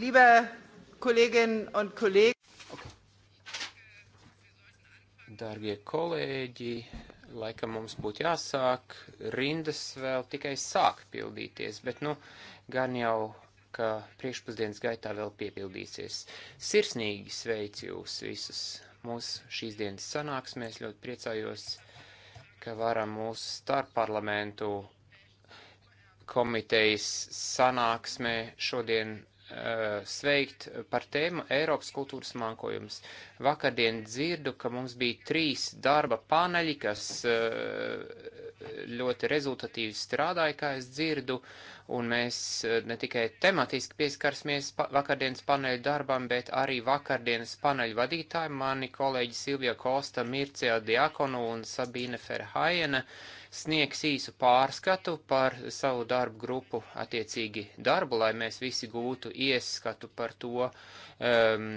Liebe Kolleginnen und Kollegen. Darbie kolēģi, laikam mums būtu jāsāk. Rindas vēl tikai sāk pildīties, bet nu gan jau, ka priekšpusdienas gaitā vēl piepildīsies. Sirsnīgi sveicu jūs visus mūsu šīs dienas sanāksmēs. Ļoti priecājos, ka varam mūsu starpparlamentu komitejas sanāksmē šodien Eh, sveikt par tēmu Eiropas kultūras mantojums. Vakardien dzirdu, ka mums bija trīs darba paneļi, kas eh, ļoti rezultatīvi strādāja, kā es dzirdu, un mēs eh, ne tikai tematiski pieskarsimies vakardienas paneļu darbam, bet arī vakardienas paneļu vadītāji, mani kolēģi Silvija Kosta, Mircija Diakonu un Sabīne Ferhajena. Uh, sniegs īsu pārskatu par savu darbu grupu attiecīgi darbu, lai mēs visi gūtu ieskatu par to, um,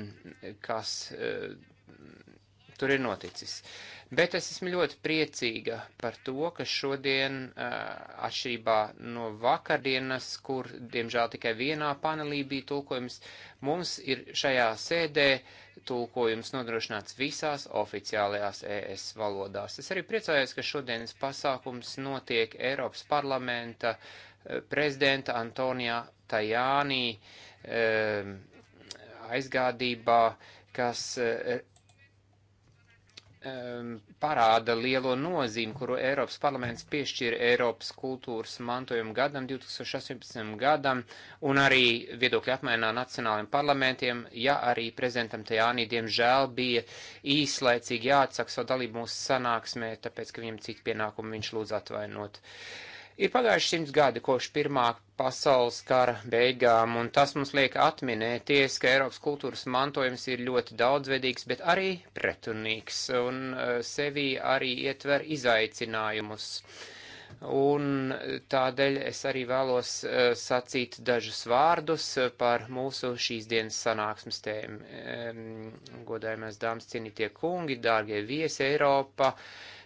kas uh, tur ir noticis. Bet es esmu ļoti priecīga par to, ka šodien, atšķirībā no vakardienas, kur diemžēl tikai vienā panelī bija tulkojums, mums ir šajā sēdē tulkojums nodrošināts visās oficiālajās ES valodās. Es arī priecājos, ka šodienas pasākums notiek Eiropas parlamenta prezidenta Antonijā Tajānī aizgādībā, kas um, parāda lielo nozīmi, kuru Eiropas parlaments piešķīra Eiropas kultūras mantojuma gadam 2018. gadam un arī viedokļu apmaiņā nacionālajiem parlamentiem, ja arī prezidentam Tajānī diemžēl bija īslaicīgi jāatsaka savu dalību mūsu sanāksmē, tāpēc, ka viņam citi pienākumi viņš lūdz atvainot. Uh, Ir pagājuši simts gadi kopš Pirmā pasaules kara beigām, un tas mums liek atminēties, ka Eiropas kultūras mantojums ir ļoti daudzveidīgs, bet arī pretrunīgs, un eh, sevī arī ietver izaicinājumus. Uh, un tādēļ es arī vēlos eh, sacīt dažus vārdus eh, par mūsu šīs dienas sanāksmes tēmu. Godājumās dāmas cienītie kungi, dārgie viesi Eiropa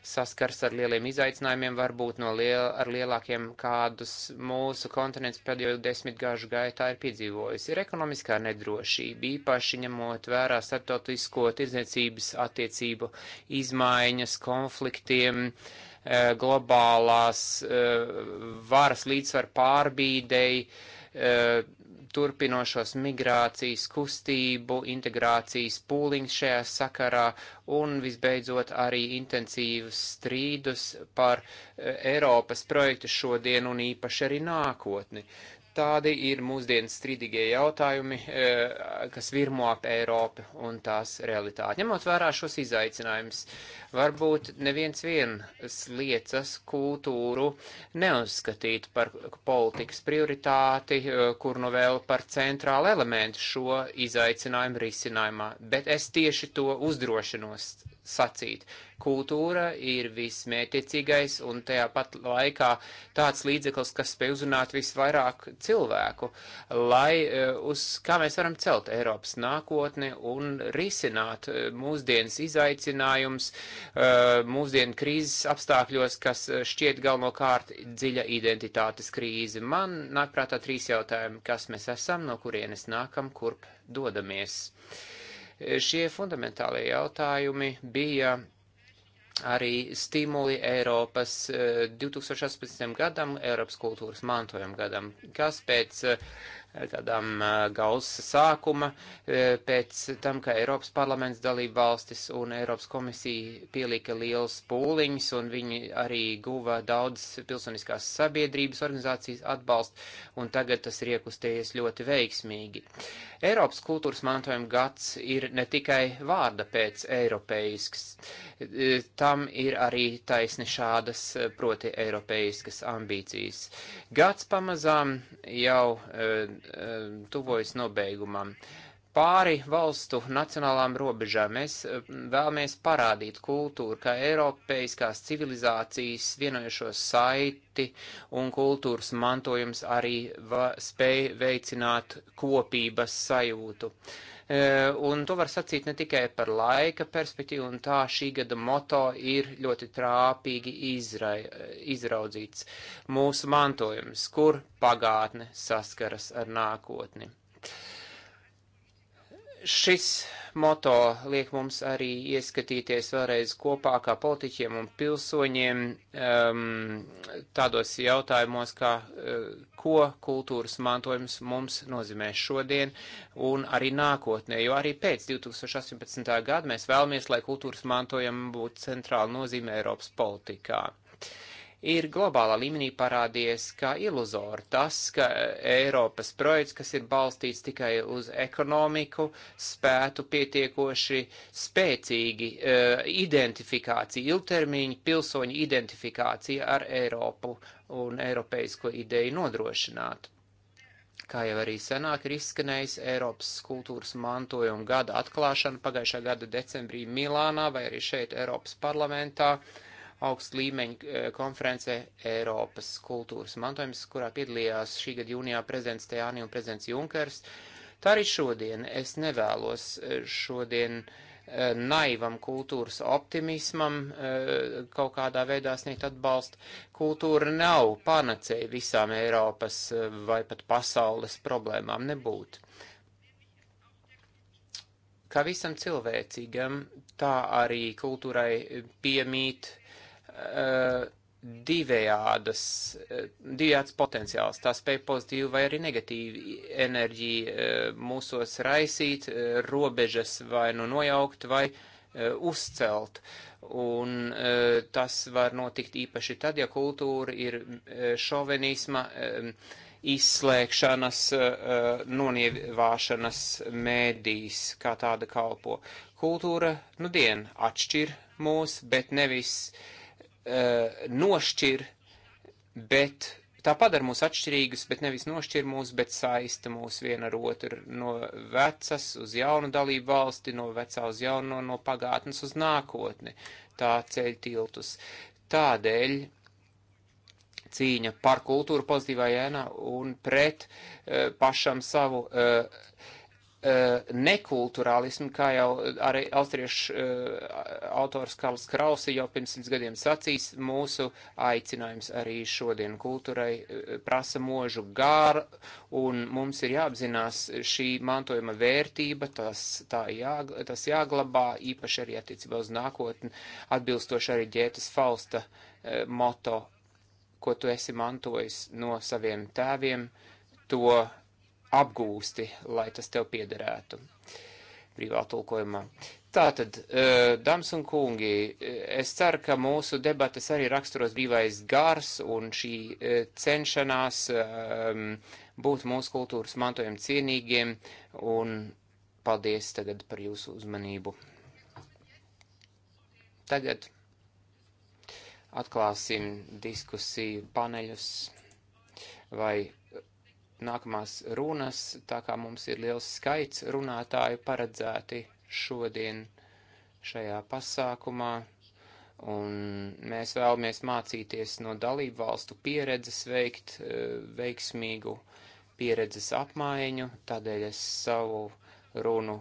saskars ar lieliem izaicinājumiem, varbūt no liel, ar lielākiem, kādus mūsu kontinents pēdējo desmitgažu gaitā ir piedzīvojis. Ir ekonomiskā nedrošība, īpaši ņemot vērā starptautisko tirdzniecības attiecību izmaiņas, konfliktiem, uh, Eh, globālās eh, varas līdzsvaru pārbīdei, eh, turpinošos migrācijas kustību, integrācijas pūliņš šajā sakarā un visbeidzot arī intensīvus strīdus par Eiropas projektu šodien un īpaši arī nākotni. Tādi ir mūsdienas strīdīgie jautājumi, e, kas virmo ap Eiropu un tās realitāti. Ņemot vērā šos izaicinājumus, varbūt neviens viens liecas kultūru neuzskatīt par politikas prioritāti, e, kur nu vēl par centrālu elementu šo izaicinājumu risinājumā, bet es tieši to uzdrošinos sacīt. Kultūra ir vismērķiecīgais un tajā pat laikā tāds līdzeklis, kas spēj uzrunāt visvairāk cilvēku, lai e, uz kā mēs varam celt Eiropas nākotni un risināt e, mūsdienas izaicinājums, e, mūsdienu krīzes apstākļos, kas šķiet galvenokārt dziļa identitātes krīze. Man nāk prātā trīs jautājumi, kas mēs esam, no kurienes nākam, kurp dodamies. Šie fundamentālie jautājumi bija arī stimuli Eiropas 2018. Eh, gadam, Eiropas kultūras mantojuma gadam, kas pēc eh, tādām eh, gausa sākuma, pēc tam, ka Eiropas parlaments dalība valstis un Eiropas komisija pielika liels pūliņus un viņi arī guva daudz pilsoniskās sabiedrības organizācijas atbalstu un tagad tas ir iekustējies ļoti veiksmīgi. Uh, Eiropas kultūras mantojuma gads ir ne tikai vārda pēc eiropeisks, e, tam ir arī taisni šādas e, proti eiropeiskas ambīcijas. Gads pamazām jau e, tuvojas nobeigumam. Uh, pāri valstu nacionālām robežām. Mēs eh, vēlamies parādīt kultūru, kā eiropeiskās civilizācijas vienojušo saiti un kultūras mantojums arī va, spēj veicināt kopības sajūtu. E, un to var sacīt ne tikai par laika perspektīvu, un tā šī gada moto ir ļoti trāpīgi izra, izraudzīts mūsu mantojums, kur pagātne saskaras ar nākotni. Uh, Šis moto liek mums arī ieskatīties vēlreiz kopā kā politiķiem un pilsoņiem um, tādos jautājumos, kā uh, ko kultūras mantojums mums nozīmē šodien un arī nākotnē, jo arī pēc 2018. gada mēs vēlamies, lai kultūras mantojumi būtu centrāla nozīme Eiropas politikā ir globālā līmenī parādies kā iluzori. Tas, ka Eiropas projekts, kas ir balstīts tikai uz ekonomiku, spētu pietiekoši spēcīgi uh, eh, identifikāciju, ilgtermiņu pilsoņu identifikāciju ar Eiropu un Eiropeisko ideju nodrošināt. Kā jau arī senāk ir izskanējis Eiropas kultūras mantojuma gada atklāšana pagājušā gada decembrī Milānā vai arī šeit Eiropas parlamentā, uh, augst līmeņa eh, konferencē Eiropas kultūras mantojums, kurā piedalījās šī gada jūnijā prezidents Tajāni un prezidents Junkers. Tā arī šodien es nevēlos eh, šodien eh, naivam kultūras optimismam kaut kādā veidā sniegt atbalstu. Kultūra nav panacēja visām Eiropas vai pat pasaules problēmām nebūt. Kā visam cilvēcīgam, tā arī kultūrai piemīt uh, Uh, divējādas, uh, divējāds potenciāls. Tā spēja pozitīvi vai arī negatīvi enerģiju uh, mūsos raisīt, robežas vai nu nojaukt vai uzcelt. Un tas var notikt īpaši tad, ja kultūra ir šovenisma, um, izslēgšanas, nonievāšanas mēdīs, kā tāda kalpo. Kultūra, nu dien, atšķir mūs, bet nevis uh, Eh, nošķir, bet tā padara mūs atšķirīgus, bet nevis nošķir mūs, bet saista mūs viena ar otru no vecas uz jaunu dalību valsti, no vecā uz jauno, no pagātnes uz nākotni. Tā ceļ tiltus. Tādēļ cīņa par kultūru pozitīvā jēnā un pret uh, pašam savu uh, Eh, nekulturālismu, kā jau eh, arī austriešu eh, autors Karls Krausi jau pirms simts gadiem sacīs, mūsu aicinājums arī šodien kultūrai prasa možu gāru, un mums ir jāapzinās šī mantojuma vērtība, tas, tā jā, tas jāglabā, īpaši arī attiecībā uz nākotni, atbilstoši arī ģētas Fausta moto, ko tu esi mantojis no saviem tēviem, to apgūsti, lai tas tev piederētu brīvā tulkojumā. Tātad, e, dāmas un kungi, e, es ceru, ka mūsu debates arī raksturos brīvais gars un šī e, cenšanās būt mūsu kultūras mantojuma cienīgiem, un paldies tagad par jūsu uzmanību. Tagad atklāsim diskusiju paneļus vai nākamās runas, tā kā mums ir liels skaits runātāju paredzēti šodien šajā pasākumā, un mēs vēlamies mācīties no dalību valstu pieredzes veikt eh, veiksmīgu pieredzes apmaiņu, tādēļ es savu runu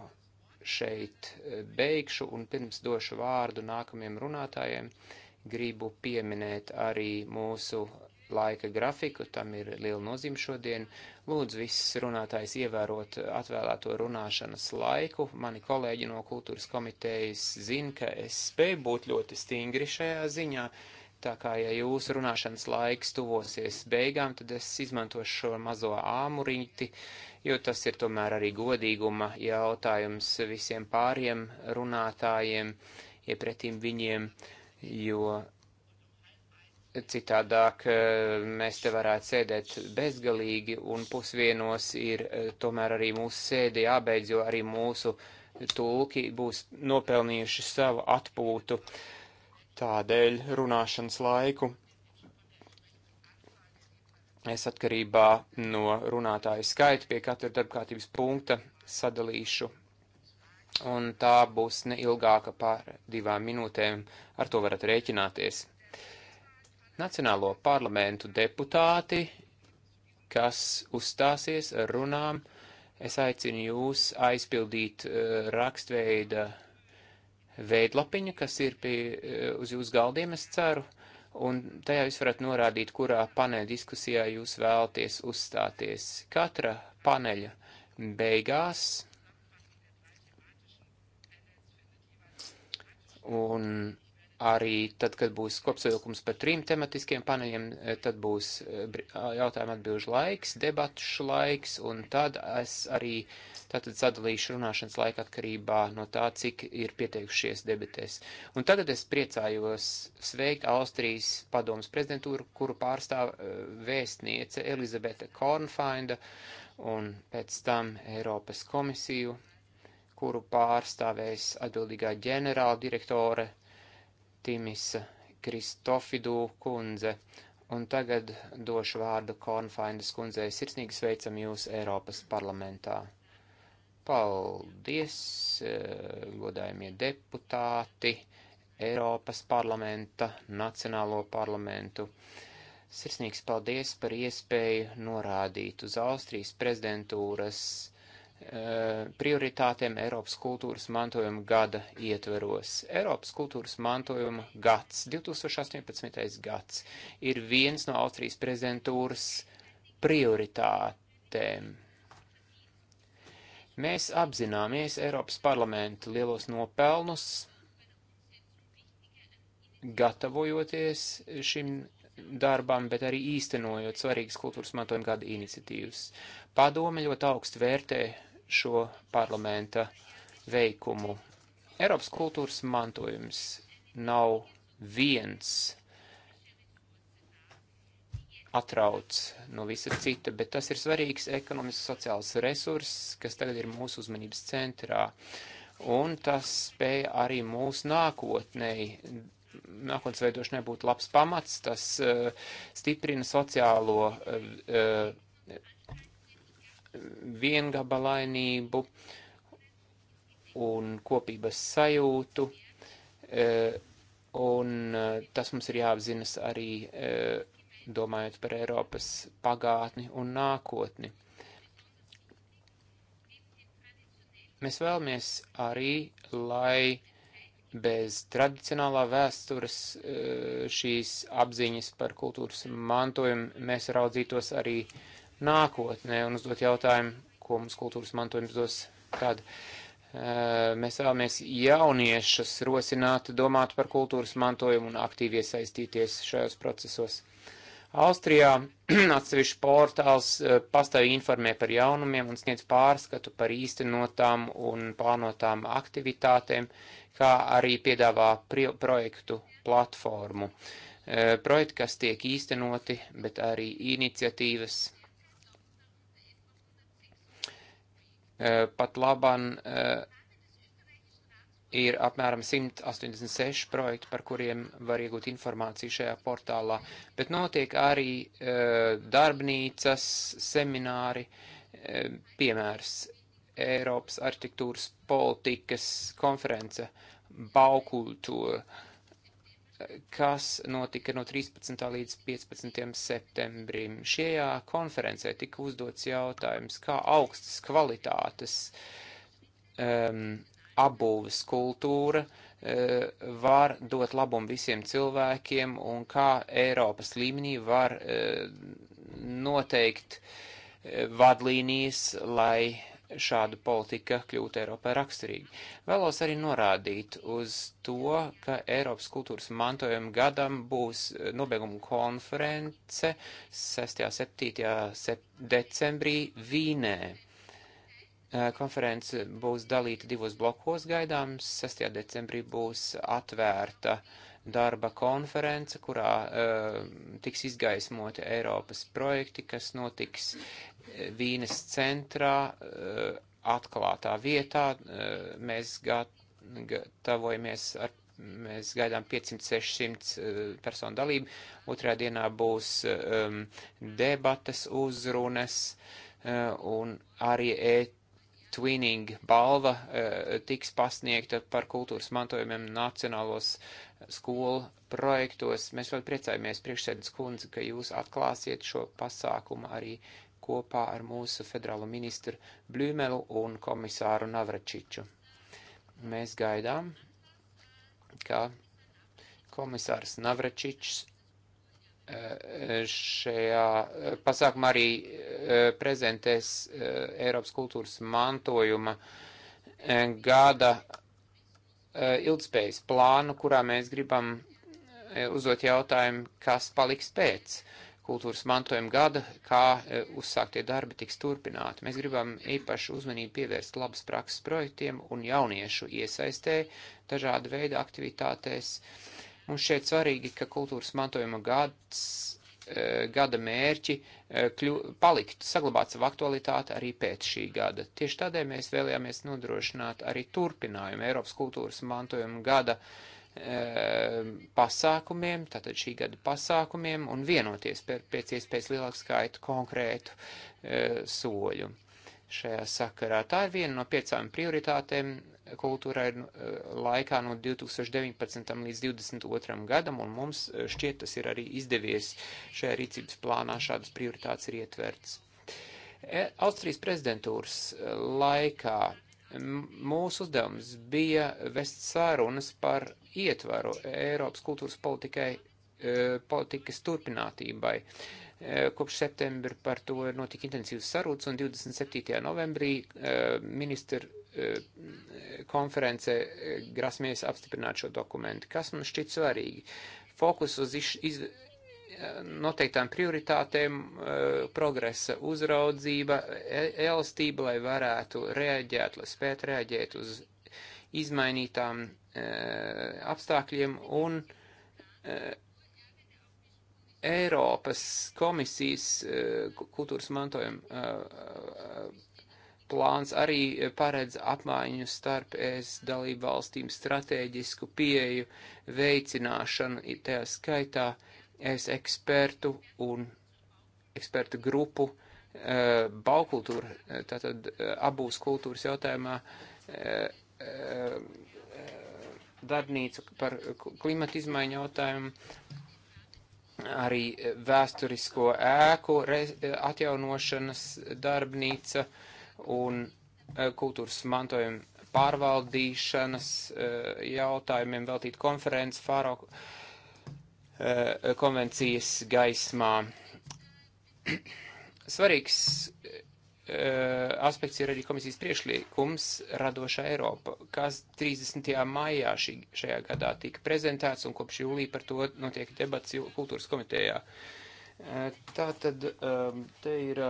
šeit eh, beigšu un pirms došu vārdu nākamajiem runātājiem gribu pieminēt arī mūsu laika grafiku, tam ir liela nozīme šodien. Lūdzu, viss runātājs ievērot atvēlēto runāšanas laiku. Mani kolēģi no kultūras komitejas zina, ka es spēju būt ļoti stingri šajā ziņā. Tā kā, ja jūsu runāšanas laiks tuvosies beigām, tad es izmantošu šo mazo āmurīti, jo tas ir tomēr arī godīguma jautājums visiem pāriem runātājiem, iepretīm viņiem, jo Citādāk eh, mēs te varētu sēdēt bezgalīgi, un pusvienos ir eh, tomēr arī mūsu sēde jābeidz, jo arī mūsu tulki būs nopelnījuši savu atpūtu tādēļ runāšanas laiku. Es atkarībā no runātāju skaita pie katra darbkārtības punkta sadalīšu, un tā būs neilgāka par divām minūtēm, ar to varat rēķināties. Nacionālo parlamentu deputāti, kas uzstāsies ar runām, es aicinu jūs aizpildīt uh, rakstveida veidlapiņu, kas ir pie, uh, uz jūsu galdiem, es ceru, un tajā jūs varat norādīt, kurā paneļa diskusijā jūs vēlaties uzstāties. Katra paneļa beigās. Un arī tad, kad būs kopsavilkums par trim tematiskiem paneļiem, eh, tad būs eh, jautājuma atbilžu laiks, debatšu laiks, un tad es arī tātad sadalīšu runāšanas laiku atkarībā no tā, cik ir pieteikušies debatēs. Un tagad es priecājos sveikt Austrijas padomas prezidentūru, kuru pārstāv eh, vēstniece Elizabete Kornfainda, un pēc tam Eiropas komisiju, kuru pārstāvēs atbildīgā ģenerāla direktore Timisa Kristofidū kundze, un tagad došu vārdu Kornfaindas kundzei sirsnīgi sveicam jūs Eiropas parlamentā. Paldies, eh, godājumie deputāti, Eiropas parlamenta, Nacionālo parlamentu. Sirsnīgs paldies par iespēju norādīt uz Austrijas prezidentūras Eh, prioritātēm Eiropas kultūras mantojuma gada ietveros. Eiropas kultūras mantojuma gads, 2018. gads, ir viens no Austrijas prezidentūras prioritātēm. Mēs apzināmies Eiropas parlamentu lielos nopelnus, gatavojoties šim darbam, bet arī īstenojot svarīgas kultūras mantojuma gada iniciatīvas. Padome ļoti augstu vērtē šo parlamenta veikumu. Eiropas kultūras mantojums nav viens atrauc no visa cita, bet tas ir svarīgs ekonomisks sociāls resurss, kas tagad ir mūsu uzmanības centrā. Un tas spēja arī mūsu nākotnei, nākotnes veidošanai būt labs pamats, tas uh, stiprina sociālo uh, uh, viengabalainību un kopības sajūtu, eh, un eh, tas mums ir jāapzinas arī eh, domājot par Eiropas pagātni un nākotni. Mēs vēlamies arī, lai bez tradicionālā vēstures šīs apziņas par kultūras mantojumu mēs raudzītos arī nākotnē un uzdot jautājumu, ko mums kultūras mantojums dos kad. E, mēs vēlamies jauniešus rosināt, domāt par kultūras mantojumu un aktīvi iesaistīties šajos procesos. Austrijā atsevišķi portāls e, pastāvīgi informē par jaunumiem un sniedz pārskatu par īstenotām un plānotām aktivitātēm, kā arī piedāvā projektu platformu. E, projekti, kas tiek īstenoti, bet arī iniciatīvas Eh, pat laban eh, ir apmēram 186 projekti, par kuriem var iegūt informāciju šajā portālā, bet notiek arī eh, darbnīcas, semināri, piemērs Eiropas arhitektūras politikas konference, baukultūra kas notika no 13. līdz 15. septembrim. Šajā konferencē tika uzdots jautājums, kā augstas kvalitātes um, apbūves kultūra uh, var dot labumu visiem cilvēkiem un kā Eiropas līmenī var uh, noteikt uh, vadlīnijas, lai šāda politika kļūtu Eiropai raksturīga. Vēlos arī norādīt uz to, ka Eiropas kultūras mantojuma gadam būs eh, nobeiguma konference 6. un 7. decembrī Vīnē. Eh, konference būs dalīta divos blokos gaidāms. 6. decembrī būs atvērta darba konference, kurā uh, tiks izgaismoti Eiropas projekti, kas notiks Vīnes centrā, eh, atklātā vietā. Eh, mēs gatavojamies ar mēs gaidām 500-600 eh, personu dalību. Otrajā dienā būs um, debatas, uzrunas uh, un arī e-twinning balva uh, tiks pasniegta par kultūras mantojumiem nacionālos skolu projektos. Mēs ļoti priecājamies priekšsēdus kundze, ka jūs atklāsiet šo pasākumu arī kopā ar mūsu federālo ministru Blūmelu un komisāru Navračiču. Mēs gaidām, ka komisārs Navračičs eh, šajā eh, pasākumā arī eh, prezentēs Eiropas kultūras mantojuma gada ilgspējas plānu, kurā mēs gribam uzdot jautājumu, kas paliks pēc. Uh, kultūras mantojuma gada, kā e, uzsāktie darbi tiks turpināti. Mēs gribam īpašu uzmanību pievērst labas prakses projektiem un jauniešu iesaistē dažāda veida aktivitātēs. Mums šeit svarīgi, ka kultūras mantojuma gads, e, gada mērķi e, kļu, palikt, saglabāt savu aktualitāti arī pēc šī gada. Tieši tādēļ mēs vēlējāmies nodrošināt arī turpinājumu Eiropas kultūras mantojuma gada uh, Um, pasākumiem, tātad šī gada pasākumiem un vienoties par pēc iespējas lielāku skaitu konkrētu e, soļu. Šajā sakarā tā ir viena no piecām prioritātēm kultūrā ir uh, e, laikā no 2019. līdz 2022. gadam, un mums uh, šķiet tas ir arī izdevies šajā rīcības plānā šādas prioritātes ir ietverts. E, Austrijas prezidentūras laikā Mūsu uzdevums bija vest sārunas par ietvaru Eiropas kultūras politikai, e, politikas turpinātībai. E, kopš septembra par to notika intensīvas sarūts un 27. novembrī e, ministra konference grasmies apstiprināt šo dokumentu. Kas man šķiet svarīgi? Fokus uz iz, iz, noteiktām prioritātēm, e, progresa uzraudzība, e, elastība, lai varētu reaģēt, lai spētu reaģēt uz izmainītām e, apstākļiem un Eiropas komisijas kultūras mantojuma plāns arī paredz apmaiņu starp ES dalību valstīm stratēģisku pieeju veicināšanu, tajā skaitā uh, es ekspertu un ekspertu grupu eh, baukultūra, eh, tātad eh, abūs kultūras jautājumā darbnīcu par klimatu izmaiņu jautājumu, arī vēsturisko ēku atjaunošanas darbnīca un kultūras mantojuma pārvaldīšanas jautājumiem veltīt konferences, fāro Eh, konvencijas gaismā. Svarīgs eh, aspekts ir arī komisijas priešliekums Radošā Eiropa, kas 30. maijā šī, šajā gadā tika prezentēts un kopš jūlija par to notiek debats kultūras komitejā. Eh, Tā tad te ir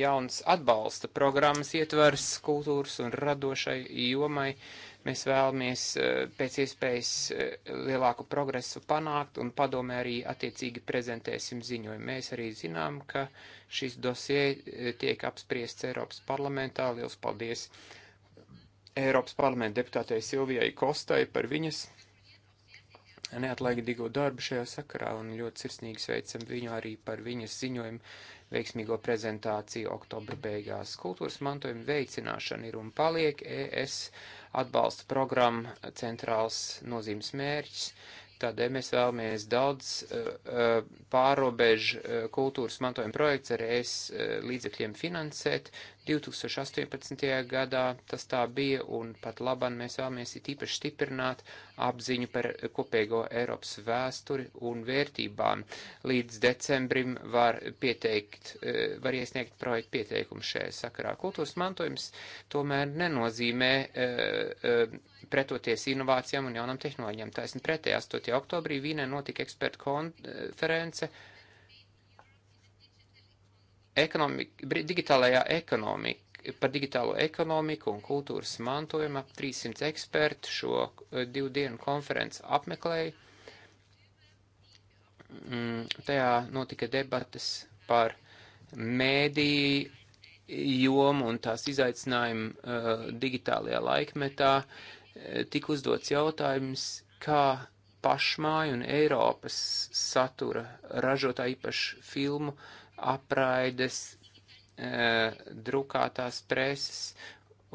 jauns atbalsta programmas ietvers kultūras un radošai jomai. Uh, Mēs vēlamies eh, pēc iespējas eh, lielāku progresu panākt, un padomē arī attiecīgi prezentēsim ziņojumu. Mēs arī zinām, ka šis dosie eh, tiek apspriests Eiropas parlamentā. Liels paldies Eiropas parlamenta deputātei Silvijai Kostai par viņas neatlaidīgo darbu šajā sakarā, un ļoti sirsnīgi sveicam viņu arī par viņas ziņojumu veiksmīgo prezentāciju oktobra beigās. Kultūras mantojuma veicināšana ir un paliek ES atbalsta programma centrāls nozīmes mērķis. Tādēļ mēs vēlamies daudz uh, pārobežu uh, kultūras mantojuma projekts ar ES uh, līdzekļiem finansēt. 2018. gadā tas tā bija, un pat labam mēs vēlamies it īpaši stiprināt apziņu par kopīgo Eiropas vēsturi un vērtībām. Līdz decembrim var pieteikt, eh, var iesniegt projektu pieteikumu šajā sakarā. Kultūras mantojums tomēr nenozīmē eh, eh, pretoties inovācijām un jaunam tehnoloģijām. Taisn pretējā 8. oktobrī Vīnē notika ekspertu konference ekonomika, digitālajā ekonomika, par digitālo ekonomiku un kultūras mantojumu ap 300 ekspertu šo eh, divu dienu konferenci apmeklēja. Mm, tajā notika debatas par mēdīju jomu un tās izaicinājumu uh, digitālajā laikmetā. Eh, tik uzdots jautājums, kā pašmāju un Eiropas satura ražotāji, īpaši filmu uh, apraides, e, drukātās preses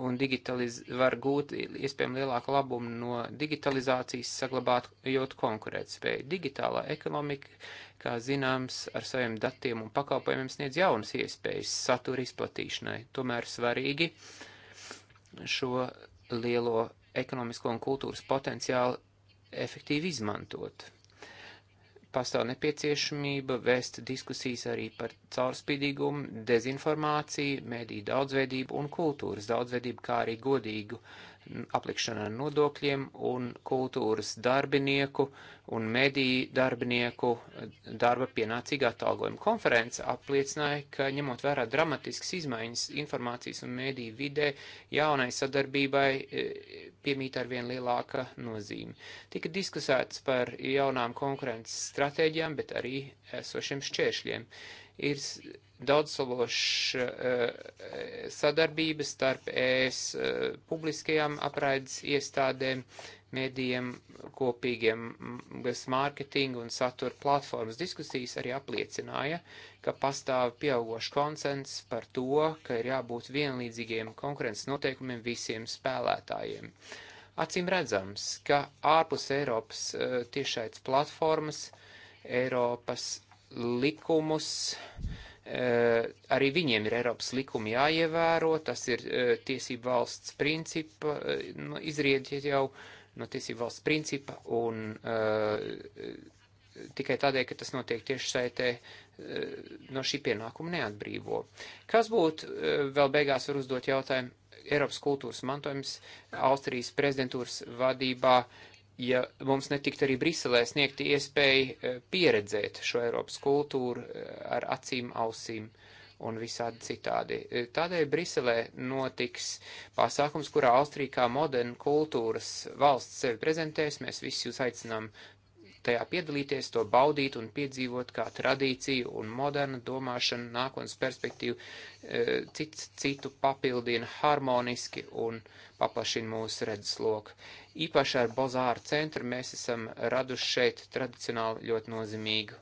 un digitaliz var gūt iespējami lielāku labumu no digitalizācijas, saglabājot konkurētspēju. Digitālā ekonomika, kā zināms, ar saviem datiem un pakalpojumiem sniedz jaunas iespējas satura izplatīšanai. Tomēr svarīgi šo lielo ekonomisko un kultūras potenciālu efektīvi izmantot pastāv nepieciešamība vēst diskusijas arī par caurspīdīgumu, dezinformāciju, mediju daudzveidību un kultūras daudzveidību, kā arī godīgu aplikšana ar nodokļiem un kultūras darbinieku un mediju darbinieku darba pienācīgā atalgojuma konference apliecināja, ka ņemot vērā dramatiskas izmaiņas informācijas un mediju vidē, jaunai sadarbībai e, piemīt ar vien lielāka nozīme. Tika diskusēts par jaunām konkurences stratēģijām, bet arī esošiem šķēršļiem. Ir daudzsološa eh, sadarbība starp ES eh, publiskajām apraides iestādēm, medijiem, kopīgiem mārketinga un satura platformas diskusijas arī apliecināja, ka pastāv pieaugošs konsens par to, ka ir jābūt vienlīdzīgiem konkurences noteikumiem visiem spēlētājiem. Acīm redzams, ka ārpus Eiropas eh, tiešais platformas, Eiropas likumus, uh, Eh, arī viņiem ir Eiropas likumi jāievēro, tas ir eh, tiesību valsts principa, eh, nu, izriediet jau no tiesību valsts principa un tikai tādēļ, ka tas notiek tieši saitē, no šī pienākuma neatbrīvo. Kas būtu, vēl beigās var uzdot jautājumu, Eiropas kultūras mantojums Austrijas prezidentūras vadībā ja mums netikt arī Briselē sniegti iespēja e, pieredzēt šo Eiropas kultūru e, ar acīm, ausīm un visādi citādi. E, tādēļ Briselē notiks pasākums, kurā Austrija kā moderna kultūras valsts sevi prezentēs. Mēs visi jūs aicinām tajā piedalīties, to baudīt un piedzīvot kā tradīciju un modernu domāšanu, nākotnes perspektīvu, e, cits citu papildina harmoniski un paplašina mūsu redzesloku. Īpaši ar Bozāru centru mēs esam raduši šeit tradicionāli ļoti nozīmīgu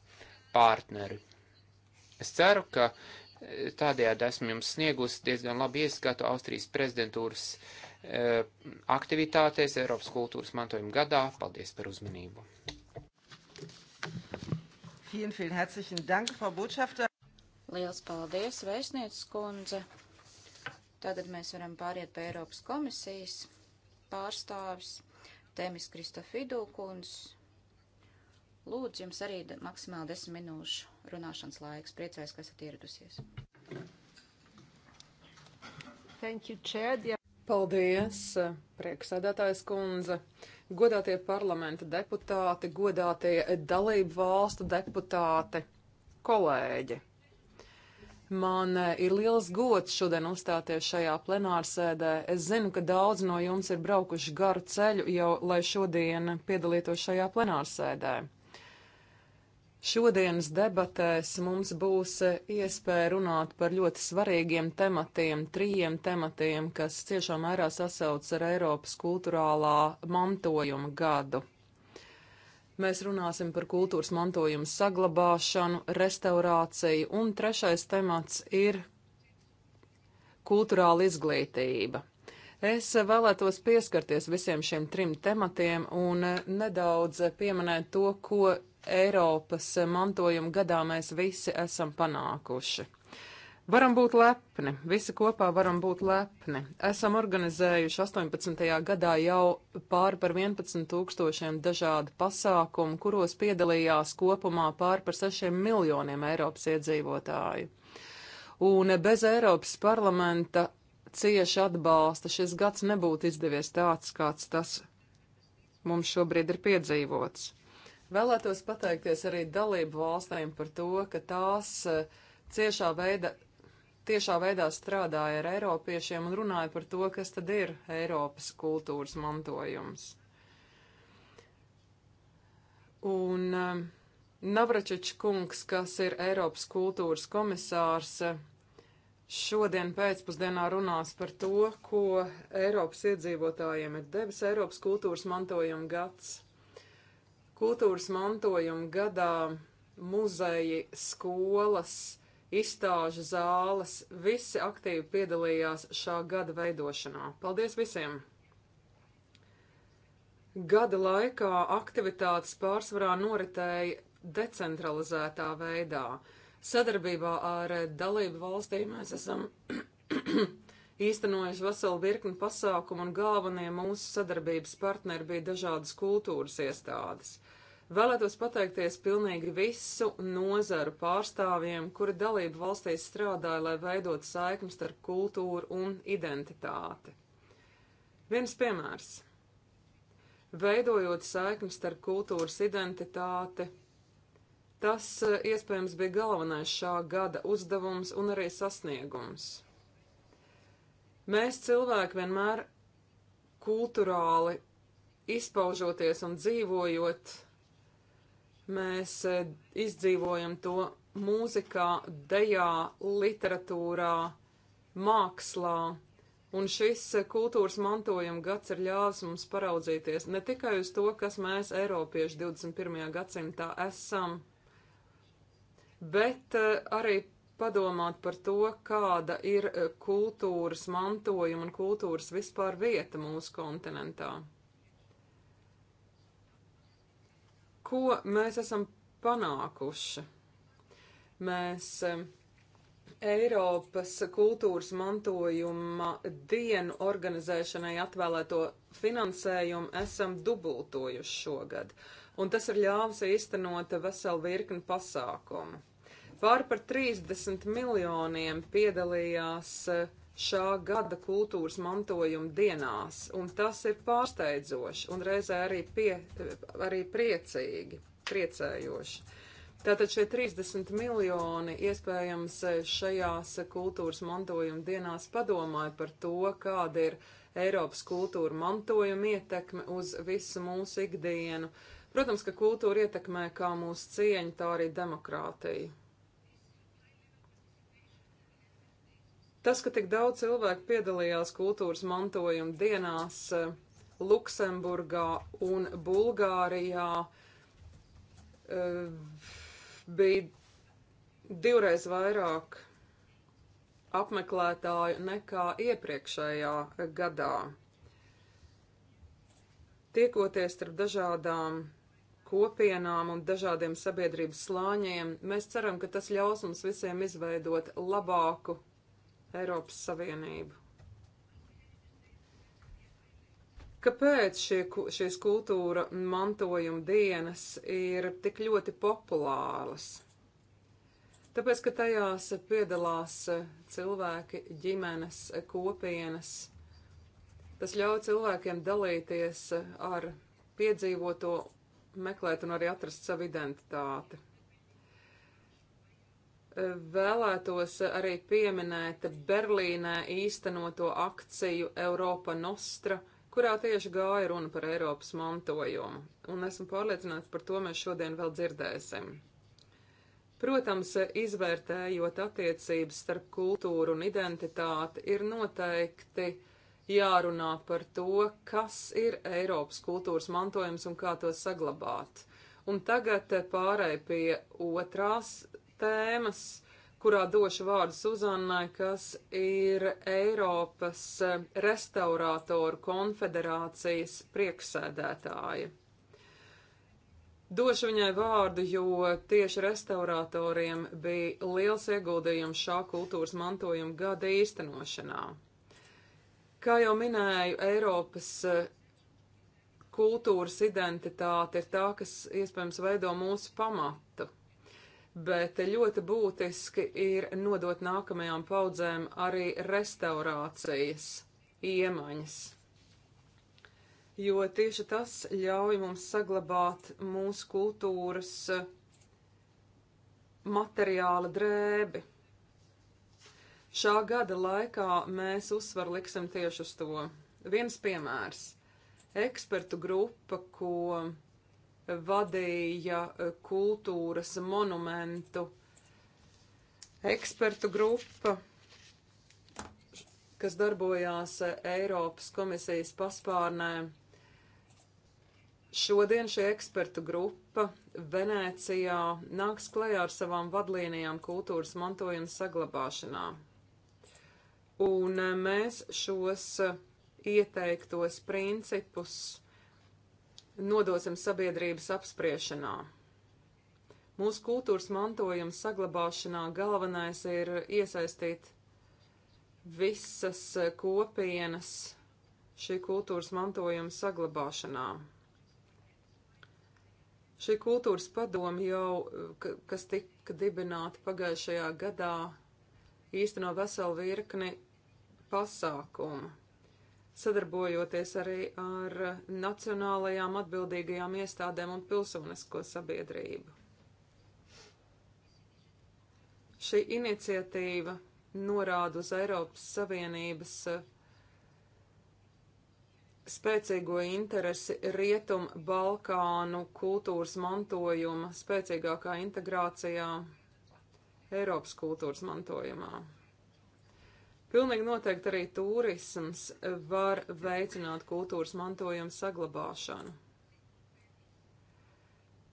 partneri. Es ceru, ka e, tādējādi esmu jums sniegusi diezgan labu ieskatu Austrijas prezidentūras e, aktivitātēs Eiropas kultūras mantojuma gadā. Paldies par uzmanību! Vielen, vielen herzlichen Dank, Frau Botschafter. Liels paldies, vēstniec skundze. Tātad mēs varam pāriet pie Eiropas komisijas pārstāvis Tēmis Kristofidū kundz. Lūdzu, jums arī maksimāli desmit minūšu runāšanas laiks. Priecājos, ka esat ieradusies. Thank you, Chad. Yeah. Paldies, prieksēdētājs kundze. Uh, godātie parlamenta deputāti, godātie dalību valstu deputāti, kolēģi. Man eh, ir liels gods šodien uzstāties šajā plenārsēdē. Es zinu, ka daudz no jums ir braukuši garu ceļu jau, lai šodien piedalītos šajā plenārsēdē. Šodienas debatēs mums būs iespēja runāt par ļoti svarīgiem tematiem, trījiem tematiem, kas ciešā mērā sasauc ar Eiropas kultūrālā mantojuma gadu. Mēs runāsim par kultūras mantojumu saglabāšanu, restaurāciju, un trešais temats ir kultūrāla izglītība. Es vēlētos pieskarties visiem šiem trim tematiem un nedaudz pieminēt to, ko Eiropas mantojuma gadā mēs visi esam panākuši. Varam būt lepni, visi kopā varam būt lepni. Esam organizējuši 18. gadā jau pāri par 11 tūkstošiem dažādu pasākumu, kuros piedalījās kopumā pāri par 6 miljoniem Eiropas iedzīvotāju. Un bez Eiropas parlamenta cieši atbalsta šis gads nebūtu izdevies tāds, kāds tas mums šobrīd ir piedzīvots. Vēlētos pateikties arī dalību valstīm par to, ka tās eh, ciešā veida, tiešā veidā strādāja ar eiropiešiem un runāja par to, kas tad ir Eiropas kultūras mantojums. Un um, eh, Navračič kungs, kas ir Eiropas kultūras komisārs, eh, šodien pēcpusdienā runās par to, ko Eiropas iedzīvotājiem ir devis Eiropas kultūras mantojuma gads kultūras mantojuma gadā muzeji, skolas, izstāžu zāles, visi aktīvi piedalījās šā gada veidošanā. Paldies visiem! Gada laikā aktivitātes pārsvarā noritēja decentralizētā veidā. Sadarbībā ar dalību valstīm mēs esam īstenojuši veselu virkni pasākumu, un galvenie mūsu sadarbības partneri bija dažādas kultūras iestādes. Vēlētos pateikties pilnīgi visu nozaru pārstāvjiem, kuri dalību valstīs strādāja, lai veidotu saiknes starp kultūru un identitāti. Viens piemērs. Veidojot saiknes starp kultūras identitāti, tas eh, iespējams bija galvenais šā gada uzdevums un arī sasniegums. Mēs cilvēki vienmēr kulturāli izpaužoties un dzīvojot, mēs e, izdzīvojam to mūzikā, dejā, literatūrā, mākslā. Un šis e, kultūras mantojuma gads ir ļāvis mums paraudzīties ne tikai uz to, kas mēs, Eiropieši, 21. gadsimtā esam, bet e, arī padomāt par to, kāda ir eh, kultūras mantojuma un kultūras vispār vieta mūsu kontinentā. Ko mēs esam panākuši? Mēs eh, Eiropas kultūras mantojuma dienu organizēšanai atvēlēto finansējumu esam dubultojuši šogad, un tas ir ļāvis īstenot veselu virkni pasākumu. Pār par 30 miljoniem piedalījās eh, šā gada kultūras mantojuma dienās, un tas ir pārsteidzoši un reizē arī, pie, arī priecīgi, priecējoši. Tātad šie 30 miljoni iespējams eh, šajās kultūras mantojuma dienās padomāja par to, kāda ir Eiropas kultūra mantojuma ietekme uz visu mūsu ikdienu. Protams, ka kultūra ietekmē kā mūsu cieņu, tā arī demokrātiju. Tas, ka tik daudz cilvēku piedalījās kultūras mantojuma dienās eh, Luksemburgā un Bulgārijā, eh, bija divreiz vairāk apmeklētāju nekā iepriekšējā gadā. Tiekoties starp dažādām kopienām un dažādiem sabiedrības slāņiem, mēs ceram, ka tas ļaus mums visiem izveidot labāku Eiropas Savienību. Kāpēc šie, šīs kultūra mantojuma dienas ir tik ļoti populāras? Tāpēc, ka tajās piedalās cilvēki, ģimenes, kopienas. Tas ļauj cilvēkiem dalīties ar piedzīvoto, meklēt un arī atrast savu identitāti. Vēlētos arī pieminēt Berlīnē īstenoto akciju Eiropa Nostra, kurā tieši gāja runa par Eiropas mantojumu, un esmu pārliecināts par to mēs šodien vēl dzirdēsim. Protams, izvērtējot attiecības starp kultūru un identitāti, ir noteikti jārunā par to, kas ir Eiropas kultūras mantojums un kā to saglabāt. Un tagad pārēj pie otrās tēmas, kurā došu vārdu Suzannai, kas ir Eiropas restaurātoru konfederācijas prieksēdētāja. Došu viņai vārdu, jo tieši restauratoriem bija liels ieguldījums šā kultūras mantojuma gada īstenošanā. Kā jau minēju, Eiropas eh, kultūras identitāte ir tā, kas iespējams veido mūsu pamatu bet ļoti būtiski ir nodot nākamajām paudzēm arī restaurācijas iemaņas. Jo tieši tas ļauj mums saglabāt mūsu kultūras eh, materiāla drēbi. Šā gada laikā mēs uzsvaru liksim tieši uz to. Viens piemērs. Ekspertu grupa, ko vadīja eh, kultūras monumentu ekspertu grupa, kas darbojās eh, Eiropas komisijas paspārnē. Šodien šī ekspertu grupa Venecijā nāks klajā ar savām vadlīnijām kultūras mantojuma saglabāšanā. Un eh, mēs šos ieteiktos principus nodosim sabiedrības apspriešanā. Mūsu kultūras mantojuma saglabāšanā galvenais ir iesaistīt visas kopienas šī kultūras mantojuma saglabāšanā. Šī kultūras padoma jau, kas tika dibināta pagājušajā gadā, īsteno veselu virkni pasākumu sadarbojoties arī ar nacionālajām atbildīgajām iestādēm un pilsonisko sabiedrību. Šī iniciatīva norāda uz Eiropas Savienības eh, spēcīgo interesi Rietumu Balkānu kultūras mantojuma spēcīgākā integrācijā Eiropas kultūras mantojumā. Pilnīgi noteikti arī turisms var veicināt kultūras mantojuma saglabāšanu.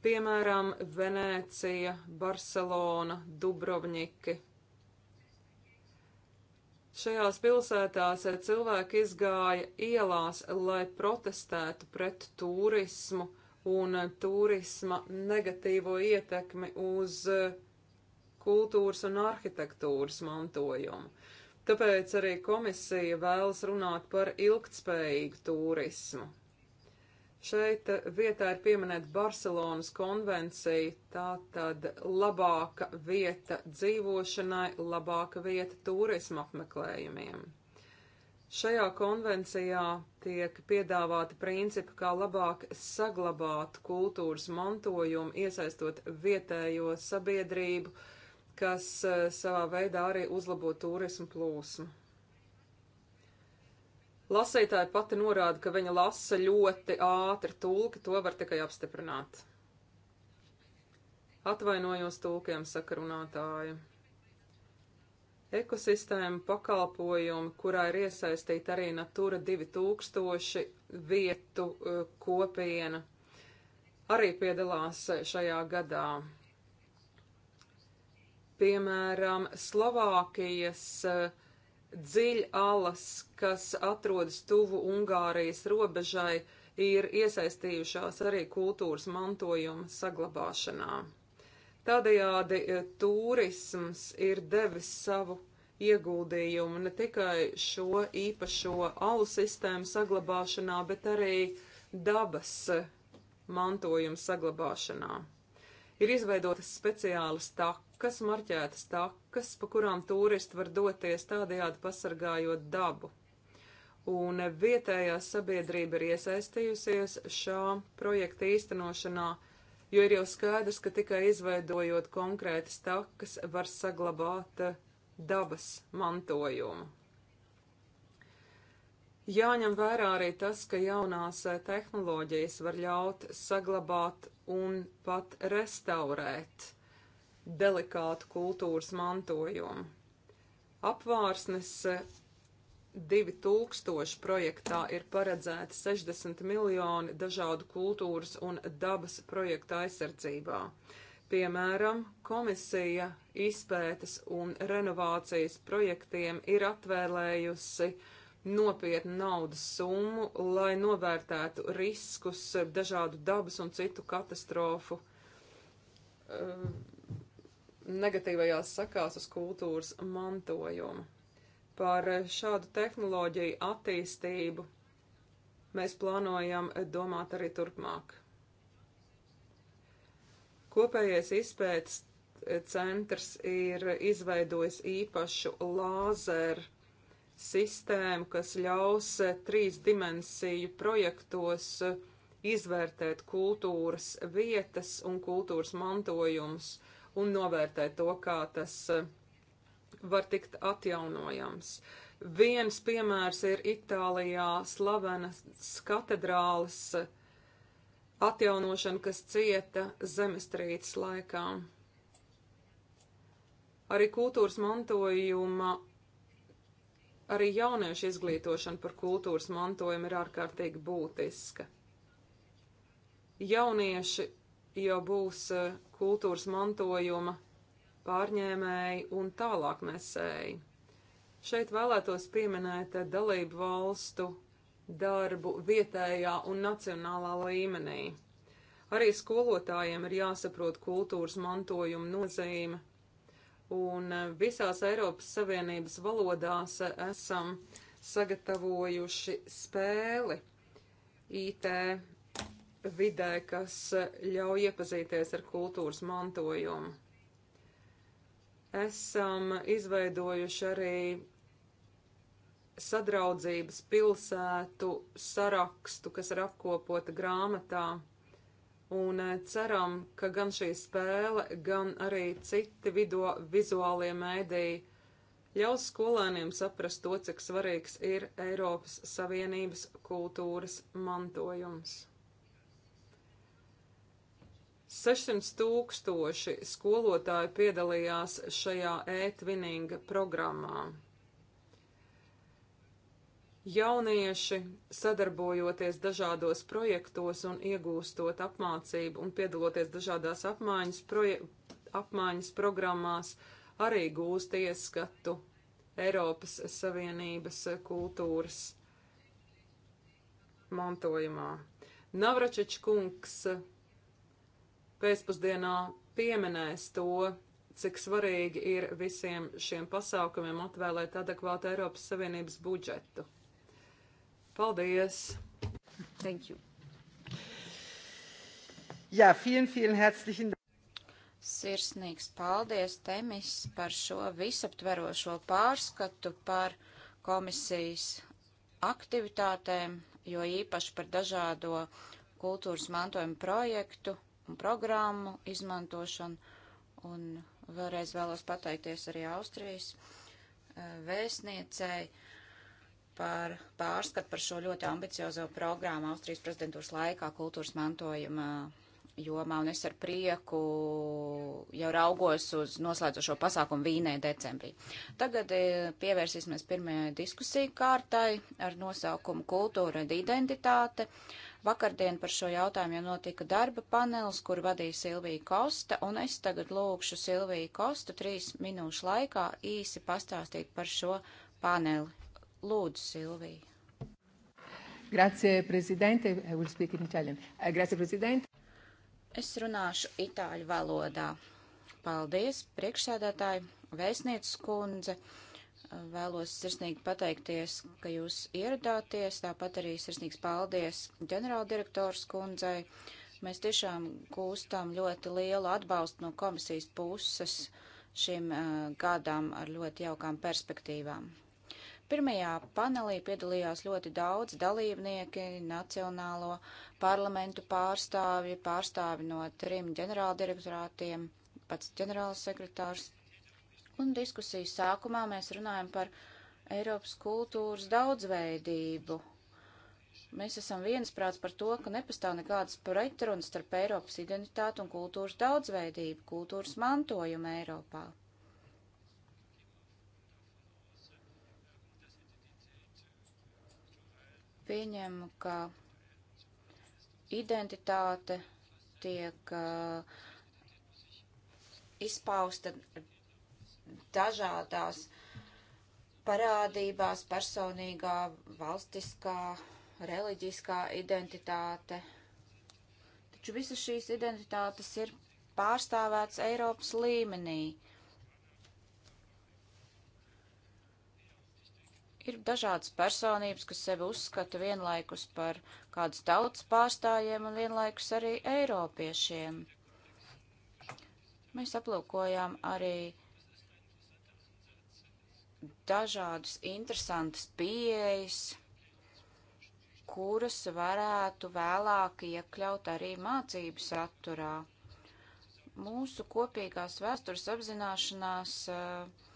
Piemēram, Venēcija, Barcelona, Dubrovniki. Šajās pilsētās cilvēki izgāja ielās, lai protestētu pret turismu un turisma negatīvo ietekmi uz kultūras un arhitektūras mantojumu. Tāpēc arī komisija vēlas runāt par ilgtspējīgu turismu. Šeit vietā ir pieminēta Barcelonas konvencija, tā tad labāka vieta dzīvošanai, labāka vieta turisma apmeklējumiem. Šajā konvencijā tiek piedāvāti principi, kā labāk saglabāt kultūras mantojumu, iesaistot vietējo sabiedrību, uh, kas eh, savā veidā arī uzlabo turismu plūsmu. Lasītāja pati norāda, ka viņa lasa ļoti ātri tulki, to var tikai apstiprināt. Atvainojos tulkiem, saka runātāja. Ekosistēma pakalpojumi, kurā ir iesaistīta arī Natura 2000 vietu eh, kopiena, arī piedalās eh, šajā gadā piemēram, Slovākijas eh, dziļalas, kas atrodas tuvu Ungārijas robežai, ir iesaistījušās arī kultūras mantojuma saglabāšanā. Tādējādi eh, turisms ir devis savu ieguldījumu ne tikai šo īpašo alu sistēmu saglabāšanā, bet arī dabas eh, mantojuma saglabāšanā. Ir izveidotas speciālas takas, marķētas takas, pa kurām turisti var doties tādējādi pasargājot dabu. Un vietējā sabiedrība ir iesaistījusies šā projekta īstenošanā, jo ir jau skaidrs, ka tikai izveidojot konkrētas takas var saglabāt eh, dabas mantojumu. Jāņem vērā arī tas, ka jaunās eh, tehnoloģijas var ļaut saglabāt un pat restaurēt delikātu kultūras mantojumu. Apvārsnes 2000 projektā ir paredzēti 60 miljoni dažādu kultūras un dabas projektu aizsardzībā. Piemēram, komisija izpētes un renovācijas projektiem ir atvēlējusi uh, nopietnu naudas summu, lai novērtētu riskus eh, dažādu dabas un citu katastrofu uh, negatīvajās sakās uz kultūras mantojumu. Par eh, šādu tehnoloģiju attīstību mēs plānojam domāt arī turpmāk. Kopējais izpētes centrs ir izveidojis īpašu lāzeru sistēmu, kas ļaus e, trīs dimensiju projektos e, izvērtēt kultūras vietas un kultūras mantojumus un novērtēt to, kā tas e, var tikt atjaunojams. Viens piemērs ir Itālijā slavenas katedrāles atjaunošana, kas cieta zemestrīces laikā. Arī kultūras mantojuma Arī jauniešu izglītošana par kultūras mantojumu ir ārkārtīgi būtiska. Jaunieši jau būs eh, kultūras mantojuma pārņēmēji un tālāk nesēji. Šeit vēlētos pieminēt eh, dalību valstu darbu vietējā un nacionālā līmenī. Arī skolotājiem ir jāsaprot kultūras mantojuma nozīme un eh, visās Eiropas Savienības valodās eh, esam sagatavojuši spēli IT vidē, kas eh, ļauj iepazīties ar kultūras mantojumu. Esam izveidojuši arī sadraudzības pilsētu sarakstu, kas ir apkopota grāmatā un eh, ceram, ka gan šī spēle, gan arī citi video, vizuālie mēdīji ļaus skolēniem saprast to, cik svarīgs ir Eiropas Savienības kultūras mantojums. 600 tūkstoši skolotāji piedalījās šajā e-twinning programmā. Jaunieši, sadarbojoties dažādos projektos un iegūstot apmācību un piedaloties dažādās apmaiņas, proje, apmaiņas programmās, arī gūst ieskatu Eiropas Savienības kultūras mantojumā. Navračič kungs pēcpusdienā pieminēs to, cik svarīgi ir visiem šiem pasākumiem atvēlēt adekvātu Eiropas Savienības budžetu. Paldies! Thank you! Jā, vielen, vielen herzlichen Dank! Sirsnīgs paldies, Temis, par šo visaptverošo pārskatu par komisijas aktivitātēm, jo īpaši par dažādo kultūras mantojuma projektu un programmu izmantošanu. Un vēlreiz vēlos pateikties arī Austrijas eh, vēstniecei par pārskatu par šo ļoti ambiciozo programmu Austrijas prezidentūras laikā kultūras mantojuma jomā, un es ar prieku jau raugos uz noslēdzošo pasākumu Vīnē decembrī. Tagad eh, pievērsīsimies pirmajai diskusiju kārtai ar nosaukumu Kultūra un identitāte. Vakardien par šo jautājumu jau notika darba panelis, kur vadīja Silvija Kosta, un es tagad lūkšu Silviju Kostu trīs minūšu laikā īsi pastāstīt par šo paneli. Lūdzu, Silvija. Grazie, prezidente. I will speak in Italian. Eh, grazie, prezidente. Es runāšu itāļu valodā. Paldies, priekšsēdētāji, vēstnieces kundze. Vēlos sirsnīgi pateikties, ka jūs ieradāties, tāpat arī sirsnīgs paldies ģenerāldirektors kundzei. Mēs tiešām gūstam ļoti lielu atbalstu no komisijas puses šim uh, gadam ar ļoti jaukām perspektīvām. Pirmajā panelī piedalījās ļoti daudz dalībnieki, nacionālo parlamentu pārstāvji, pārstāvji no trim ģenerāldirektorātiem, pats ģenerāls sekretārs. Un diskusijas sākumā mēs runājam par Eiropas kultūras daudzveidību. Mēs esam viensprāts par to, ka nepastāv nekādas pretrunas starp Eiropas identitāti un kultūras daudzveidību, kultūras mantojumu Eiropā. pieņemu, ka identitāte tiek uh, izpausta dažādās parādībās, personīgā, valstiskā, reliģiskā identitāte. Taču visas šīs identitātes ir pārstāvētas Eiropas līmenī. Uh, Ir dažādas personības, kas sevi uzskata vienlaikus par kādas tautas pārstājiem un vienlaikus arī eiropiešiem. Mēs aplūkojām arī dažādas interesantas pieejas, kuras varētu vēlāk iekļaut arī mācību saturā. Mūsu kopīgās vēstures apzināšanās uh,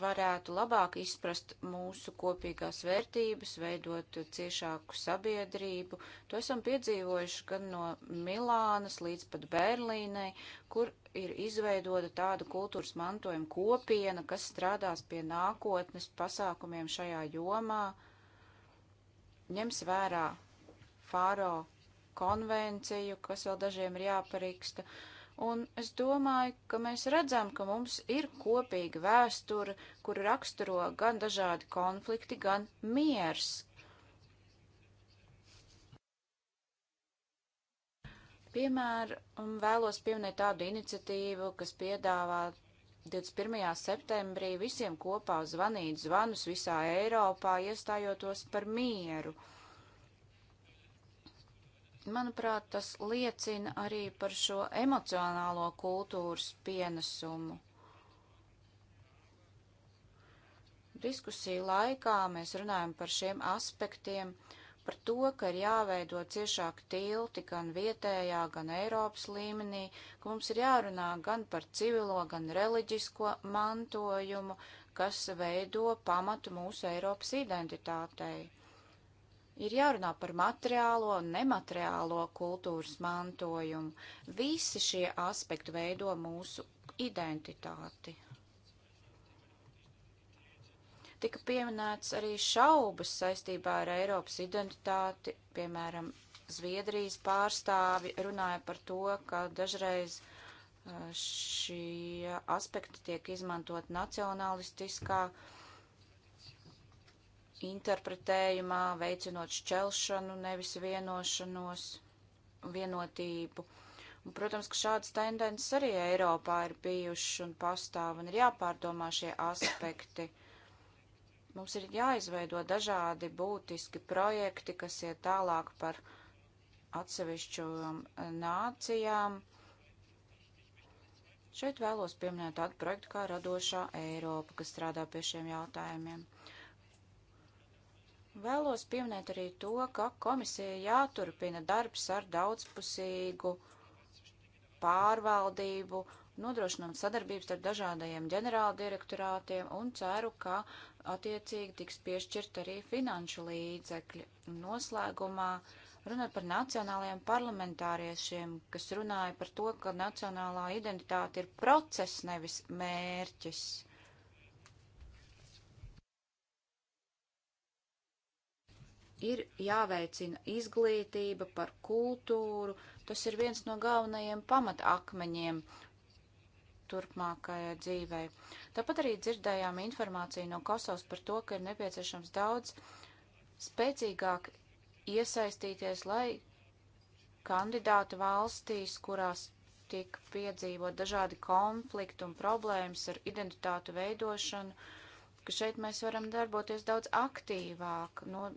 varētu labāk izprast mūsu kopīgās vērtības, veidot ciešāku sabiedrību. To esam piedzīvojuši gan no Milānas līdz pat Berlīnai, kur ir izveidota tāda kultūras mantojuma kopiena, kas strādās pie nākotnes pasākumiem šajā jomā, ņems vērā Fāro konvenciju, kas vēl dažiem ir jāparīksta. Uh, Un es domāju, ka mēs redzam, ka mums ir kopīga vēsture, kur raksturo gan dažādi konflikti, gan miers. Piemēram, vēlos pieminēt tādu iniciatīvu, kas piedāvā 21. septembrī visiem kopā zvanīt zvanus visā Eiropā, iestājotos par mieru. Manuprāt, tas liecina arī par šo emocionālo kultūras pienesumu. Diskusiju laikā mēs runājam par šiem aspektiem, par to, ka ir jāveido ciešāk tilti gan vietējā, gan Eiropas līmenī, ka mums ir jārunā gan par civilo, gan reliģisko mantojumu, kas veido pamatu mūsu Eiropas identitātei. Ir jārunā par materiālo un nemateriālo kultūras mantojumu. Visi šie aspekti veido mūsu identitāti. Tika pieminēts arī šaubas saistībā ar Eiropas identitāti, piemēram, Zviedrijas pārstāvi runāja par to, ka dažreiz uh, šie aspekti tiek izmantot nacionalistiskā uh, interpretējumā, veicinot šķelšanu, nevis vienošanos, vienotību. Un, protams, ka šādas tendences arī Eiropā ir bijušas un pastāv, un ir jāpārdomā šie aspekti. Mums ir jāizveido dažādi būtiski projekti, kas iet tālāk par atsevišķu um, nācijām. Šeit vēlos pieminēt tādu projektu kā Radošā Eiropa, kas strādā pie šiem jautājumiem. Vēlos pieminēt arī to, ka komisija jāturpina darbs ar daudzpusīgu pārvaldību, nodrošinām sadarbības ar dažādajiem ģenerāldirektorātiem un ceru, ka attiecīgi tiks piešķirt arī finanšu līdzekļi. Noslēgumā runāt par nacionālajiem parlamentāriešiem, kas runāja par to, ka nacionālā identitāte ir process, nevis mērķis. ir jāveicina izglītība par kultūru. Tas ir viens no galvenajiem pamatakmeņiem turpmākajai dzīvei. Tāpat arī dzirdējām informāciju no Kosovas par to, ka ir nepieciešams daudz spēcīgāk iesaistīties, lai kandidātu valstīs, kurās tiek piedzīvot dažādi konflikti un problēmas ar identitātu veidošanu, ka šeit mēs varam darboties daudz aktīvāk, no,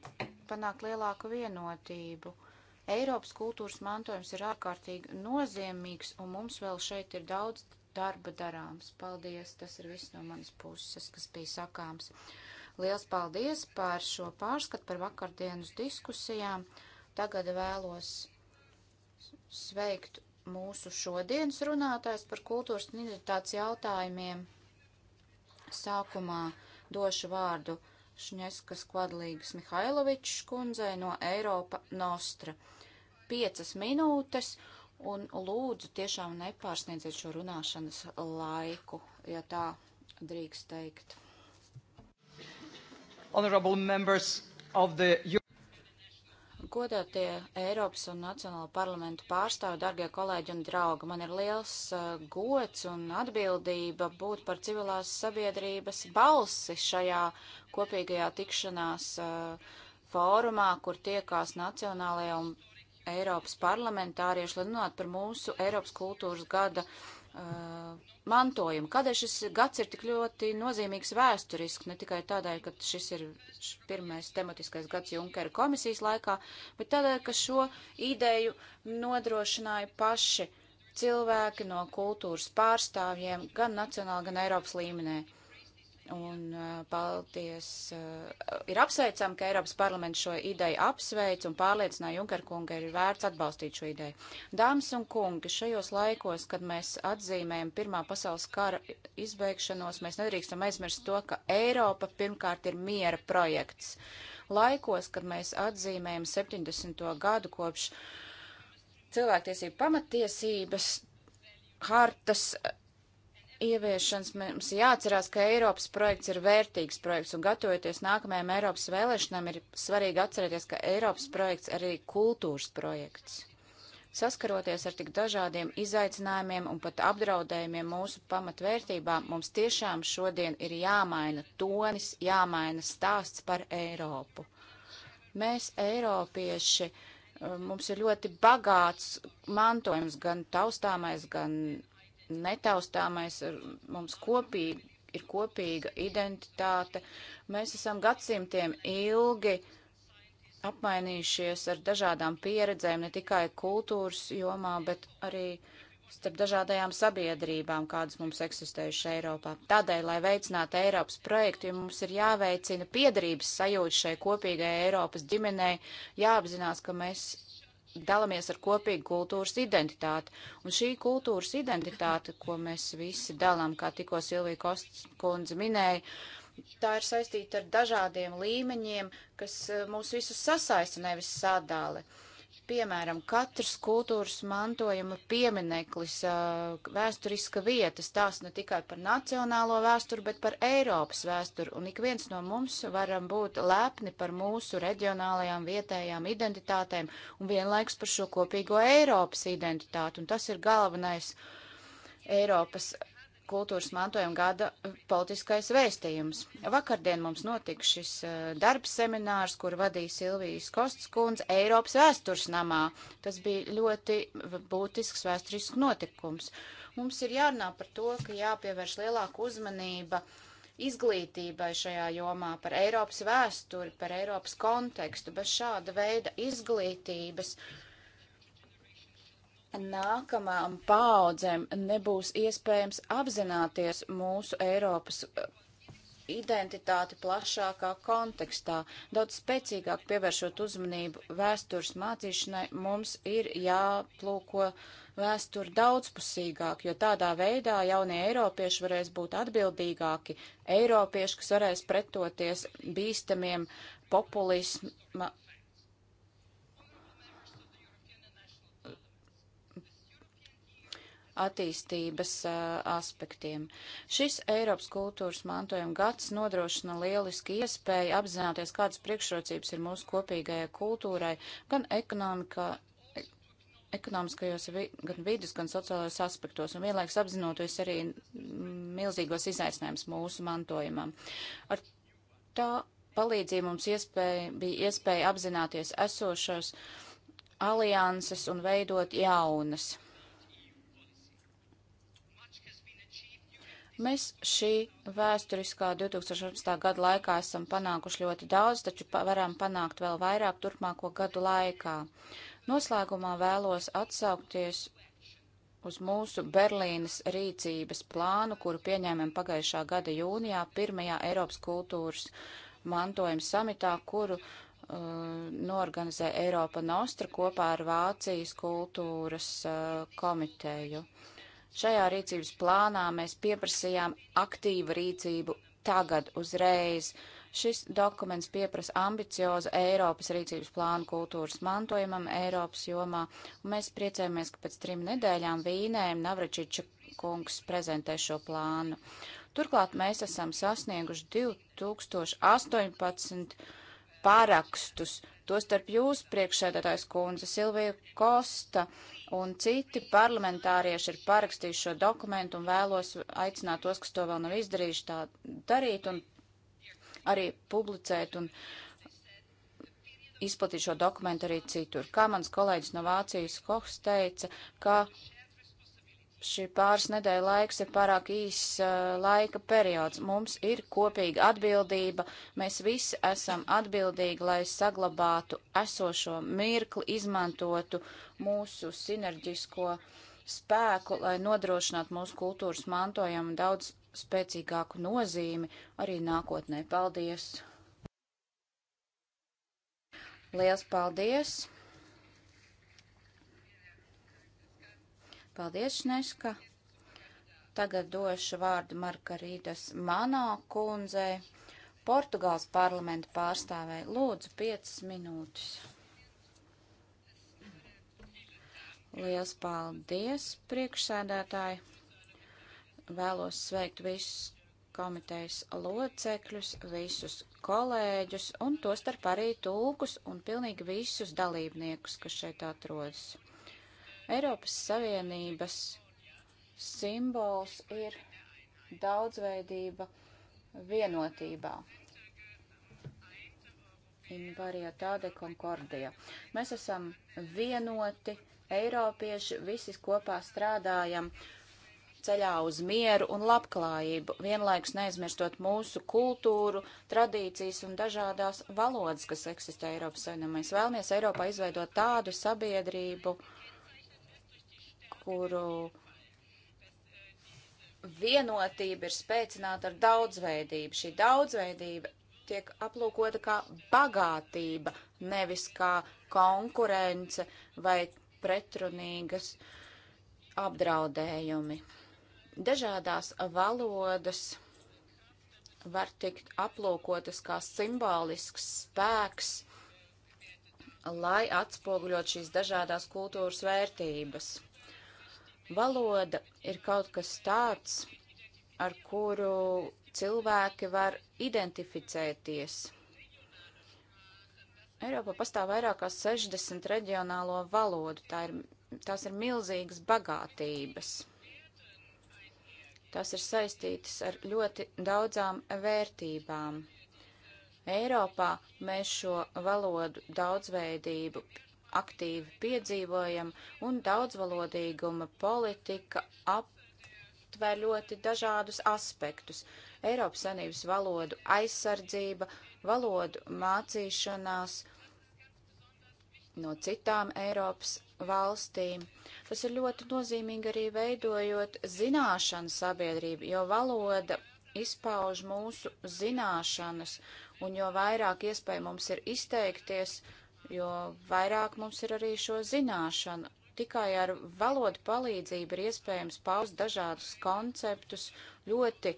panākt lielāku vienotību. Eiropas kultūras mantojums ir ārkārtīgi nozīmīgs, un mums vēl šeit ir daudz darba darāms. Paldies, tas ir viss no manas puses, kas bija sakāms. Liels paldies par šo pārskatu, par vakardienas diskusijām. Tagad vēlos sveikt mūsu šodienas runātājs par kultūras un identitātes jautājumiem. Sākumā došu vārdu Šņeskas kvadlīgas Mihailovičs kundzei no Eiropa Nostra. Piecas minūtes un lūdzu tiešām nepārsniedziet šo runāšanas laiku, ja tā drīkst teikt. Honorable members of the Godātie Eiropas un Nacionāla parlamentu pārstāvi, dargie kolēģi un draugi, man ir liels uh, gods un atbildība būt par civilās sabiedrības balsi šajā kopīgajā tikšanās uh, fórumā, kur tiekās Nacionālajie un Eiropas parlamentārieši, lai runātu par mūsu Eiropas kultūras gada uh, uh, mantojumu. Kādēļ šis gads ir tik ļoti nozīmīgs vēsturiski, ne tikai tādēļ, ka šis ir pirmais tematiskais gads Junkera komisijas laikā, bet tādēļ, ka šo ideju nodrošināja paši cilvēki no kultūras pārstāvjiem gan nacionāli, gan Eiropas līmenī. Un paldies, ir apsveicam, ka Eiropas parlaments šo ideju apsveic un pārliecināja Junker kunga ir vērts atbalstīt šo ideju. Dāmas un kungi, šajos laikos, kad mēs atzīmējam Pirmā pasaules kara izbeigšanos, mēs nedrīkstam aizmirst to, ka Eiropa pirmkārt ir miera projekts. Laikos, kad mēs atzīmējam 70. gadu kopš cilvēktiesību pamatiesības hartas ieviešanas mums jāatcerās, ka Eiropas projekts ir vērtīgs projekts, un gatavoties nākamajām Eiropas vēlēšanām, ir svarīgi atcerēties, ka Eiropas projekts arī kultūras projekts. Saskaroties ar tik dažādiem izaicinājumiem un pat apdraudējumiem mūsu pamatvērtībām, mums tiešām šodien ir jāmaina tonis, jāmaina stāsts par Eiropu. Mēs, Eiropieši, mums ir ļoti bagāts mantojums, gan taustāmais, gan netaustāmais mums kopīgi, ir kopīga identitāte. Mēs esam gadsimtiem ilgi apmainījušies ar dažādām pieredzēm, ne tikai kultūras jomā, bet arī starp dažādajām sabiedrībām, kādas mums eksistējušas Eiropā. Tādēļ, lai veicinātu Eiropas projektu, ja mums ir jāveicina piedarības sajūta šai kopīgai Eiropas ģimenei, jāapzinās, ka mēs dalamies ar kopīgu kultūras identitāti. Un šī kultūras identitāte, ko mēs visi dalām, kā tikko Silvija Kostkundze minēja, tā ir saistīta ar dažādiem līmeņiem, kas eh, mūs visus sasaista, nevis sadāli. Uh, Piemēram, katrs kultūras mantojuma piemineklis, vēsturiska vieta stāsta ne tikai par nacionālo vēsturi, bet par Eiropas vēsturi, un ik viens no mums varam būt lepni par mūsu reģionālajām vietējām identitātēm un vienlaiks par šo kopīgo Eiropas identitāti, un tas ir galvenais Eiropas kultūras mantojuma gada politiskais vēstījums. Vakardien mums notika šis eh, darbs seminārs, kur vadīja Silvijas Kosts kundze Eiropas vēstures namā. Tas bija ļoti būtisks vēsturisks notikums. Mums ir jārunā par to, ka jāpievērš lielāka uzmanība izglītībai šajā jomā, par Eiropas vēsturi, par Eiropas kontekstu. Bez šāda veida izglītības. Uh, nākamām paaudzēm nebūs iespējams apzināties mūsu Eiropas eh, identitāti plašākā kontekstā, daudz spēcīgāk pievēršot uzmanību vēstures mācīšanai, mums ir jāplūko vēsturi daudzpusīgāk, jo tādā veidā jaunie eiropieši varēs būt atbildīgāki, eiropieši, kas varēs pretoties bīstamiem populisma attīstības uh, aspektiem. Šis Eiropas kultūras mantojuma gads nodrošina lieliski iespēju apzināties, kādas priekšrocības ir mūsu kopīgajai kultūrai, gan ekonomikā, ekonomiskajos, gan vidus, gan sociālajos aspektos, un vienlaiks apzinoties arī milzīgos izaicinājumus mūsu mantojumam. Ar tā palīdzību mums iespēja, bija iespēja apzināties esošos alianses un veidot jaunas. Mēs šī vēsturiskā 2018. gada laikā esam panākuši ļoti daudz, taču pa varam panākt vēl vairāk turpmāko gadu laikā. Noslēgumā vēlos atsaukties uz mūsu Berlīnas rīcības plānu, kuru pieņēmēm pagājušā gada jūnijā pirmajā Eiropas kultūras mantojuma samitā, kuru uh, norganizē Eiropa Nostra kopā ar Vācijas kultūras uh, komiteju. Uh, Šajā rīcības plānā mēs pieprasījām aktīvu rīcību tagad, uzreiz. Šis dokuments pieprasa ambiciozu Eiropas rīcības plānu kultūras mantojumam Eiropas jomā, un mēs priecājamies, ka pēc trim nedēļām Vīnēm Navračiča kungs prezentē šo plānu. Turklāt mēs esam sasnieguši 2018 parakstus, tostarp jūs priekšsēdētājs kundze Silvija Kosta un citi parlamentārieši ir parakstījuši šo dokumentu un vēlos aicināt tos, kas to vēl nav izdarījuši, tā darīt un arī publicēt un izplatīt šo dokumentu arī citur. Kā mans kolēģis no Vācijas Kohs teica, ka šī pāris nedēļa laiks ir pārāk īss uh, laika periods. Mums ir kopīga atbildība, mēs visi esam atbildīgi, lai saglabātu esošo mirkli, izmantotu mūsu sinerģisko spēku, lai nodrošinātu mūsu kultūras mantojumu daudz spēcīgāku nozīmi arī nākotnē. Paldies! Liels paldies! Paldies, Neska. Tagad došu vārdu Margaritas Manā kundzei, Portugāls parlamenta pārstāvē. Lūdzu, piecas minūtes. Liels paldies, priekšsēdētāji. Vēlos sveikt visus komitejas locekļus, visus kolēģus un tostarp arī tulkus un pilnīgi visus dalībniekus, kas šeit atrodas. Eiropas Savienības simbols ir daudzveidība vienotībā. Invarietāde konkordija. Mēs esam vienoti, eiropieši, visi kopā strādājam ceļā uz mieru un labklājību, vienlaikus neaizmirstot mūsu kultūru, tradīcijas un dažādās valodas, kas eksistē Eiropas Savienībā. Mēs vēlamies Eiropā izveidot tādu sabiedrību, uh, kuru vienotība ir spēcināta ar daudzveidību. Šī daudzveidība tiek aplūkota kā bagātība, nevis kā konkurence vai pretrunīgas apdraudējumi. Dažādās valodas var tikt aplūkotas kā simbolisks spēks, lai atspoguļot šīs dažādās kultūras vērtības. Valoda ir kaut kas tāds, ar kuru cilvēki var identificēties. Eiropā pastāv vairāk kā 60 reģionālo valodu. Tā ir, tās ir milzīgas bagātības. Tās ir saistītas ar ļoti daudzām vērtībām. Eiropā mēs šo valodu daudzveidību aktīvi piedzīvojam, un daudzvalodīguma politika aptver ļoti dažādus aspektus. Eiropas Sanības valodu aizsardzība, valodu mācīšanās no citām Eiropas valstīm. Tas ir ļoti nozīmīgi arī veidojot zināšanu sabiedrību, jo valoda izpauž mūsu zināšanas, un jo vairāk iespēja mums ir izteikties, uh, jo vairāk mums ir arī šo zināšanu. Tikai ar valodu palīdzību ir iespējams paust dažādus konceptus ļoti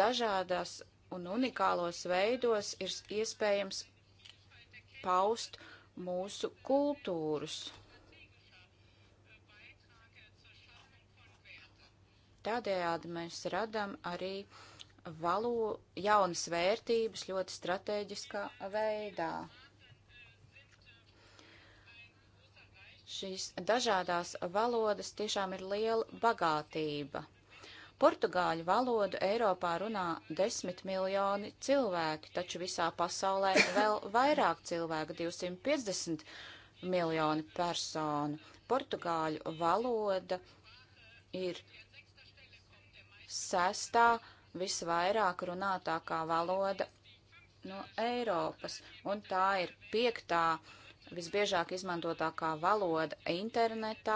dažādās un unikālos veidos ir iespējams paust mūsu kultūrus. Tādējādi mēs radam arī valo, jaunas vērtības ļoti strateģiskā veidā. Šīs dažādās valodas tiešām ir liela bagātība. Portugāļu valodu Eiropā runā desmit miljoni cilvēki, taču visā pasaulē vēl vairāk cilvēku - 250 miljoni personu. Portugāļu valoda ir sestā visvairāk runātākā valoda no Eiropas, un tā ir piektā uh, visbiežāk izmantotākā valoda internetā,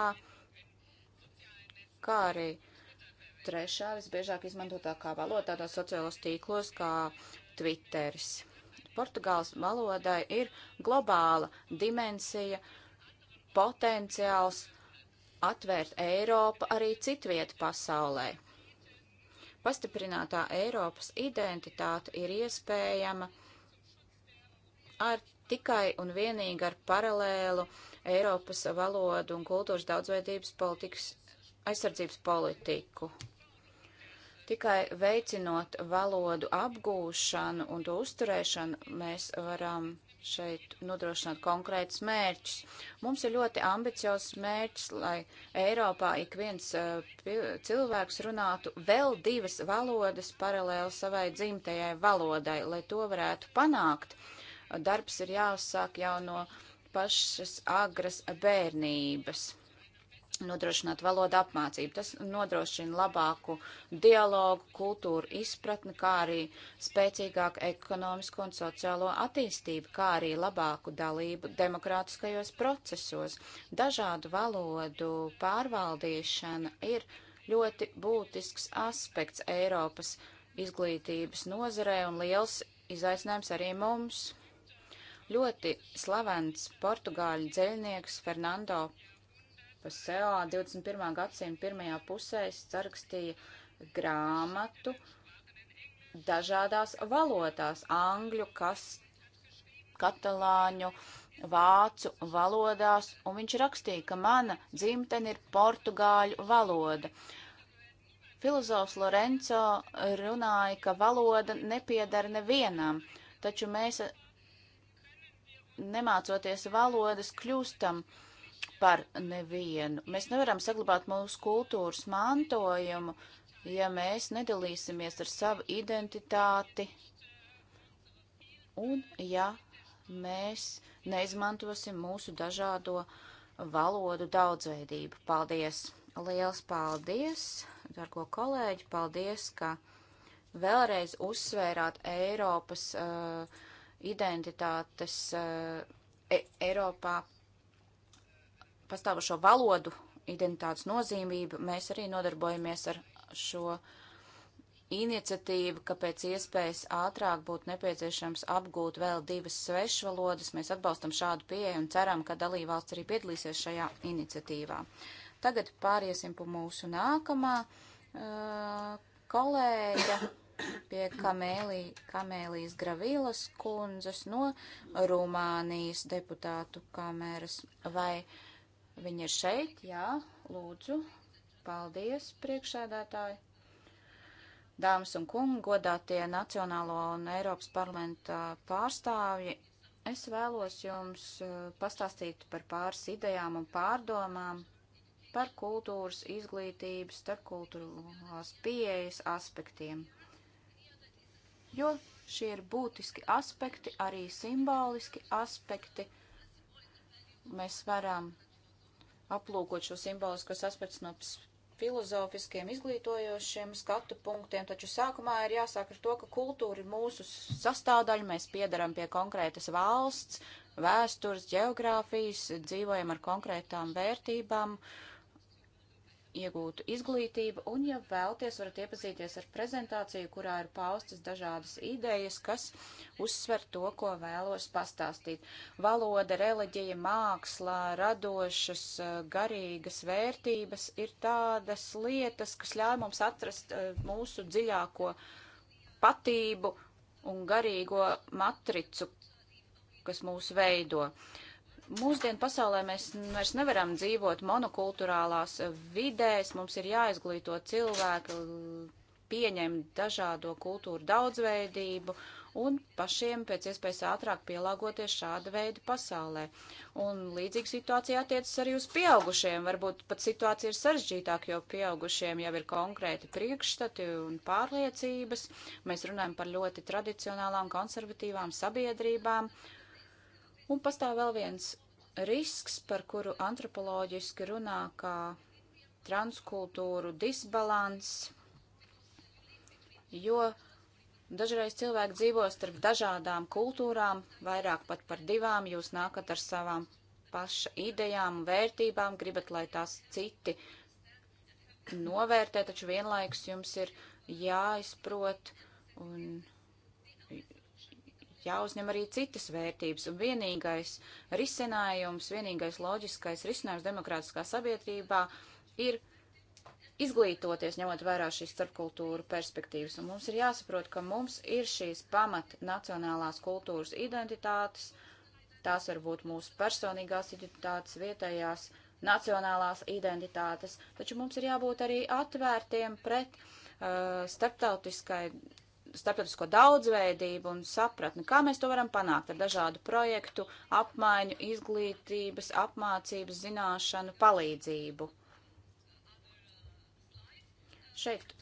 kā arī trešā visbiežāk izmantotākā valoda tādās sociālos tīklos kā Twitteris. Portugāles valodai ir globāla dimensija, potenciāls atvērt Eiropu arī citvietu pasaulē. Pastiprinātā Eiropas identitāte ir iespējama ar tikai un vienīgi ar paralēlu Eiropas valodu un kultūras daudzveidības politikas aizsardzības politiku. Tikai veicinot valodu apgūšanu un to uzturēšanu, mēs varam šeit nodrošināt konkrētus mērķus. Mums ir ļoti ambiciozs mērķis, lai Eiropā ik viens uh, cilvēks runātu vēl divas valodas paralēli savai dzimtajai valodai. Lai to varētu panākt, uh, darbs ir jāuzsāk jau no pašas agras bērnības nodrošināt valodu apmācību. Tas nodrošina labāku dialogu, kultūru izpratni, kā arī spēcīgāku ekonomisko un sociālo attīstību, kā arī labāku dalību demokrātiskajos procesos. Dažādu valodu pārvaldīšana ir ļoti būtisks aspekts Eiropas izglītības nozarē un liels izaicinājums arī mums ļoti slavens portugāļu dzēļnieks Fernando Paseo 21. gadsimta pirmajā pusē sarakstīja grāmatu dažādās valodās - angļu, kas, katalāņu, vācu valodās, un viņš rakstīja, ka mana dzimtene ir portugāļu valoda. Filozofs Lorenzo runāja, ka valoda nepiedara nevienam, taču mēs nemācoties valodas, kļūstam par nevienu. Mēs nevaram saglabāt mūsu kultūras mantojumu, ja mēs nedalīsimies ar savu identitāti un ja mēs neizmantosim mūsu dažādo valodu daudzveidību. Paldies! Liels paldies, dargo kolēģi! Paldies, ka vēlreiz uzsvērāt Eiropas uh, identitātes eh, e Eiropā pastāvošo valodu identitātes nozīmību, mēs arī nodarbojamies ar šo iniciatīvu, ka pēc iespējas ātrāk būtu nepieciešams apgūt vēl divas svešvalodas. Mēs atbalstam šādu pieeju un ceram, ka dalībvalsts arī piedalīsies šajā iniciatīvā. Tagad pāriesim pa mūsu nākamā uh, kolēģa pie Kamēlī, Kamēlijas Gravīlas kundzes no Rumānijas deputātu kameras. Vai viņa ir šeit? Jā, lūdzu. Paldies, priekšsēdētāji. Dāmas un kungi, godātie Nacionālo un Eiropas parlamenta pārstāvji, es vēlos jums uh, pastāstīt par pāris idejām un pārdomām par kultūras, izglītības, starpkultūrās pieejas aspektiem jo šie ir būtiski aspekti, arī simboliski aspekti. Mēs varam aplūkot šo simboliskos aspektus no filozofiskiem, izglītojošiem skatu punktiem, taču sākumā ir jāsāk ar to, ka kultūra ir mūsu sastāvdaļa, mēs piedaram pie konkrētas valsts, vēstures, geogrāfijas, dzīvojam ar konkrētām vērtībām, uh, iegūtu izglītību, un, ja vēlties, varat iepazīties ar prezentāciju, kurā ir paustas dažādas idejas, kas uzsver to, ko vēlos pastāstīt. Valoda, reliģija, māksla, radošas, eh, garīgas vērtības ir tādas lietas, kas ļauj mums atrast eh, mūsu dziļāko patību un garīgo matricu, kas mūs veido. Uh, mūsdienu pasaulē mēs vairs nevaram dzīvot monokulturālās vidēs, mums ir jāizglīto cilvēki, pieņemt dažādo kultūru daudzveidību un pašiem pēc iespējas ātrāk pielāgoties šāda veida pasaulē. Un līdzīga situācija attiecas arī uz pieaugušiem. Varbūt pat situācija ir sarežģītāka, jo pieaugušiem jau ir konkrēti priekšstati un pārliecības. Mēs runājam par ļoti tradicionālām, konservatīvām sabiedrībām, Un pastāv vēl viens risks, par kuru antropoloģiski runā kā transkultūru disbalans, jo Dažreiz cilvēki dzīvo starp dažādām kultūrām, vairāk pat par divām, jūs nākat ar savām paša idejām un vērtībām, gribat, lai tās citi novērtē, taču vienlaikus jums ir jāizprot un jāuzņem arī citas vērtības, un vienīgais risinājums, vienīgais loģiskais risinājums demokrātiskā sabiedrībā ir izglītoties, ņemot vērā šīs starpkultūru perspektīvas, un mums ir jāsaprot, ka mums ir šīs pamat nacionālās kultūras identitātes, tās var būt mūsu personīgās identitātes, vietējās, nacionālās identitātes, taču mums ir jābūt arī atvērtiem pret uh, starptautiskai starptautisko daudzveidību un sapratni, kā mēs to varam panākt ar dažādu projektu, apmaiņu, izglītības, apmācības, zināšanu, palīdzību. Šeit,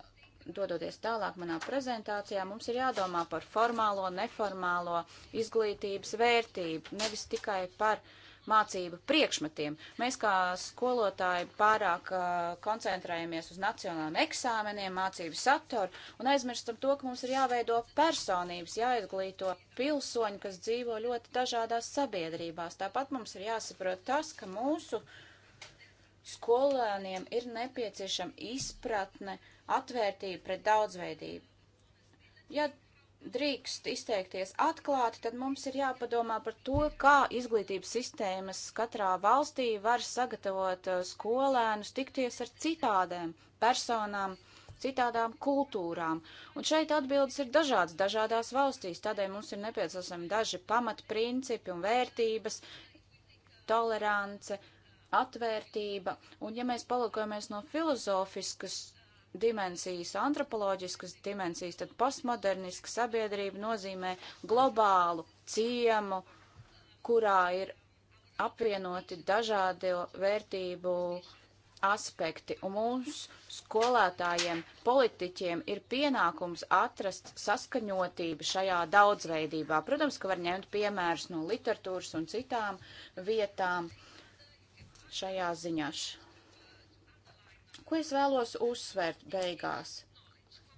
dodoties tālāk manā prezentācijā, mums ir jādomā par formālo, neformālo izglītības vērtību, nevis tikai par uh, mācību priekšmetiem. Mēs kā skolotāji pārāk uh, koncentrējamies uz nacionālajiem eksāmeniem, mācību saturu un aizmirstam to, ka mums ir jāveido personības, jāizglīto pilsoņi, kas dzīvo ļoti dažādās sabiedrībās. Tāpat mums ir jāsaprot tas, ka mūsu skolēniem ir nepieciešama izpratne, atvērtība pret daudzveidību. Ja drīkst izteikties atklāti, tad mums ir jāpadomā par to, kā izglītības sistēmas katrā valstī var sagatavot uh, skolēnus tikties ar citādēm personām, citādām kultūrām. Un šeit atbildes ir dažādas dažādās valstīs, tādēļ mums ir nepieciešami daži pamatprincipi un vērtības, tolerance, atvērtība. Un ja mēs palūkojamies no filozofiskas dimensijas, antropoloģiskas dimensijas, tad postmoderniska sabiedrība nozīmē globālu ciemu, kurā ir apvienoti dažādi vērtību aspekti. Un mums skolētājiem, politiķiem ir pienākums atrast saskaņotību šajā daudzveidībā. Protams, ka var ņemt piemērus no literatūras un citām vietām šajā ziņā. Ko es vēlos uzsvērt beigās?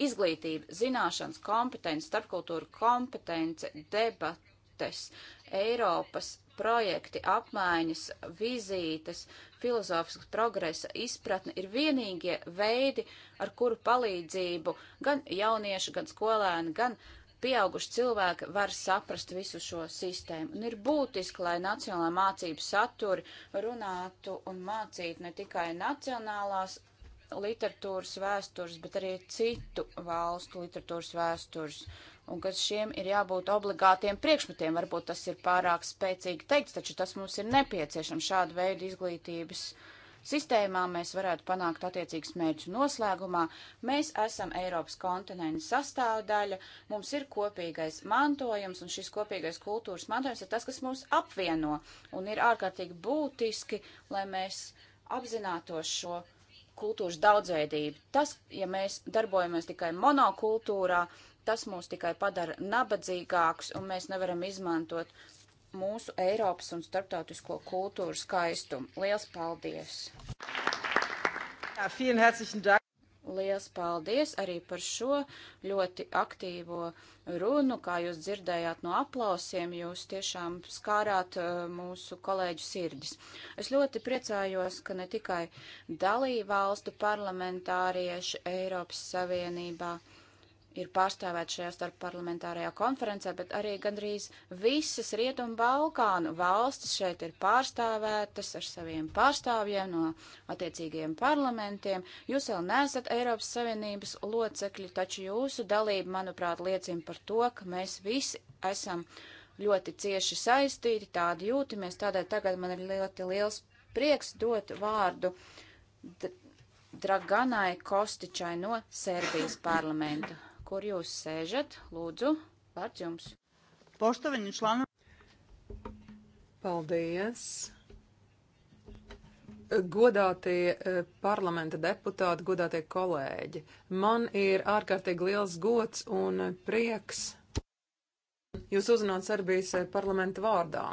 Izglītība, zināšanas, kompetence, starpkultūra kompetence, debates, Eiropas projekti, apmaiņas, vizītes, filozofiskas progresa izpratne ir vienīgie veidi, ar kuru palīdzību gan jaunieši, gan skolēni, gan pieauguši cilvēki var saprast visu šo sistēmu. Un ir būtiski, lai nacionālā mācību saturi runātu un mācītu ne tikai nacionālās literatūras vēstures, bet arī citu valstu literatūras vēstures, un ka šiem ir jābūt obligātiem priekšmetiem. Varbūt tas ir pārāk spēcīgi teikts, taču tas mums ir nepieciešams šāda veida izglītības. Sistēmā mēs varētu panākt attiecīgas mērķu noslēgumā. Mēs esam Eiropas kontinenta sastāvdaļa, mums ir kopīgais mantojums, un šis kopīgais kultūras mantojums ir tas, kas mūs apvieno, un ir ārkārtīgi būtiski, lai mēs apzinātos šo kultūras daudzveidību. Tas, ja mēs darbojamies tikai monokultūrā, tas mūs tikai padara nabadzīgāks, un mēs nevaram izmantot mūsu Eiropas un starptautisko kultūru skaistumu. Liels paldies! Jā, Liels paldies arī par šo ļoti aktīvo runu, kā jūs dzirdējāt no aplausiem, jūs tiešām skārāt uh, mūsu kolēģu sirdis. Es ļoti priecājos, ka ne tikai dalību valstu parlamentārieši Eiropas Savienībā, uh, ir pārstāvēt šajā starpparlamentārajā konferencē, bet arī gandrīz visas Rietumu Balkānu valstis šeit ir pārstāvētas ar saviem pārstāvjiem no attiecīgajiem parlamentiem. Jūs vēl neesat Eiropas Savienības locekļi, taču jūsu dalība, manuprāt, liecina par to, ka mēs visi esam ļoti cieši saistīti, tādi jūtamies, tādēļ tagad man ir ļoti liels prieks dot vārdu Draganai Kostičai no Serbijas parlamenta kur jūs sēžat. Lūdzu, vārds jums. Poštaviņu šlānu. Paldies. Godātie e, parlamenta deputāti, godātie kolēģi, man ir ārkārtīgi liels gods un prieks jūs uzrunāt Serbijas e, parlamenta vārdā.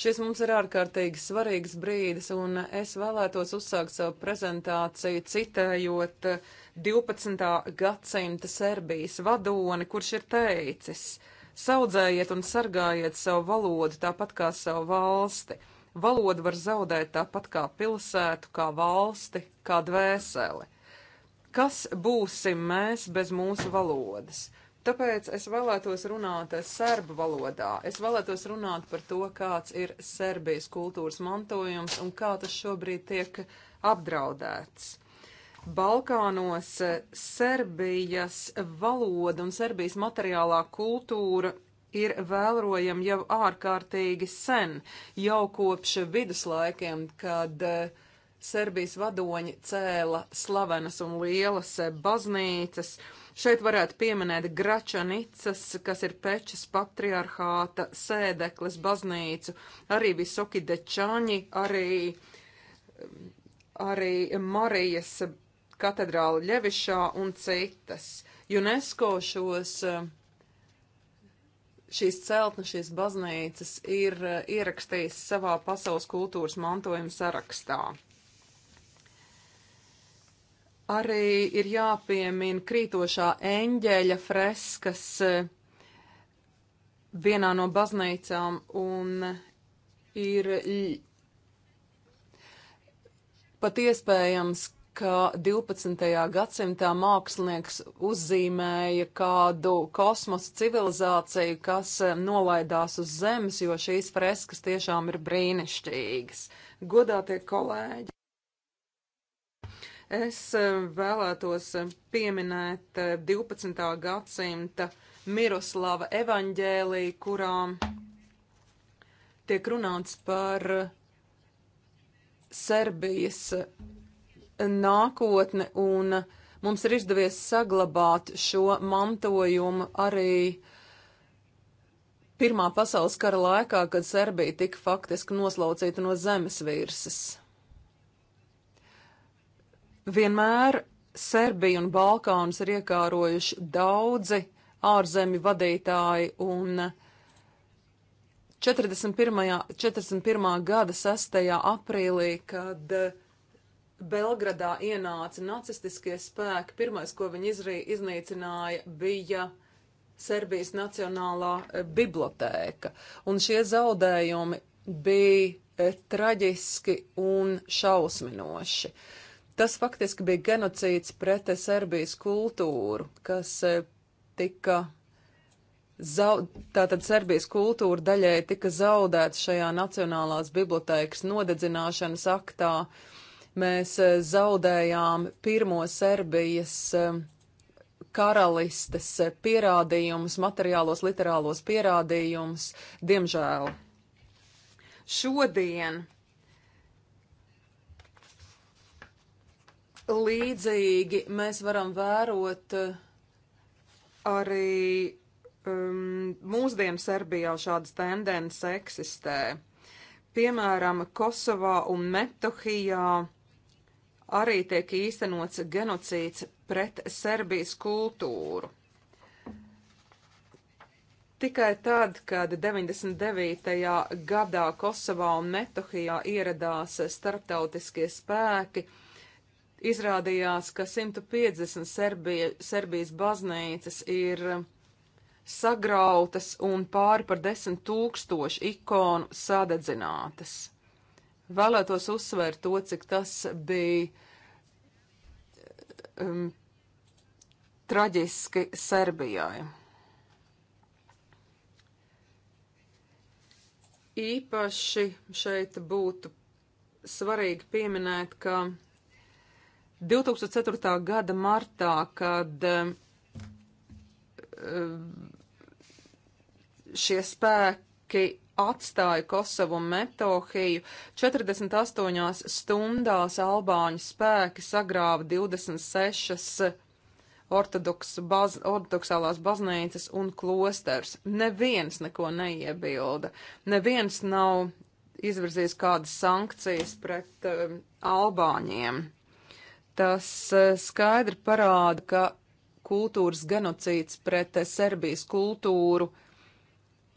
Šis mums ir ārkārtīgi svarīgs brīdis, un es vēlētos uzsākt savu prezentāciju citējot 12. gadsimta Serbijas vadoni, kurš ir teicis: Saudzējiet un sargājiet savu valodu tāpat kā savu valsti. Valoda var zaudēt tāpat kā pilsētu, kā valsti, kā dvēseli. Kas būsim mēs bez mūsu valodas? Tāpēc es vēlētos runāt serbu valodā. Es vēlētos runāt par to, kāds ir Serbijas kultūras mantojums un kā tas šobrīd tiek apdraudēts. Balkānos eh, Serbijas valoda un Serbijas materiālā kultūra ir vērojama jau ārkārtīgi sen, jau kopš viduslaikiem, kad eh, Serbijas vadoņi cēla slavenas un lielas eh, baznīcas. Šeit varētu pieminēt Gračanicas, kas ir Pečas patriarhāta sēdeklis baznīcu, arī Visoki Dečaņi, arī, arī Marijas katedrāli Ļevišā un citas. UNESCO šos, eh, šīs celtnes, šīs baznīcas ir eh, ierakstījis savā pasaules kultūras mantojuma sarakstā. Arī ir jāpiemina krītošā eņģeļa freskas eh, vienā no baznīcām un ir pat iespējams, ka 12. gadsimtā mākslinieks uzzīmēja kādu kosmosa civilizāciju, kas eh, nolaidās uz Zemes, jo šīs freskas tiešām ir brīnišķīgas. Godātie kolēģi! Es eh, vēlētos eh, pieminēt 12. gadsimta Miroslava evaņģēliju, kurā tiek runāts par Serbijas nākotne, un mums ir izdevies saglabāt šo mantojumu arī Pirmā pasaules kara laikā, kad Serbija tika faktiski noslaucīta no zemes virsmas. Vienmēr Serbiju un Balkānus ir iekārojuši daudzi ārzemju vadītāji, un 41. 41. gada 6. aprīlī, kad uh, Belgradā ienāca nacistiskie spēki, pirmais, ko viņi izrī, iznīcināja, bija Serbijas Nacionālā eh, bibliotēka. Un šie zaudējumi bija eh, traģiski un šausminoši. Tas faktiski bija genocīds pret eh, Serbijas kultūru, kas tika Zau, tātad Serbijas kultūra daļai tika zaudēta šajā Nacionālās bibliotēkas nodedzināšanas aktā. Uh, Mēs eh, zaudējām pirmo Serbijas eh, karalistes eh, pierādījumus, materiālos, literālos pierādījumus, diemžēl. Šodien līdzīgi mēs varam vērot arī um, mūsdienu Serbijā šādas tendences eksistē. Piemēram, Kosovā un Metohijā arī tiek īstenots genocīds pret Serbijas kultūru. Tikai tad, kad 99. gadā Kosovā un Metohijā ieradās starptautiskie spēki, izrādījās, ka 150 Serbija, Serbijas baznīcas ir sagrautas un pāri par desmit tūkstošu ikonu sadedzinātas vēlētos uzsvērt to, cik tas bija um, traģiski Serbijai. Īpaši šeit būtu svarīgi pieminēt, ka 2004. gada martā, kad um, šie spēki atstāja Kosovu un Metohiju. 48 stundās Albāņu spēki sagrāva 26 ortodoks baz, ortodoksālās baznīcas un klosters. Neviens neko neiebilda. Neviens nav izvirzījis kādas sankcijas pret uh, Albāņiem. Tas uh, skaidri parāda, ka kultūras genocīds pret uh, Serbijas kultūru uh,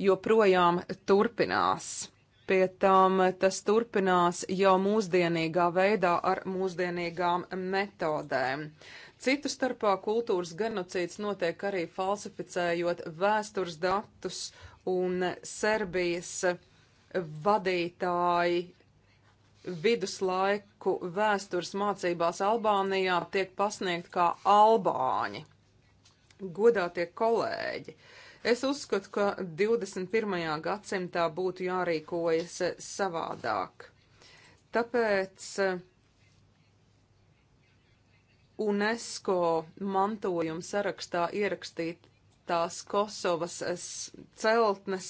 joprojām turpinās. Pie tam tas turpinās jau mūsdienīgā veidā ar mūsdienīgām metodēm. Citu starpā kultūras genocīds notiek arī falsificējot vēstures datus un Serbijas vadītāji viduslaiku vēstures mācībās Albānijā tiek pasniegt kā albāņi. Godātie kolēģi, uh, Es uzskatu, ka 21. gadsimtā būtu jārīkojas savādāk. Tāpēc eh, UNESCO mantojuma sarakstā ierakstītās Kosovas eh, celtnes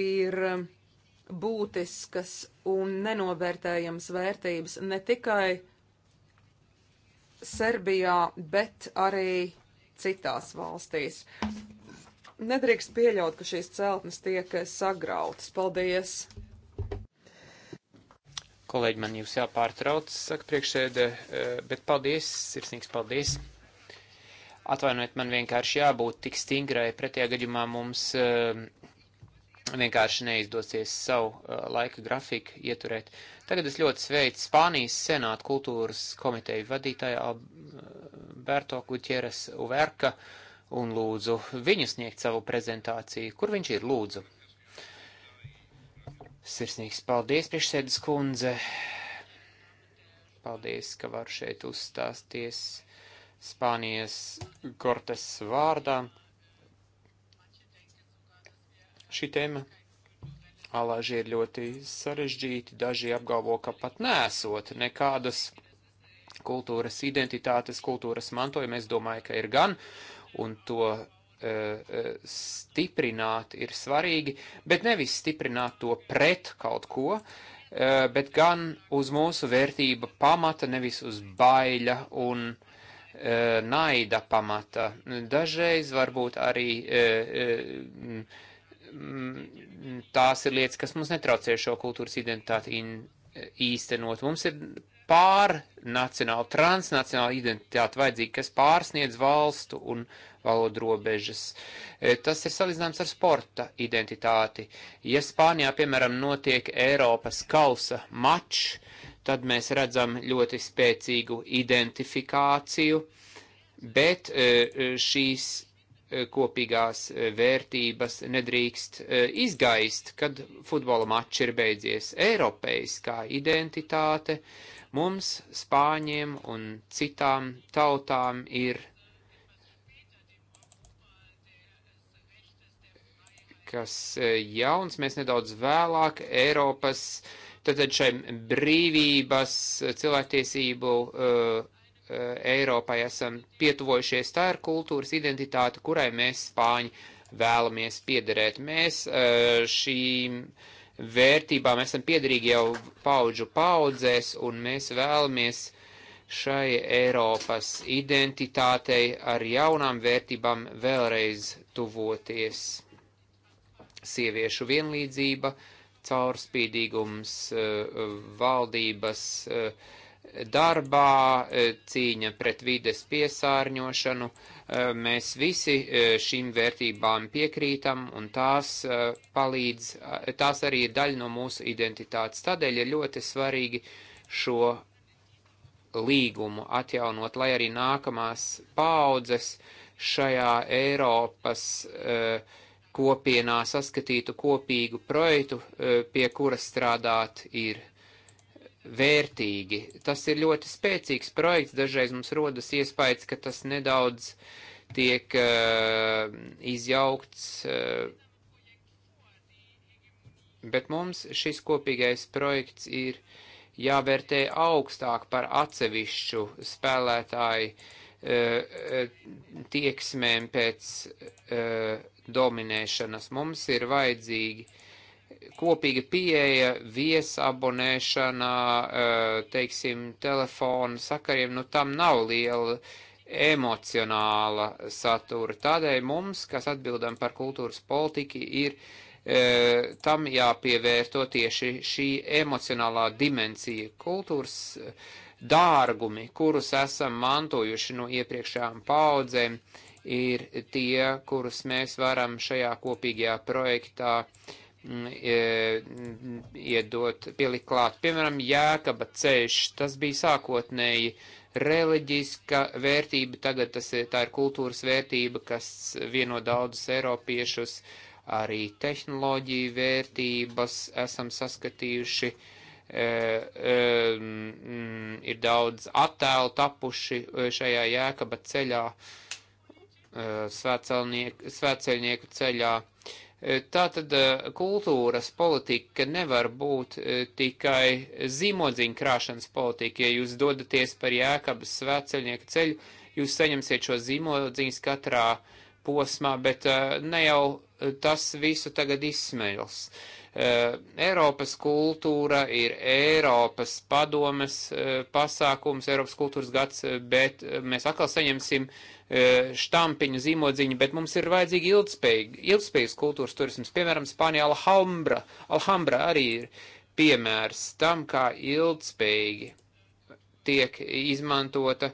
ir eh, būtiskas un nenovērtējams vērtības ne tikai Serbijā, bet arī citās valstīs. Nedrīkst pieļaut, ka šīs celtnes tiek sagrautas. Paldies! Kolēģi, man jūs jāpārtrauc, saka priekšsēdē, e, bet paldies, sirsnīgs paldies. Atvainojiet, man vienkārši jābūt tik stingrai, pretējā gadījumā mums e, vienkārši neizdosies savu uh, laika grafiku ieturēt. Tagad es ļoti sveicu Spānijas Senāta kultūras komiteju vadītāju Alberto Gutieres Uverka un lūdzu viņu sniegt savu prezentāciju. Kur viņš ir, lūdzu? Sirsnīgs paldies, priekšsēdus kundze. Paldies, ka var šeit uzstāsties Spānijas Gortes vārdā. Šī tēma alāži ir ļoti sarežģīti. Daži apgalvo, ka pat nesot nekādas kultūras identitātes, kultūras mantojuma. Es domāju, ka ir gan. Uh, un to e, e, stiprināt ir svarīgi, bet nevis stiprināt to pret kaut ko, e, bet gan uz mūsu vērtība pamata, nevis uz baila un naida pamata. Dažreiz varbūt arī tās ir lietas, kas mums netraucē šo kultūras identitāti īstenot. Mums ir pārnacionāla, transnacionāla identitāte vajadzīga, kas pārsniedz valstu un valodu robežas. E, tas ir salīdzināms ar sporta identitāti. Ja Spānijā, piemēram, notiek Eiropas kausa mačs, tad mēs redzam ļoti spēcīgu identifikāciju, bet e, e, šīs kopīgās vērtības nedrīkst izgaist, kad futbola mačs ir beidzies. Eiropeiskā identitāte Mums, Spāņiem un citām tautām, ir, kas e, jauns, mēs nedaudz vēlāk Eiropas, tātad šai brīvības, e, cilvēktiesību e, Eiropai esam pietuvojušies, tā ir kultūras identitāte, kurai mēs, Spāņi, vēlamies piederēt. Mēs šīm uh, vērtībām esam piederīgi jau paudžu paudzēs, un mēs vēlamies šai Eiropas identitātei ar jaunām vērtībām vēlreiz tuvoties. Sieviešu vienlīdzība, caurspīdīgums eh, valdības eh, darbā, eh, cīņa pret vides piesārņošanu, uh, Eh, mēs visi eh, šīm vērtībām piekrītam, un tās eh, palīdz, tās arī ir daļa no mūsu identitātes. Tādēļ ir ļoti svarīgi šo līgumu atjaunot, lai arī nākamās paudzes šajā Eiropas kopienā saskatītu kopīgu projektu, pie kura strādāt ir vērtīgi. Tas ir ļoti spēcīgs projekts, dažreiz mums rodas iespējas, ka tas nedaudz tiek uh, izjaukts, uh, bet mums šis kopīgais projekts ir jāvērtē augstāk par atsevišķu spēlētāju uh, tieksmēm pēc uh, dominēšanas. Mums ir vajadzīgi uh, kopīga pieeja viesabonēšanā, eh, teiksim, telefonu sakariem, nu tam nav liela emocionāla satura. Tādēļ mums, kas atbildam par kultūras politiku, ir eh, tam jāpievērto tieši šī emocionālā dimensija kultūras dārgumi, kurus esam mantojuši no iepriekšējām paudzēm, ir tie, kurus mēs varam šajā kopīgajā projektā uh, Mm, mm, iedot, pielikt klāt. Piemēram, Jēkaba ceļš, tas bija sākotnēji reliģiska vērtība, tagad tas ir, tā ir kultūras vērtība, kas vieno daudzus eiropiešus, arī tehnoloģiju vērtības esam saskatījuši, e, e, mm, ir daudz attēlu tapuši e, šajā Jēkaba ceļā, e, svētceļnieku ceļā Tātad eh, kultūras politika nevar būt eh, tikai zīmodziņu krāšanas politika. Ja jūs dodaties par jēkabas svētceļnieku ceļu, jūs saņemsiet šo zīmodziņu katrā posmā, bet eh, ne jau tas visu tagad izsmeļas. Eiropas kultūra ir Eiropas padomes pasākums, Eiropas kultūras gads, bet mēs atkal saņemsim uh, E, štampiņu, zīmodziņu, bet mums ir vajadzīgi ilgspējīgi, ilgspējīgs kultūras turisms. Piemēram, Spānijā Alhambra, Alhambra arī ir piemērs tam, kā ilgspējīgi tiek izmantota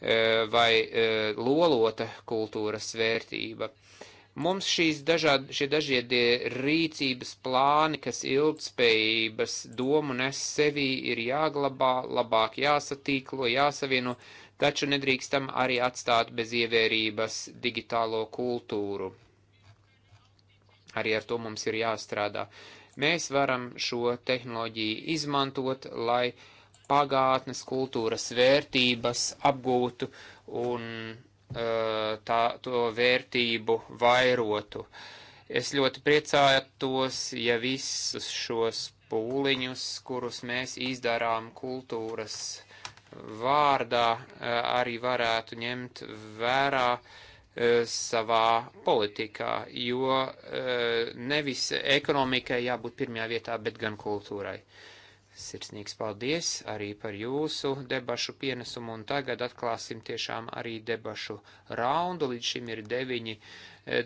e, vai e, lolota kultūras vērtība. Mums šīs dažādi, šie dažādie rīcības plāni, kas ilgspējības domu nes sevī, ir jāglabā, labāk jāsatīklo, jāsavieno. No taču nedrīkstam arī atstāt bez ievērības digitālo kultūru. Arī ar to mums ir jāstrādā. Mēs varam šo tehnoloģiju izmantot, lai pagātnes kultūras vērtības apgūtu un uh, tā, to vērtību vairotu. Es ļoti priecājos, ja visus šos pūliņus, kurus mēs izdarām kultūras vārdā eh, arī varētu ņemt vērā eh, savā politikā, jo eh, nevis ekonomikai jābūt pirmajā vietā, bet gan kultūrai. Sirsnīgs paldies arī par jūsu debašu pienesumu, un tagad atklāsim tiešām arī debašu raundu. Līdz šim ir deviņi,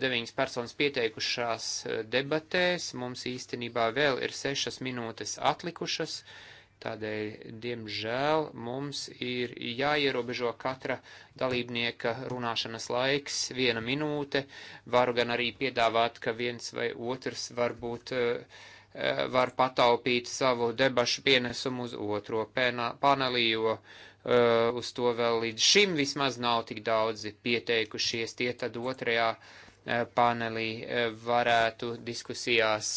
deviņas personas pieteikušās debatēs, mums īstenībā vēl ir sešas minūtes atlikušas. Uh, Tādēļ, diemžēl, mums ir jāierobežo katra dalībnieka runāšanas laiks, viena minūte. Varu gan arī piedāvāt, ka viens vai otrs varbūt eh, eh, var pataupīt savu debašu pienesumu uz otro panelī, jo eh, uz to vēl līdz šim vismaz nav tik daudzi pieteikušies. Tie tad otrajā panelī varētu diskusijās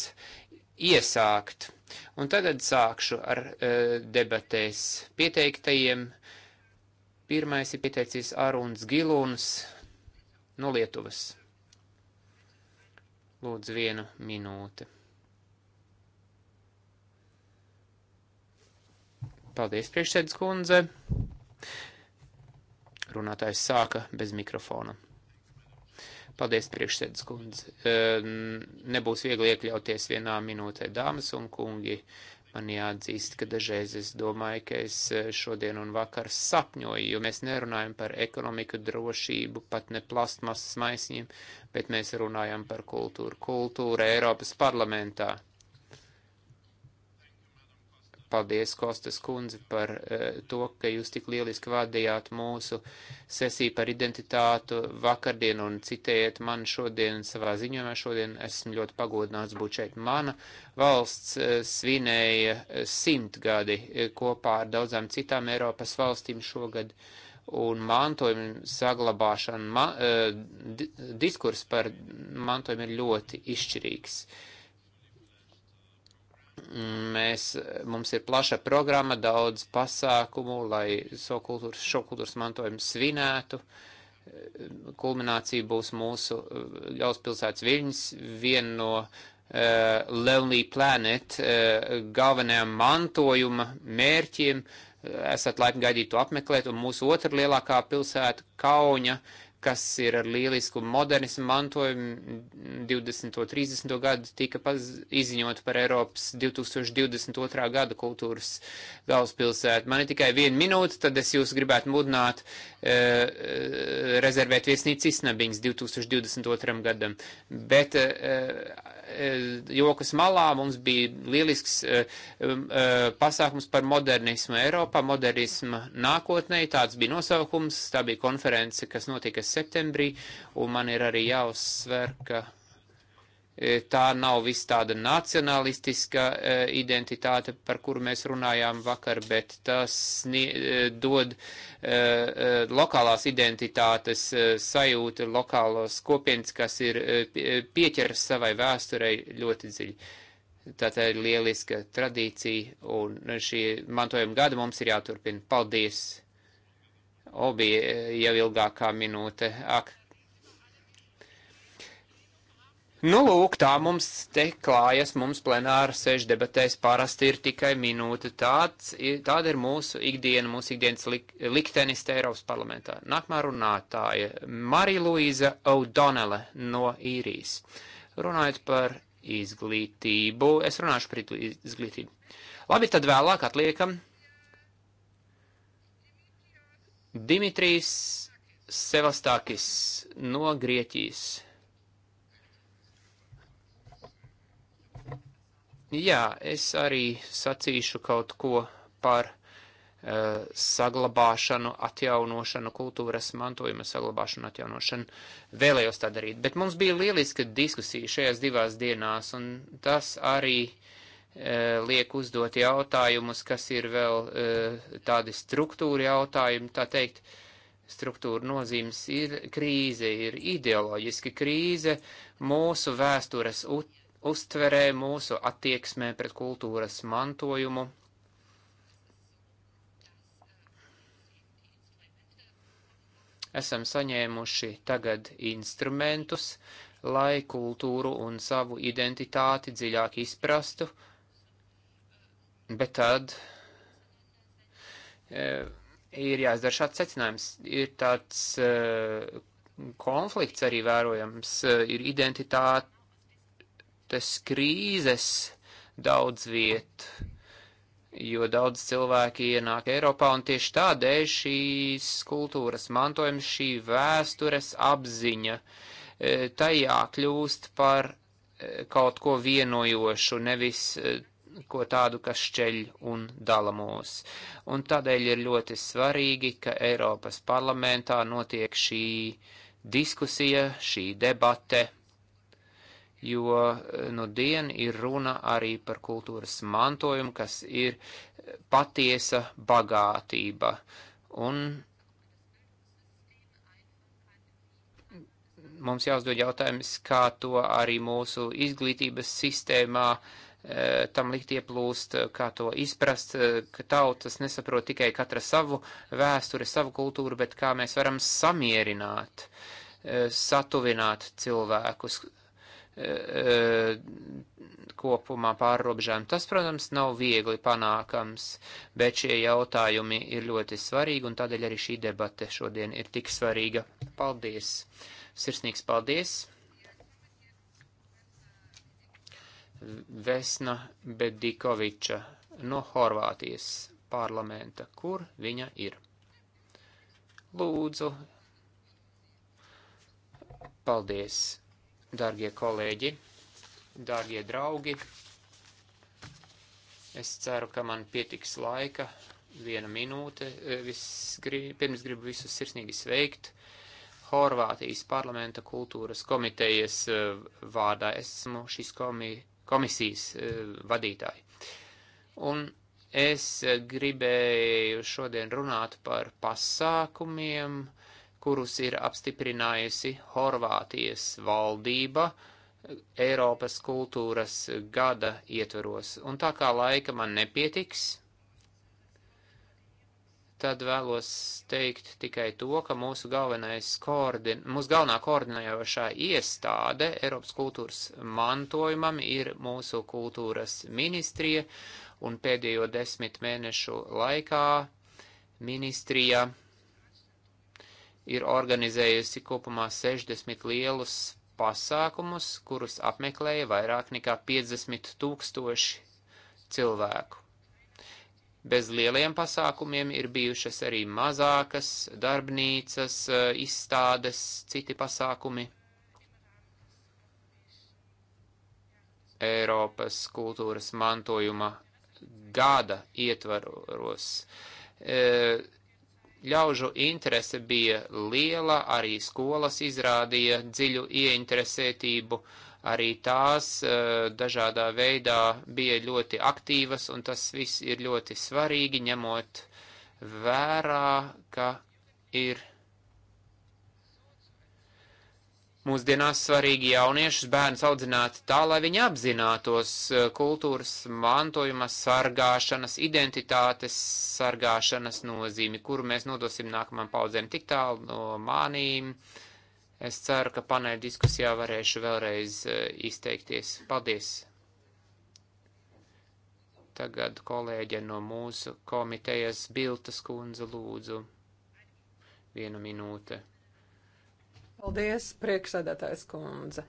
iesākt. Un tagad sākšu ar e, debatēs pieteiktajiem. Pirmais ir pieteicis Aruns Gilūns no Lietuvas. Lūdzu, vienu minūti. Paldies, priekšsēdus kundze. Runātājs sāka bez mikrofona. Paldies, priekšsēdus kundze. E, nebūs viegli iekļauties vienā minūtē, dāmas un kungi. Man jāatzīst, ka dažreiz es domāju, ka es e, šodien un vakar sapņoju, jo mēs nerunājam par ekonomiku drošību, pat ne plastmasas maisņiem, bet mēs runājam par kultūru. Kultūra Eiropas parlamentā Paldies, Kostas kundze, par eh, to, ka jūs tik lieliski vadījāt mūsu sesiju par identitātu vakardien un citējiet man šodien savā ziņojumā. Šodien esmu ļoti pagodināts būt šeit. Mana valsts eh, svinēja eh, simtgadi kopā ar daudzām citām Eiropas valstīm šogad. Un mantojuma saglabāšana, ma, diskurss par mantojumu ir ļoti izšķirīgs. Uh, Mēs, mums ir plaša programma, daudz pasākumu, lai šo kultūras, šo kultūras mantojumu svinētu. Kulminācija būs mūsu eh, galvaspilsētas Viļņas, viena no uh, Lonely Planet uh, eh, galvenajām mantojuma mērķiem. Esat laipni gaidīti to apmeklēt, un mūsu otra lielākā pilsēta Kauņa uh, kas ir ar lielisku modernismu mantojumu, 20. un 30. gadu tika izziņot par Eiropas 2022. gada kultūras galvaspilsētu. Man ir tikai viena minūte, tad es jūs gribētu mudināt e, e rezervēt viesnīcu Isnabiņas 2022. gadam. Bet e, e Eh, jokas malā, mums bija lielisks eh, eh, pasākums par modernismu Eiropā, modernismu nākotnē, tāds bija nosaukums, tā bija konference, kas notika septembrī, un man ir arī jāuzsver, ka E, tā nav viss tāda nacionalistiska e, identitāte, par kuru mēs runājām vakar, bet tas e, dod lokālās identitātes sajūtu, lokālos kopienas, kas ir pieķeras savai vēsturei ļoti dziļi. Tā tā ir lieliska tradīcija, un šī mantojuma gada mums ir jāturpina. Paldies! Obi jau ilgākā minūte. Ak, Nu, lūk, tā mums te klājas, mums plenāra sešu debatēs parasti ir tikai minūte. Tāds, tāda ir mūsu ikdiena, mūsu ikdienas lik, liktenis te Eiropas parlamentā. Nākamā runātāja Marija Luīza O'Donele no īrijas. Runājot par izglītību, es runāšu par izglītību. Labi, tad vēlāk atliekam. Dimitrijs Sevastakis no Grieķijas. Jā, es arī sacīšu kaut ko par uh, saglabāšanu, atjaunošanu, kultūras mantojuma saglabāšanu, atjaunošanu. Vēlējos tā darīt, bet mums bija lieliska diskusija šajās divās dienās, un tas arī uh, liek uzdot jautājumus, kas ir vēl uh, tādi struktūra jautājumi, tā teikt, struktūra nozīmes ir krīze, ir ideoloģiska krīze mūsu vēstures ut uztverē, mūsu attieksmē pret kultūras mantojumu. Esam saņēmuši tagad instrumentus, lai kultūru un savu identitāti dziļāk izprastu, bet tad e, ir jāizdara šāds secinājums. Ir tāds e, konflikts arī vērojams, e, ir identitāte tas krīzes daudz viet, jo daudz cilvēki ienāk Eiropā, un tieši tādēļ šīs kultūras mantojums, šī vēstures apziņa e, tajā kļūst par e, kaut ko vienojošu, nevis e, ko tādu, kas šķeļ un dala mūs. Un tādēļ ir ļoti svarīgi, ka Eiropas parlamentā notiek šī diskusija, šī debate jo eh, no nu, diena ir runa arī par kultūras mantojumu, kas ir eh, patiesa bagātība. Un mums jāuzdod jautājums, kā to arī mūsu izglītības sistēmā eh, tam likt ieplūst, kā to izprast, ka tautas nesaprot tikai katra savu vēsturi, savu kultūru, bet kā mēs varam samierināt, satuvināt cilvēkus, Eh, kopumā pārrobežām. Tas, protams, nav viegli panākams, bet šie jautājumi ir ļoti svarīgi, un tādēļ arī šī debate šodien ir tik svarīga. Paldies! Sirsnīgs paldies! Vesna Bedikoviča no Horvātijas parlamenta. Kur viņa ir? Lūdzu! Paldies! Dārgie kolēģi, dārgie draugi, es ceru, ka man pietiks laika, viena minūte. E, Viss, grib, pirms gribu visus sirsnīgi sveikt. Horvātijas parlamenta kultūras komitejas e, vārdā esmu šīs komi, komisijas e, vadītāji. Un es gribēju šodien runāt par pasākumiem, uh, kurus ir apstiprinājusi Horvātijas valdība Eiropas kultūras gada ietveros. Un tā kā laika man nepietiks, tad vēlos teikt tikai to, ka mūsu, koordin, mūsu galvenā koordinējošā iestāde Eiropas kultūras mantojumam ir mūsu kultūras ministrija, un pēdējo desmit mēnešu laikā ministrija ir organizējusi kopumā 60 lielus pasākumus, kurus apmeklēja vairāk nekā 50 tūkstoši cilvēku. Bez lieliem pasākumiem ir bijušas arī mazākas darbnīcas, e, izstādes, citi pasākumi. Eiropas kultūras mantojuma gada ietvaros. E, ļaužu interese bija liela, arī skolas izrādīja dziļu ieinteresētību, arī tās eh, dažādā veidā bija ļoti aktīvas, un tas viss ir ļoti svarīgi, ņemot vērā, ka ir mūsdienās svarīgi jauniešus bērnus audzināt tā, lai viņi apzinātos eh, kultūras mantojuma sargāšanas, identitātes sargāšanas nozīmi, kuru mēs nodosim nākamajām paudzēm tik tālu no mānīm. Es ceru, ka panēļ diskusijā varēšu vēlreiz eh, izteikties. Paldies! Tagad kolēģe no mūsu komitejas Biltas kundze lūdzu. Viena minūte. Paldies, prieksēdētājs kundze.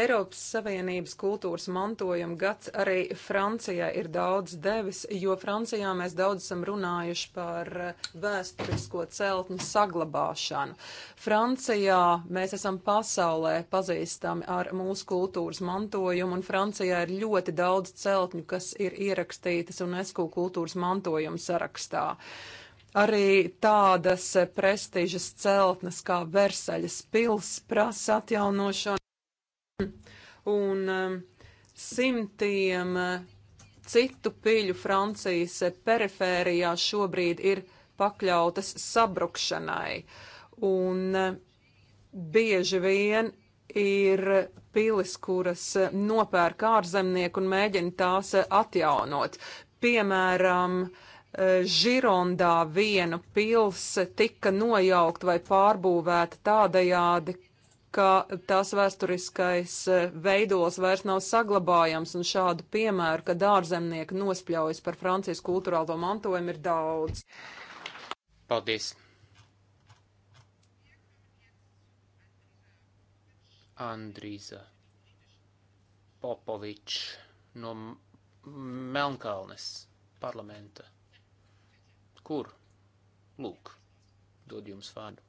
Eiropas Savienības kultūras mantojuma gads arī Francijai ir daudz devis, jo Francijā mēs daudz esam runājuši par eh, vēsturisko celtņu saglabāšanu. Francijā mēs esam pasaulē pazīstami ar mūsu kultūras mantojumu, un Francijā ir ļoti daudz celtņu, kas ir ierakstītas UNESCO kultūras mantojuma sarakstā. Arī tādas prestižas celtnes kā Versaļas pils prasa atjaunošanu un um, simtiem uh, citu piļu Francijas perifērijā šobrīd ir pakļautas sabrukšanai. Un uh, bieži vien ir pilis, kuras uh, nopērk ārzemnieku un mēģina tās atjaunot. Piemēram, uh, Eh, Žirondā viena pils tika nojaukt vai pārbūvēta tādajādi, ka tās vēsturiskais eh, veidos vairs nav saglabājams, un šādu piemēru, kad ārzemnieki nospļaujas par Francijas kultūrālo mantojumu, ir daudz. Paldies! Andrīza Popovičs no Melnkalnes parlamenta. Kur? Lūk, dod jums vārdu.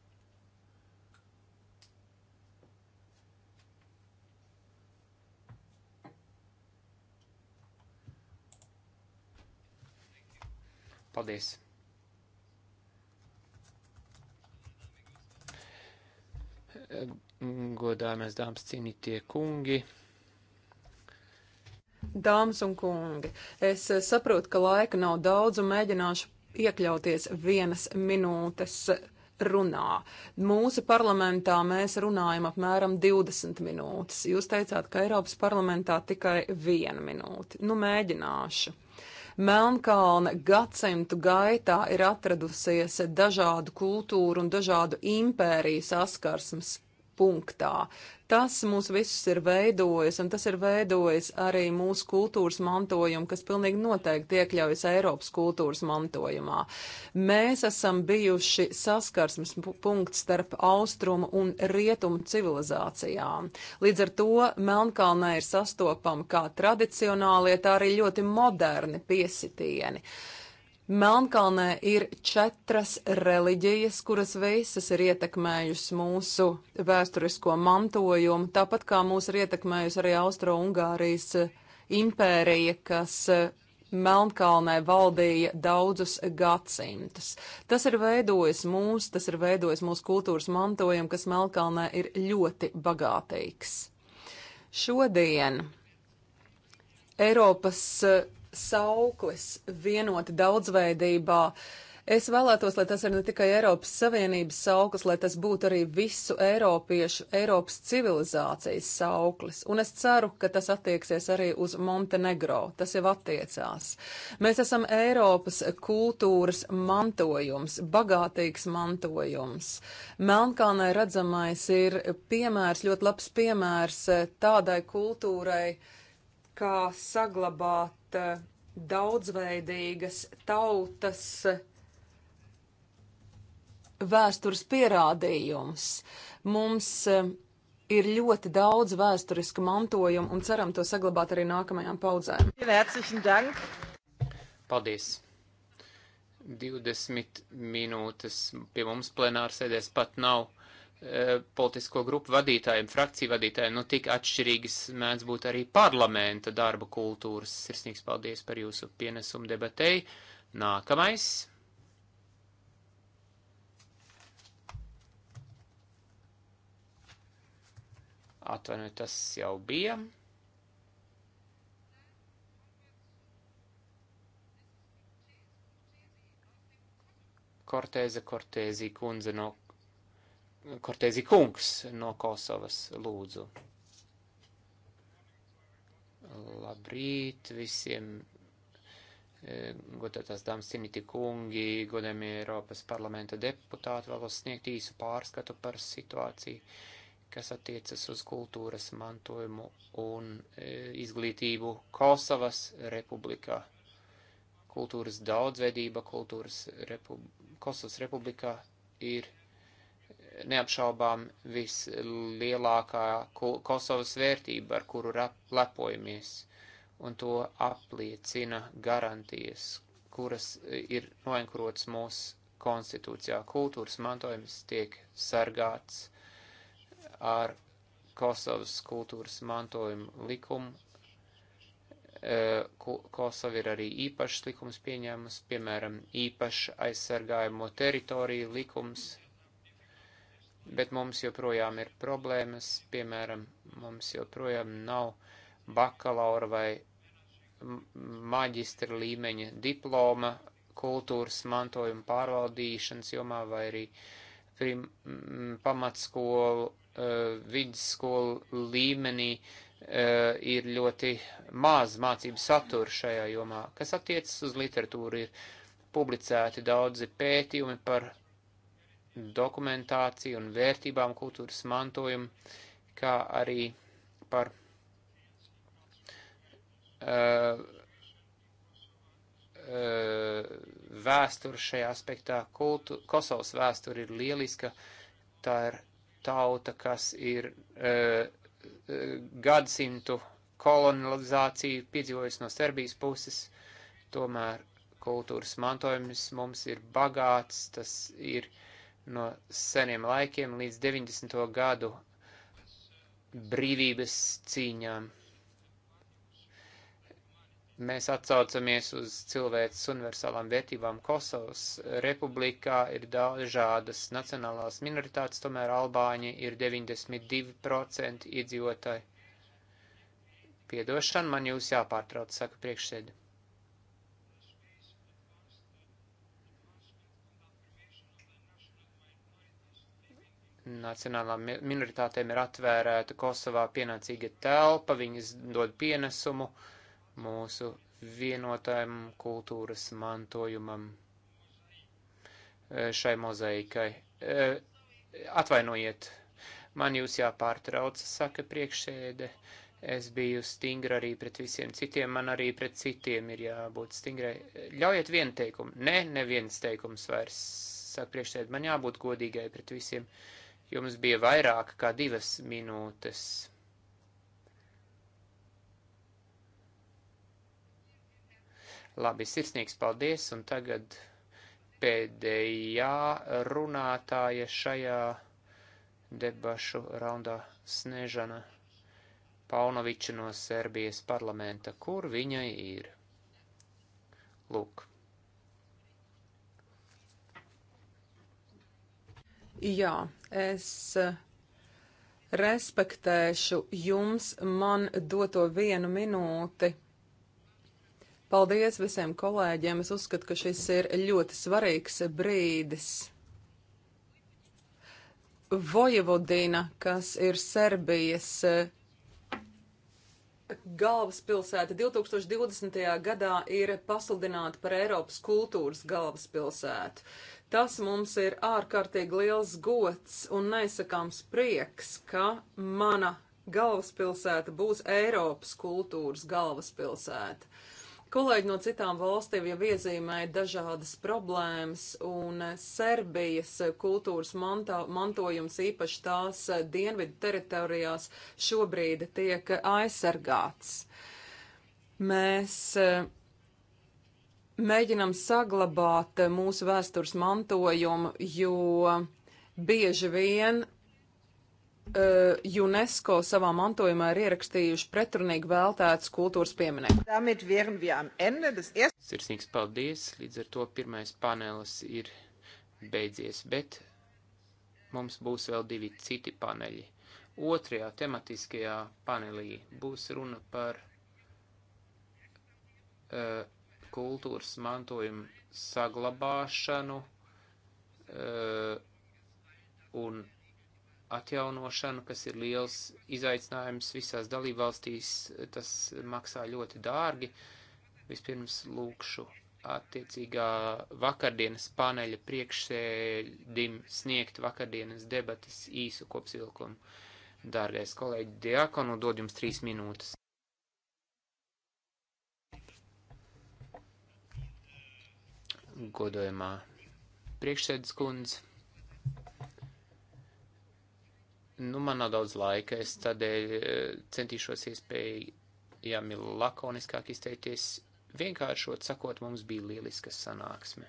Paldies! Godājumais dāmas cīnītie kungi! Dāmas un kungi, es saprotu, ka laika nav daudz un mēģināšu iekļauties vienas minūtes runā. Mūsu parlamentā mēs runājam apmēram 20 minūtes. Jūs teicāt, ka Eiropas parlamentā tikai viena minūte. Nu, mēģināšu. Melnkalne gadsimtu gaitā ir atradusies dažādu kultūru un dažādu impēriju saskarsmes punktā. Tas mūs visus ir veidojis, un tas ir veidojis arī mūsu kultūras mantojumu, kas pilnīgi noteikti iekļaujas Eiropas kultūras mantojumā. Mēs esam bijuši saskarsmes punkts starp austrumu un rietumu civilizācijām. Līdz ar to Melnkalnē ir sastopama kā tradicionālie, tā arī ļoti moderni piesitieni. Uh, Melnkalnē ir četras reliģijas, kuras visas ir ietekmējusi mūsu vēsturisko mantojumu, tāpat kā mūs ir ietekmējusi arī Austro-Ungārijas eh, impērija, kas eh, Melnkalnē valdīja daudzus gadsimtus. Tas ir veidojis mūs, tas ir veidojis mūsu kultūras mantojumu, kas Melnkalnē ir ļoti bagātīgs. Šodien Eiropas eh, sauklis vienoti daudzveidībā. Es vēlētos, lai tas ir ne tikai Eiropas Savienības sauklis, lai tas būtu arī visu Eiropiešu, Eiropas civilizācijas sauklis. Un es ceru, ka tas attieksies arī uz Montenegro. Tas jau attiecās. Mēs esam Eiropas kultūras mantojums, bagātīgs mantojums. Melnkalnē redzamais ir piemērs, ļoti labs piemērs eh, tādai kultūrai, uh, kā saglabāt eh, daudzveidīgas tautas eh, vēstures pierādījums. Mums eh, ir ļoti daudz vēsturiska mantojuma un ceram to saglabāt arī nākamajām paudzēm. Paldies! 20 minūtes pie mums plenārsēdēs pat nav Eh, politisko grupu vadītājiem, frakciju vadītājiem, nu tik atšķirīgas mēdz būt arī parlamenta darba kultūras. Sirsnīgs paldies par jūsu pienesumu debatei. Nākamais. Atvainojiet, tas jau bija. Kortēze Kortēzī kundze no Kortēzi kungs no Kosovas lūdzu. Labrīt visiem e, godātās dāmas, cienīti kungi, godamie Eiropas parlamenta deputāti, vēlos sniegt īsu pārskatu par situāciju, kas attiecas uz kultūras mantojumu un e, izglītību Kosovas republikā. Kultūras daudzveidība Kultūras repu Kosovas republikā ir neapšaubām vislielākā Kosovas vērtība, ar kuru lepojamies, un to apliecina garantijas, kuras e, ir noenkurotas mūsu konstitūcijā. Kultūras mantojums tiek sargāts ar Kosovas kultūras mantojuma likumu. E, Kosova ir arī īpašs likums pieņēmums, piemēram, īpaši aizsargājamo teritoriju likums, bet mums joprojām ir problēmas, piemēram, mums joprojām nav bakalaura vai maģistra līmeņa diploma kultūras mantojuma pārvaldīšanas jomā vai arī prim, pamatskolu, e, vidusskolu līmenī e, ir ļoti maz mācību satura šajā jomā. Kas attiecas uz literatūru, ir publicēti daudzi pētījumi par dokumentāciju un vērtībām kultūras mantojumu, kā arī par uh, uh, vēsturi šajā aspektā. Kultu, Kosovas vēsture ir lieliska, tā ir tauta, kas ir uh, gadsimtu kolonizāciju piedzīvojusi no Serbijas puses, tomēr kultūras mantojums mums ir bagāts, tas ir uh, no seniem laikiem līdz 90. gadu brīvības cīņām. Mēs atsaucamies uz cilvēces universālām vērtībām Kosovas republikā, ir dažādas nacionālās minoritātes, tomēr Albāņi ir 92% iedzīvotāji. Piedošana, man jūs jāpārtrauc, saka priekšsēdi. nacionālām minoritātēm ir atvērēta Kosovā pienācīga telpa, viņas dod pienesumu mūsu vienotajam kultūras mantojumam eh, šai mozaikai. Eh, atvainojiet, man jūs jāpārtrauc, saka priekšsēde. Es biju stingra arī pret visiem citiem, man arī pret citiem ir jābūt stingrai. Ļaujiet vienu teikumu. Nē, ne, neviens teikums vairs, saka priekšsēde, man jābūt godīgai pret visiem. Uh, Jums bija vairāk kā divas minūtes. Labi, sirsnīgs paldies, un tagad pēdējā runātāja šajā debašu raundā Snežana Paunoviča no Serbijas parlamenta. Kur viņa ir? Lūk. Jā, es eh, respektēšu jums man doto vienu minūti. Paldies visiem kolēģiem. Es uzskatu, ka šis ir ļoti svarīgs brīdis. Vojevodina, kas ir Serbijas eh, galvaspilsēta, 2020. gadā ir pasludināta par Eiropas kultūras galvaspilsētu. Tas mums ir ārkārtīgi liels gods un neizsakāms prieks, ka mana galvaspilsēta būs Eiropas kultūras galvaspilsēta. Kolēģi no citām valstīm jau iezīmēja dažādas problēmas, un Serbijas kultūras mantā, mantojums, īpaši tās dienvidu teritorijās, šobrīd tiek aizsargāts. Mēs mēģinam saglabāt eh, mūsu vēstures mantojumu, jo bieži vien uh, UNESCO savā mantojumā ir ierakstījuši pretrunīgi vēltētas kultūras pieminekļus. Sirsnīgs paldies! Līdz ar to pirmais panelis ir beidzies, bet mums būs vēl divi citi paneļi. Otrajā tematiskajā panelī būs runa par uh, kultūras mantojumu saglabāšanu uh, un atjaunošanu, kas ir liels izaicinājums visās dalībvalstīs, tas maksā ļoti dārgi. Vispirms lūkšu attiecīgā vakardienas paneļa priekšsēdim sniegt vakardienas debatas īsu kopsilkumu. Dārgais kolēģi Diakonu, dod jums trīs minūtes. godojumā priekšsēdus kundze. Nu, man nav daudz laika, es tādēļ eh, centīšos iespējami lakoniskāk izteikties. Vienkāršot sakot, mums bija lieliska sanāksme.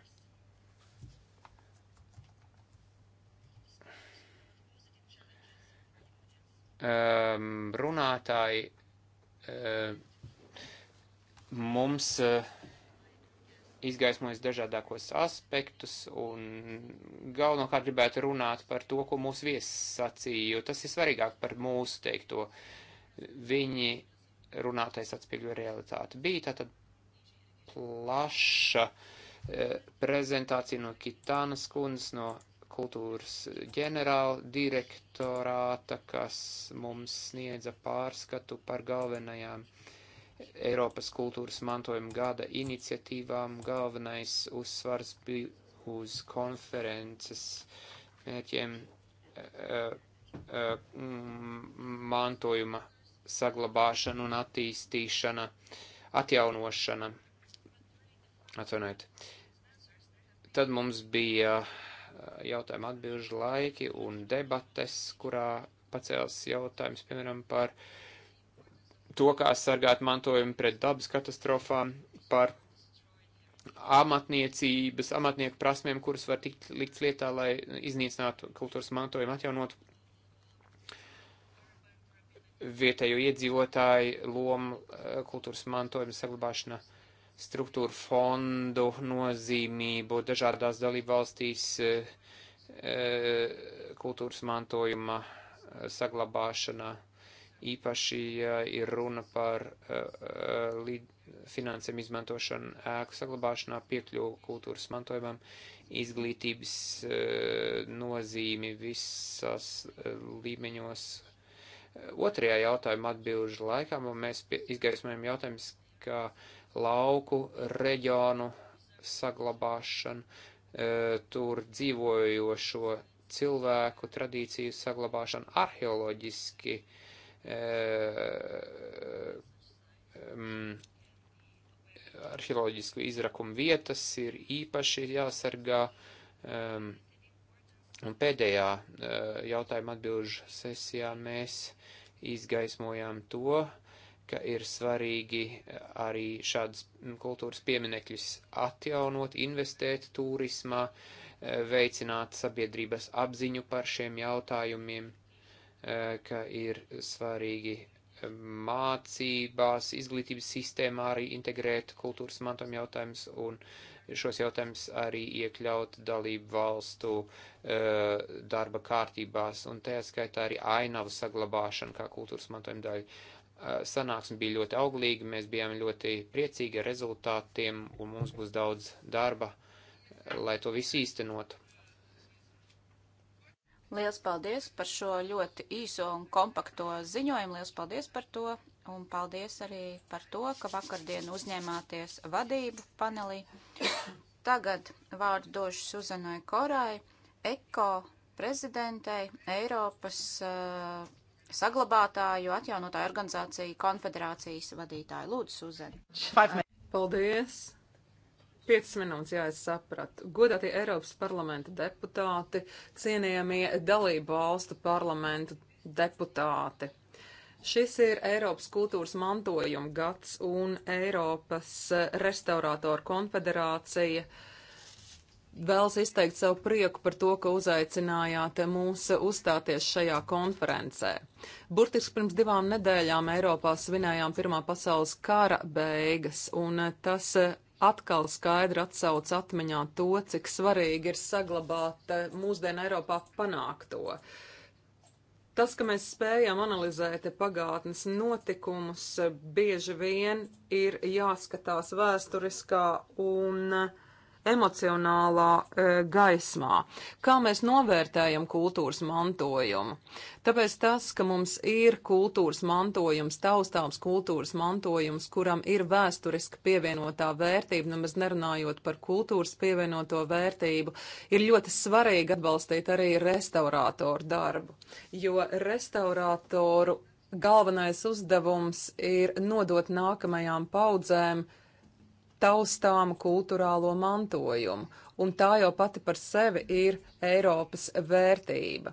Um, runātāji uh, mums uh, izgaismojis dažādākos aspektus un galvenokārt gribētu runāt par to, ko mūsu viesis sacīja, jo tas ir svarīgāk par mūsu teikto. Viņi runātais atspīgļo realitāti. Bija tātad plaša eh, prezentācija no Kitānas kundzes, no kultūras ģenerāla direktorāta, kas mums sniedza pārskatu par galvenajām uh, Eiropas kultūras mantojuma gada iniciatīvām galvenais uzsvars bija uz konferences mērķiem eh, eh, mm, mantojuma saglabāšana un attīstīšana, atjaunošana. Atvainojiet. Tad mums bija eh, jautājuma atbilžu laiki un debates, kurā pacēls jautājums, piemēram, par uh, to, kā sargāt mantojumu pret dabas katastrofām, par amatniecības, amatnieku prasmēm, kuras var tikt likt lietā, lai iznīcinātu kultūras mantojumu, atjaunotu vietējo iedzīvotāju lomu eh, kultūras mantojuma saglabāšanā, struktūru fondu nozīmību dažādās dalībvalstīs eh, eh, kultūras mantojuma saglabāšanā īpaši, ja ir runa par uh, uh, finansēm izmantošanu ēku saglabāšanā, piekļuvu kultūras mantojumam, izglītības uh, nozīmi visas līmeņos. Otrajā jautājuma atbilžu laikā mēs izgaismojam jautājumus, kā lauku reģionu saglabāšanu, tur dzīvojošo cilvēku tradīciju saglabāšanu arheoloģiski uh, Ehm, ehm, arheoloģisku izrakumu vietas ir īpaši jāsargā. Um, un pēdējā uh, jautājuma atbilžu sesijā mēs izgaismojām to, ka ir svarīgi eh, arī šādas kultūras pieminekļus atjaunot, investēt turismā, eh, veicināt sabiedrības apziņu par šiem jautājumiem ka ir svarīgi mācībās, izglītības sistēmā arī integrēt kultūras mantojuma jautājumus un šos jautājumus arī iekļaut dalību valstu e, darba kārtībās un tajā skaitā arī ainavu saglabāšanu kā kultūras mantojuma daļu. E, sanāksme bija ļoti auglīga, mēs bijām ļoti priecīgi ar rezultātiem un mums būs daudz darba, lai to visu īstenotu. Liels paldies par šo ļoti īso un kompakto ziņojumu. Liels paldies par to. Un paldies arī par to, ka vakardien uzņēmāties vadību panelī. Tagad vārdu došu Suzanai Korai, ECO prezidentei, Eiropas uh, saglabātāju atjaunotāju organizāciju konfederācijas vadītāju. Lūdzu, Suzana. Paldies! 5 minūtes, jā, es sapratu. Godātie Eiropas parlamenta deputāti, cienījamie dalību valstu parlamentu deputāti. Šis ir Eiropas kultūras mantojuma gads un Eiropas eh, restaurātoru konfederācija vēlas izteikt savu prieku par to, ka uzaicinājāt mūs uzstāties šajā konferencē. Burtiski pirms divām nedēļām Eiropā svinējām Pirmā pasaules kara beigas, un tas atkal skaidri atsauc atmiņā to, cik svarīgi ir saglabāt eh, mūsdienu Eiropā panākto. Tas, ka mēs spējam analizēt pagātnes notikumus, eh, bieži vien ir jāskatās vēsturiskā un uh, emocionālā e, gaismā, kā mēs novērtējam kultūras mantojumu. Tāpēc tas, ka mums ir kultūras mantojums, taustāms kultūras mantojums, kuram ir vēsturiski pievienotā vērtība, nemaz nerunājot par kultūras pievienoto vērtību, ir ļoti svarīgi atbalstīt arī restaurātoru darbu, jo restaurātoru galvenais uzdevums ir nodot nākamajām paudzēm taustāmu kultūrālo mantojumu, un tā jau pati par sevi ir Eiropas vērtība.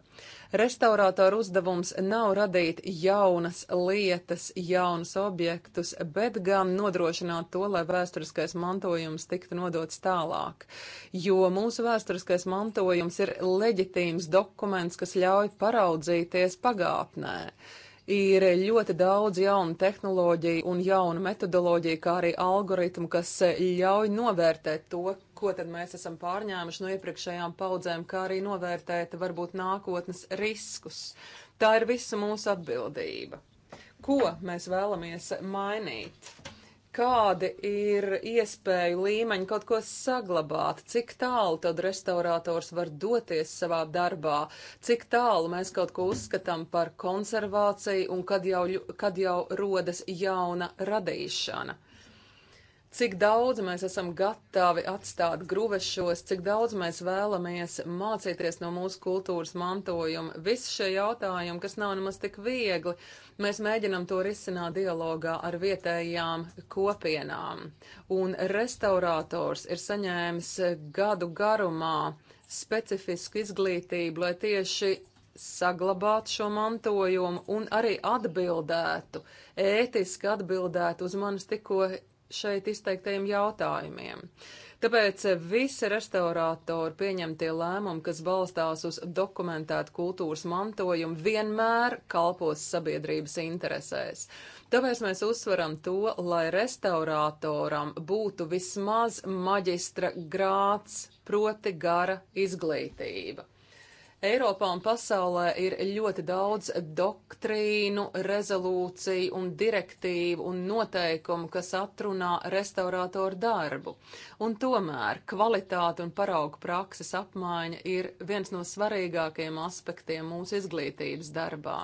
Restaurātoru uzdevums nav radīt jaunas lietas, jaunus objektus, bet gan nodrošināt to, lai vēsturiskais mantojums tiktu nodots tālāk. Jo mūsu vēsturiskais mantojums ir leģitīms dokuments, kas ļauj paraudzīties pagātnē ir ļoti daudz jaunu tehnoloģiju un jaunu metodoloģiju, kā arī algoritmu, kas ļauj novērtēt to, ko tad mēs esam pārņēmuši no iepriekšējām paudzēm, kā arī novērtēt varbūt nākotnes riskus. Tā ir visa mūsu atbildība. Ko mēs vēlamies mainīt? kādi ir iespēju līmeņi kaut ko saglabāt, cik tālu tad restaurators var doties savā darbā, cik tālu mēs kaut ko uzskatām par konservāciju un kad jau, kad jau rodas jauna radīšana cik daudz mēs esam gatavi atstāt gruvešos, cik daudz mēs vēlamies mācīties no mūsu kultūras mantojuma. Visi šie jautājumi, kas nav nemaz tik viegli, mēs mēģinam to risināt dialogā ar vietējām kopienām. Un restaurators ir saņēmis gadu garumā specifisku izglītību, lai tieši saglabātu šo mantojumu un arī atbildētu, ētiski atbildētu uz manis tikko šeit izteiktajiem jautājumiem. Tāpēc visi restaurātori pieņemtie lēmumi, kas balstās uz dokumentētu kultūras mantojumu, vienmēr kalpos sabiedrības interesēs. Tāpēc mēs uzsveram to, lai restaurātoram būtu vismaz maģistra grāts, proti gara izglītība. Eiropā un pasaulē ir ļoti daudz doktrīnu, rezolūciju un direktīvu un noteikumu, kas atrunā restaurātoru darbu. Un tomēr kvalitāte un paraugu prakses apmaiņa ir viens no svarīgākajiem aspektiem mūsu izglītības darbā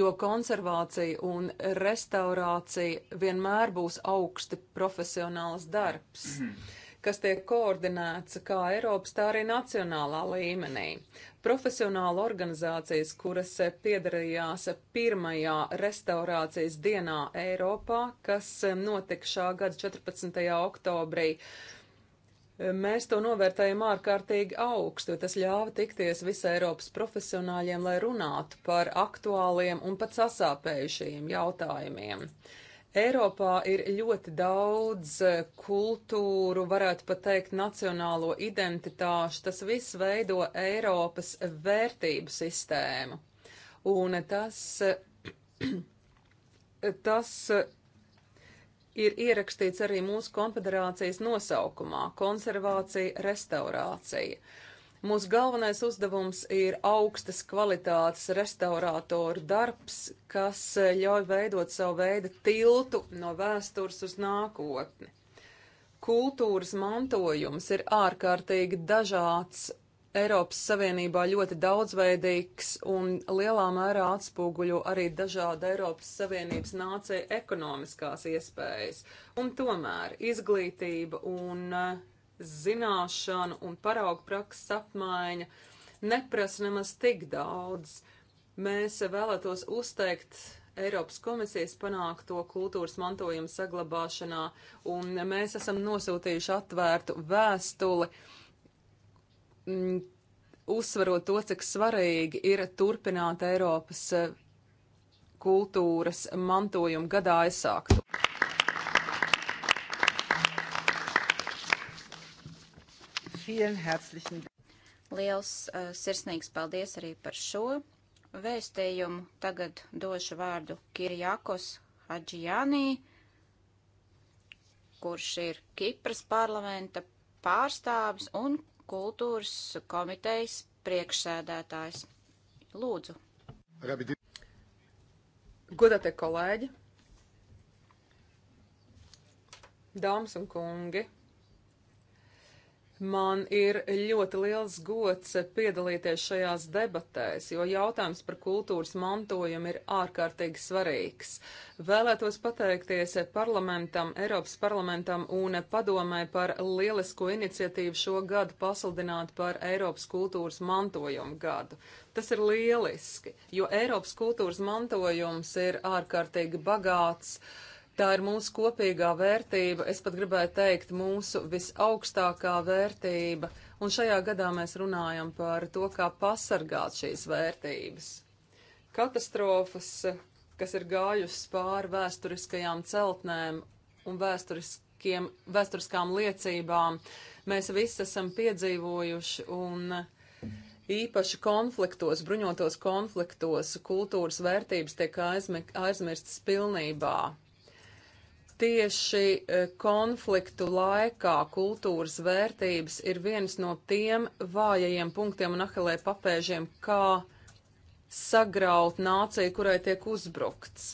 jo konservācija un restaurācija vienmēr būs augsti profesionāls darbs. Mm kas tiek koordinēts kā Eiropas, tā arī nacionālā līmenī. Profesionāla organizācijas, kuras piedarījās pirmajā restaurācijas dienā Eiropā, kas notika šā gada 14. oktobrī, Mēs to novērtējam ārkārtīgi augstu, jo tas ļāva tikties visai Eiropas profesionāļiem, lai runātu par aktuāliem un pat sasāpējušajiem jautājumiem. Eiropā ir ļoti daudz eh, kultūru, varētu pat teikt, nacionālo identitāšu. Tas viss veido Eiropas vērtību sistēmu. Un tas, eh, tas eh, ir ierakstīts arī mūsu konfederācijas nosaukumā - konservācija, restaurācija. Mūsu galvenais uzdevums ir augstas kvalitātes restaurātoru darbs, kas ļauj veidot savu veidu tiltu no vēstures uz nākotni. Kultūras mantojums ir ārkārtīgi dažāds, Eiropas Savienībā ļoti daudzveidīgs un lielā mērā atspūguļo arī dažāda Eiropas Savienības nācija ekonomiskās iespējas. Un tomēr izglītība un uh, zināšanu un paraugu prakses apmaiņa neprasa nemaz tik daudz. Mēs vēlētos uzteikt Eiropas komisijas panākto kultūras mantojuma saglabāšanā, un mēs esam nosūtījuši atvērtu vēstuli, m, mm, uzsvarot to, cik svarīgi ir turpināt Eiropas kultūras mantojuma gadā aizsāktu. vielen herzlichen Dank. Liels uh, sirsnīgs paldies arī par šo vēstījumu. Tagad došu vārdu Kirjakos Hadžijānī, kurš ir Kipras parlamenta pārstāvis un kultūras komitejas priekšsēdētājs. Lūdzu. Godātie kolēģi, dāmas un kungi, Man ir ļoti liels gods piedalīties šajās debatēs, jo jautājums par kultūras mantojumu ir ārkārtīgi svarīgs. Vēlētos pateikties parlamentam, Eiropas parlamentam un padomē par lielisko iniciatīvu šo gadu pasludināt par Eiropas kultūras mantojumu gadu. Tas ir lieliski, jo Eiropas kultūras mantojums ir ārkārtīgi bagāts. Uh, Tā ir mūsu kopīgā vērtība, es pat gribēju teikt, mūsu visaugstākā vērtība, un šajā gadā mēs runājam par to, kā pasargāt šīs vērtības. Katastrofas, kas ir gājusi pāri vēsturiskajām celtnēm un vēsturiskām liecībām, mēs visi esam piedzīvojuši un īpaši konfliktos, bruņotos konfliktos, kultūras vērtības tiek aizmirstas pilnībā tieši e, konfliktu laikā kultūras vērtības ir viens no tiem vājajiem punktiem un ahelē papēžiem, kā sagraut nāciju, kurai tiek uzbrukts.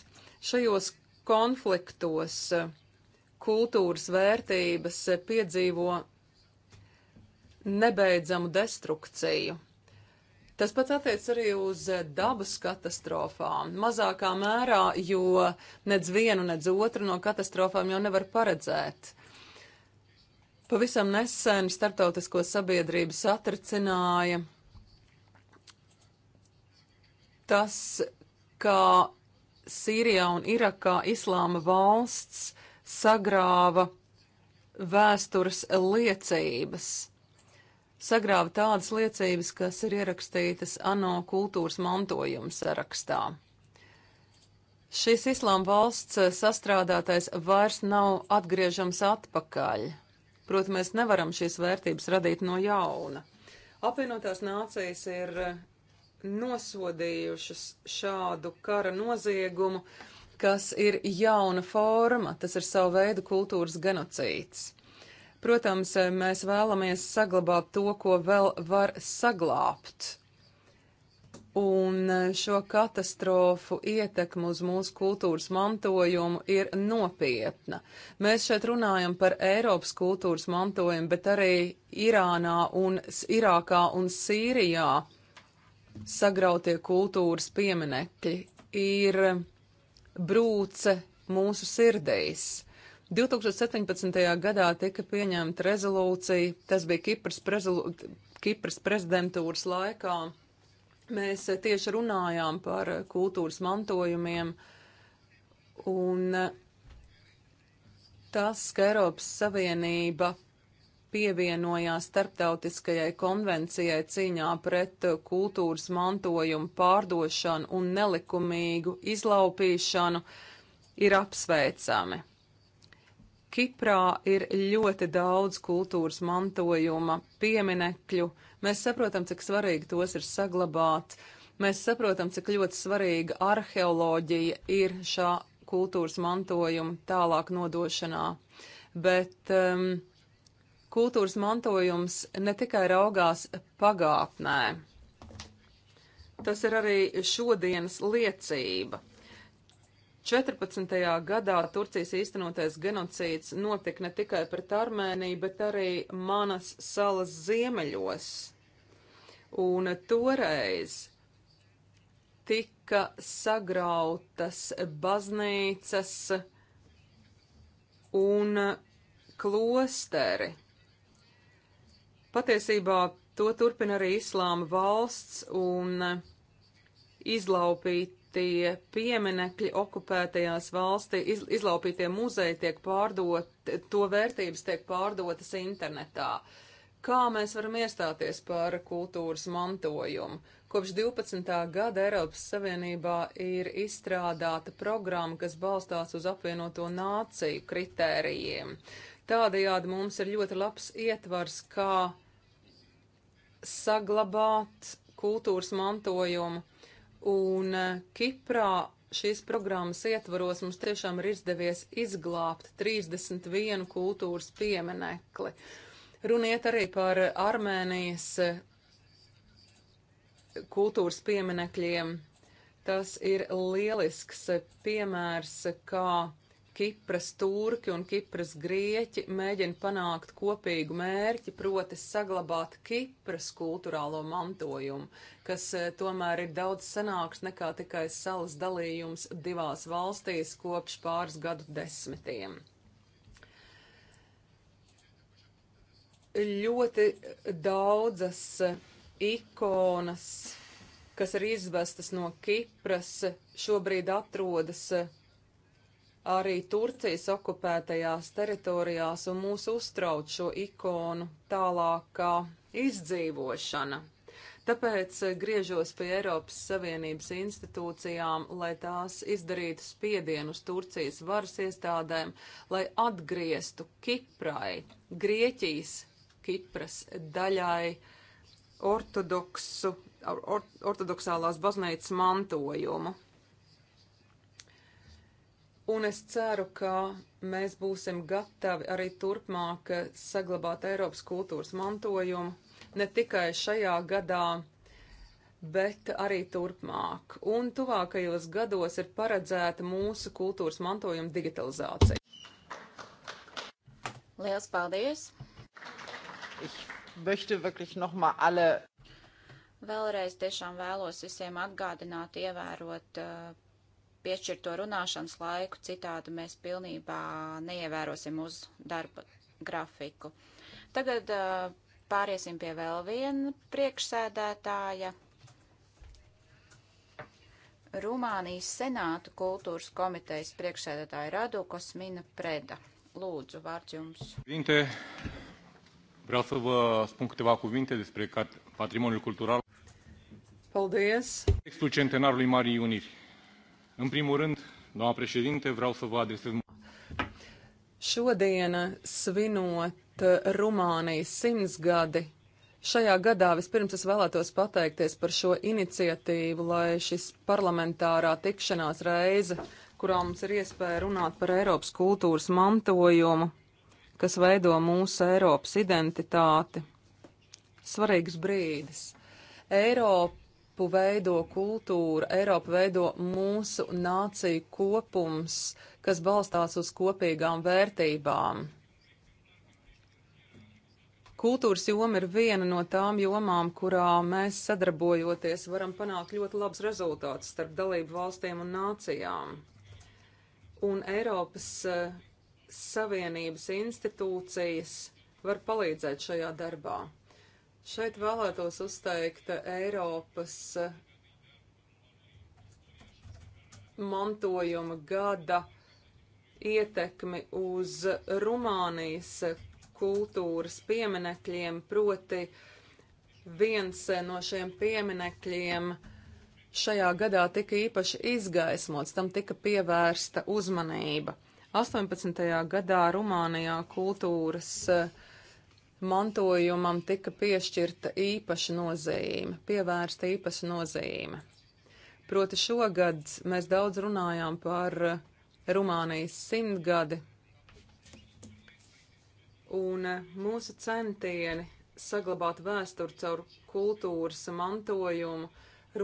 Šajos konfliktos e, kultūras vērtības e, piedzīvo nebeidzamu destrukciju. Tas pats attiec arī uz eh, dabas katastrofām. Mazākā mērā, jo nedz vienu, nedz otru no katastrofām jau nevar paredzēt. Pavisam nesen starptautisko sabiedrību satricināja tas, kā Sīrijā un Irakā Islāma valsts sagrāva vēstures liecības sagrāva tādas liecības, kas ir ierakstītas ANO kultūras mantojuma sarakstā. Šis islām valsts sastrādātais vairs nav atgriežams atpakaļ. Protams, mēs nevaram šīs vērtības radīt no jauna. Apvienotās nācijas ir nosodījušas šādu kara noziegumu, kas ir jauna forma, tas ir savu veidu kultūras genocīds. Protams, eh, mēs vēlamies saglabāt to, ko vēl var saglābt. Un eh, šo katastrofu ietekmu uz mūsu kultūras mantojumu ir nopietna. Mēs šeit runājam par Eiropas kultūras mantojumu, bet arī Irānā un Irākā un Sīrijā sagrautie kultūras pieminekļi ir brūce mūsu sirdīs. 2017. gadā tika pieņemta rezolūcija, tas bija Kipras, prezolu, Kipras prezidentūras laikā. Mēs eh, tieši runājām par eh, kultūras mantojumiem, un eh, tas, ka Eiropas Savienība pievienojās starptautiskajai konvencijai cīņā pret kultūras mantojumu pārdošanu un nelikumīgu izlaupīšanu, ir apsveicami. Kiprā ir ļoti daudz kultūras mantojuma pieminekļu. Mēs saprotam, cik svarīgi tos ir saglabāt. Mēs saprotam, cik ļoti svarīga arheoloģija ir šā kultūras mantojuma tālāk nodošanā. Bet um, kultūras mantojums ne tikai raugās pagātnē. Tas ir arī šodienas liecība. 14. gadā Turcijas īstenotais genocīds notika ne tikai pret Armēniju, bet arī manas salas ziemeļos. Un toreiz tika sagrautas baznīcas un klosteri. Patiesībā to turpina arī Islāma valsts un izlaupīt tie pieminekļi okupētajās valstī, iz, izlaupītie muzeji tiek pārdoti, to vērtības tiek pārdotas internetā. Kā mēs varam iestāties par kultūras mantojumu? Kopš 12. gada Eiropas Savienībā ir izstrādāta programma, kas balstās uz apvienoto nāciju kritērijiem. Tādējādi mums ir ļoti labs ietvars, kā saglabāt kultūras mantojumu, Un eh, Kiprā šīs programmas ietvaros mums tiešām ir izdevies izglābt 31 kultūras pieminekli. Runiet arī par Armēnijas eh, kultūras pieminekļiem. Tas ir lielisks eh, piemērs, kā Kipras turki un Kipras grieķi mēģina panākt kopīgu mērķi, proti saglabāt Kipras kultūrālo mantojumu, kas eh, tomēr ir daudz senāks nekā tikai salas dalījums divās valstīs kopš pāris gadu desmitiem. Ļoti daudzas eh, ikonas, kas ir izvestas no Kipras, šobrīd atrodas eh, arī Turcijas okupētajās teritorijās un mūs uztrauc šo ikonu tālākā izdzīvošana. Tāpēc eh, griežos pie Eiropas Savienības institūcijām, lai tās izdarītu spiedienu uz Turcijas varas iestādēm, lai atgrieztu Kiprai, Grieķijas, Kipras daļai ortodoksu, or, ortodoksālās baznīcas mantojumu un es ceru, ka mēs būsim gatavi arī turpmāk saglabāt Eiropas kultūras mantojumu ne tikai šajā gadā, bet arī turpmāk. Un tuvākajos gados ir paredzēta mūsu kultūras mantojuma digitalizācija. Liels paldies! Ich möchte wirklich nochmal alle. Vēlreiz tiešām vēlos visiem atgādināt, ievērot uh, piešķirto runāšanas laiku, citādi mēs pilnībā neievērosim uz darba grafiku. Tagad uh, pāriesim pie vēl viena priekšsēdētāja. Rumānijas Senātu kultūras komitejas priekšsēdētāja Radu Kosmina Preda. Lūdzu, vārds jums. Vinte, vreau să vă spun câteva cuvinte despre patrimoniul cultural. Paldies! Textul centenarului Marii Uniri. În primul rând, doamna președinte, vreau să vă adresez. Šodien svinot Rumānijas simtsgadi, šajā gadā vispirms es vēlētos pateikties par šo iniciatīvu, lai šis parlamentārā tikšanās reize, kurā mums ir iespēja runāt par Eiropas kultūras mantojumu, kas veido mūsu Eiropas identitāti. Svarīgs brīdis. Eiropa Eiropu veido kultūra, Eiropu veido mūsu nāciju kopums, kas balstās uz kopīgām vērtībām. Kultūras joma ir viena no tām jomām, kurā mēs sadarbojoties varam panākt ļoti labs rezultāts starp dalību valstīm un nācijām. Un Eiropas uh, Savienības institūcijas var palīdzēt šajā darbā. Šeit vēlētos uzteikt Eiropas eh, mantojuma gada ietekmi uz Rumānijas kultūras pieminekļiem, proti viens no šiem pieminekļiem šajā gadā tika īpaši izgaismots, tam tika pievērsta uzmanība. 18. gadā Rumānijā kultūras uh, mantojumam tika piešķirta īpaša nozīme, pievērsta īpaša nozīme. Proti šogad mēs daudz runājām par Rumānijas simtgadi, un mūsu centieni saglabāt vēsturi caur kultūras mantojumu,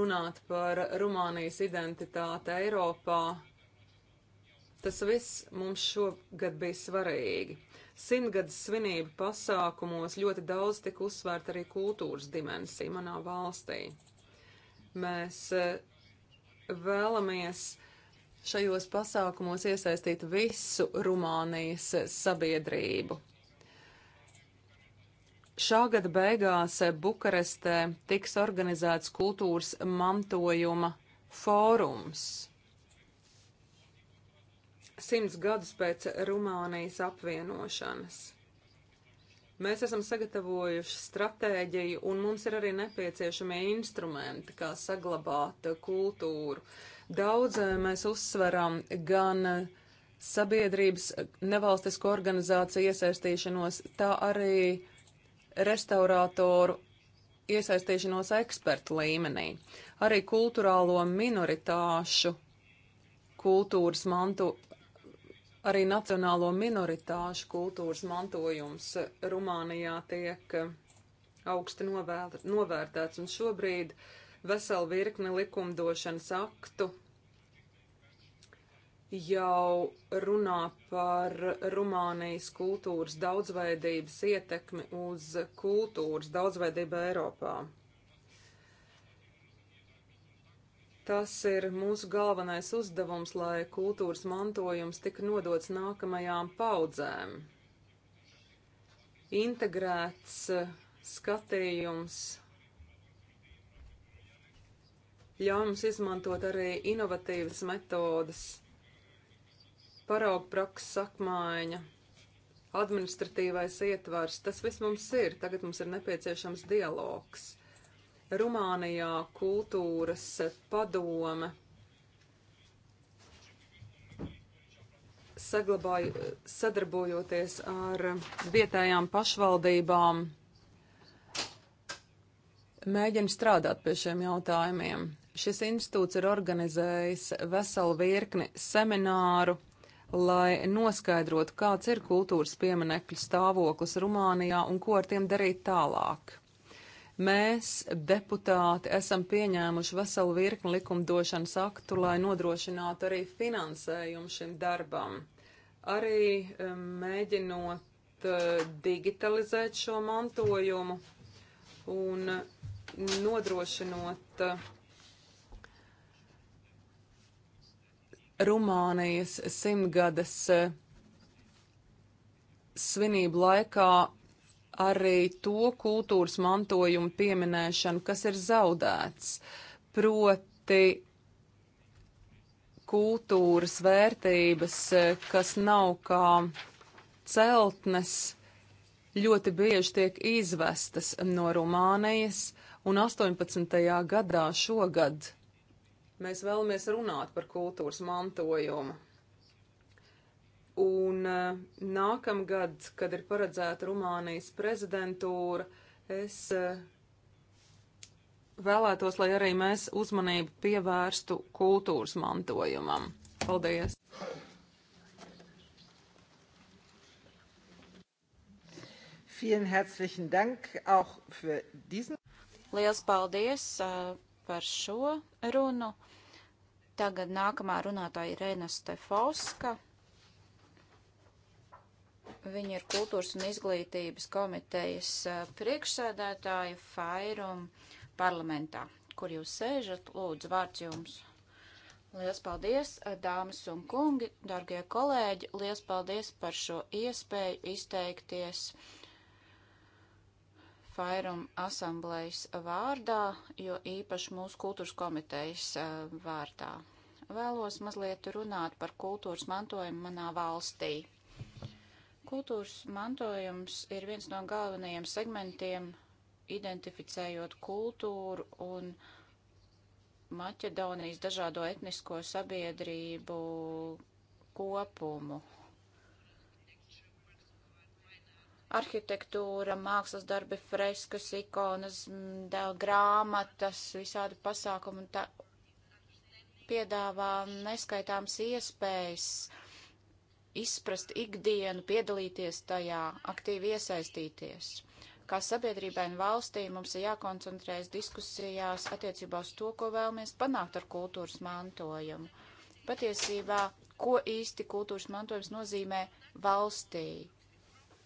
runāt par Rumānijas identitāti Eiropā, tas viss mums šogad bija svarīgi simtgadus svinību pasākumos ļoti daudz tika uzsvērta arī kultūras dimensija manā valstī. Mēs eh, vēlamies šajos pasākumos iesaistīt visu Rumānijas eh, sabiedrību. Šā gada beigās eh, Bukarestē tiks organizēts kultūras mantojuma fórums simts gadus pēc Rumānijas apvienošanas. Mēs esam sagatavojuši stratēģiju, un mums ir arī nepieciešamie instrumenti, kā saglabāt kultūru. Daudz eh, mēs uzsveram gan eh, sabiedrības eh, nevalstisko organizāciju iesaistīšanos, tā arī restaurātoru iesaistīšanos ekspertu līmenī, arī kultūrālo minoritāšu kultūras mantu Arī nacionālo minoritāšu kultūras mantojums Rumānijā tiek eh, augsti novēr novērtēts, un šobrīd vesela virkne likumdošanas aktu jau runā par Rumānijas kultūras daudzveidības ietekmi uz kultūras daudzveidību Eiropā. Tas ir mūsu galvenais uzdevums, lai kultūras mantojums tik nodots nākamajām paudzēm. Integrēts eh, skatījums ļauj mums izmantot arī inovatīvas metodas, paraugprakses apmaiņa, administratīvais ietvars. Tas viss mums ir, tagad mums ir nepieciešams dialogs. Rumānijā kultūras padome saglabāju, sadarbojoties ar vietējām pašvaldībām, mēģina strādāt pie šiem jautājumiem. Šis institūts ir organizējis veselu virkni semināru, lai noskaidrotu, kāds ir kultūras pieminekļu stāvoklis Rumānijā un ko ar tiem darīt tālāk. Mēs, deputāti, esam pieņēmuši veselu virkni likumdošanas aktu, lai nodrošinātu arī finansējumu šim darbam. Arī mēģinot eh, digitalizēt šo mantojumu un nodrošinot eh, Rumānijas simtgades eh, svinību laikā arī to kultūras mantojumu pieminēšanu, kas ir zaudēts, proti kultūras vērtības, kas nav kā celtnes, ļoti bieži tiek izvestas no Rumānijas, un 18. gadā šogad mēs vēlamies runāt par kultūras mantojumu. Un eh, nākamgad, kad ir paredzēta Rumānijas prezidentūra, es eh, vēlētos, lai arī mēs uzmanību pievērstu kultūras mantojumam. Paldies! Vielen herzlichen Dank auch für diesen. Liels paldies uh, par šo runu. Tagad nākamā runātāja ir Rēna Stefauska. Viņa ir kultūras un izglītības komitejas priekšsēdētāja Fairum parlamentā, kur jūs sēžat. Lūdzu, vārds jums. Lielas paldies, dāmas un kungi, dargie kolēģi, liels paldies par šo iespēju izteikties Fairum asamblējas vārdā, jo īpaši mūsu kultūras komitejas vārdā vēlos mazliet runāt par kultūras mantojumu manā valstī. Kultūras mantojums ir viens no galvenajiem segmentiem, identificējot kultūru un Maķedonijas dažādo etnisko sabiedrību kopumu. Arhitektūra, mākslas darbi, freskas, ikonas, grāmatas, visādi pasākumi piedāvā neskaitāms iespējas izprast ikdienu, piedalīties tajā, aktīvi iesaistīties. Kā sabiedrībai un valstī mums ir jākoncentrējas diskusijās attiecībā uz to, ko vēlamies panākt ar kultūras mantojumu. Patiesībā, ko īsti kultūras mantojums nozīmē valstī?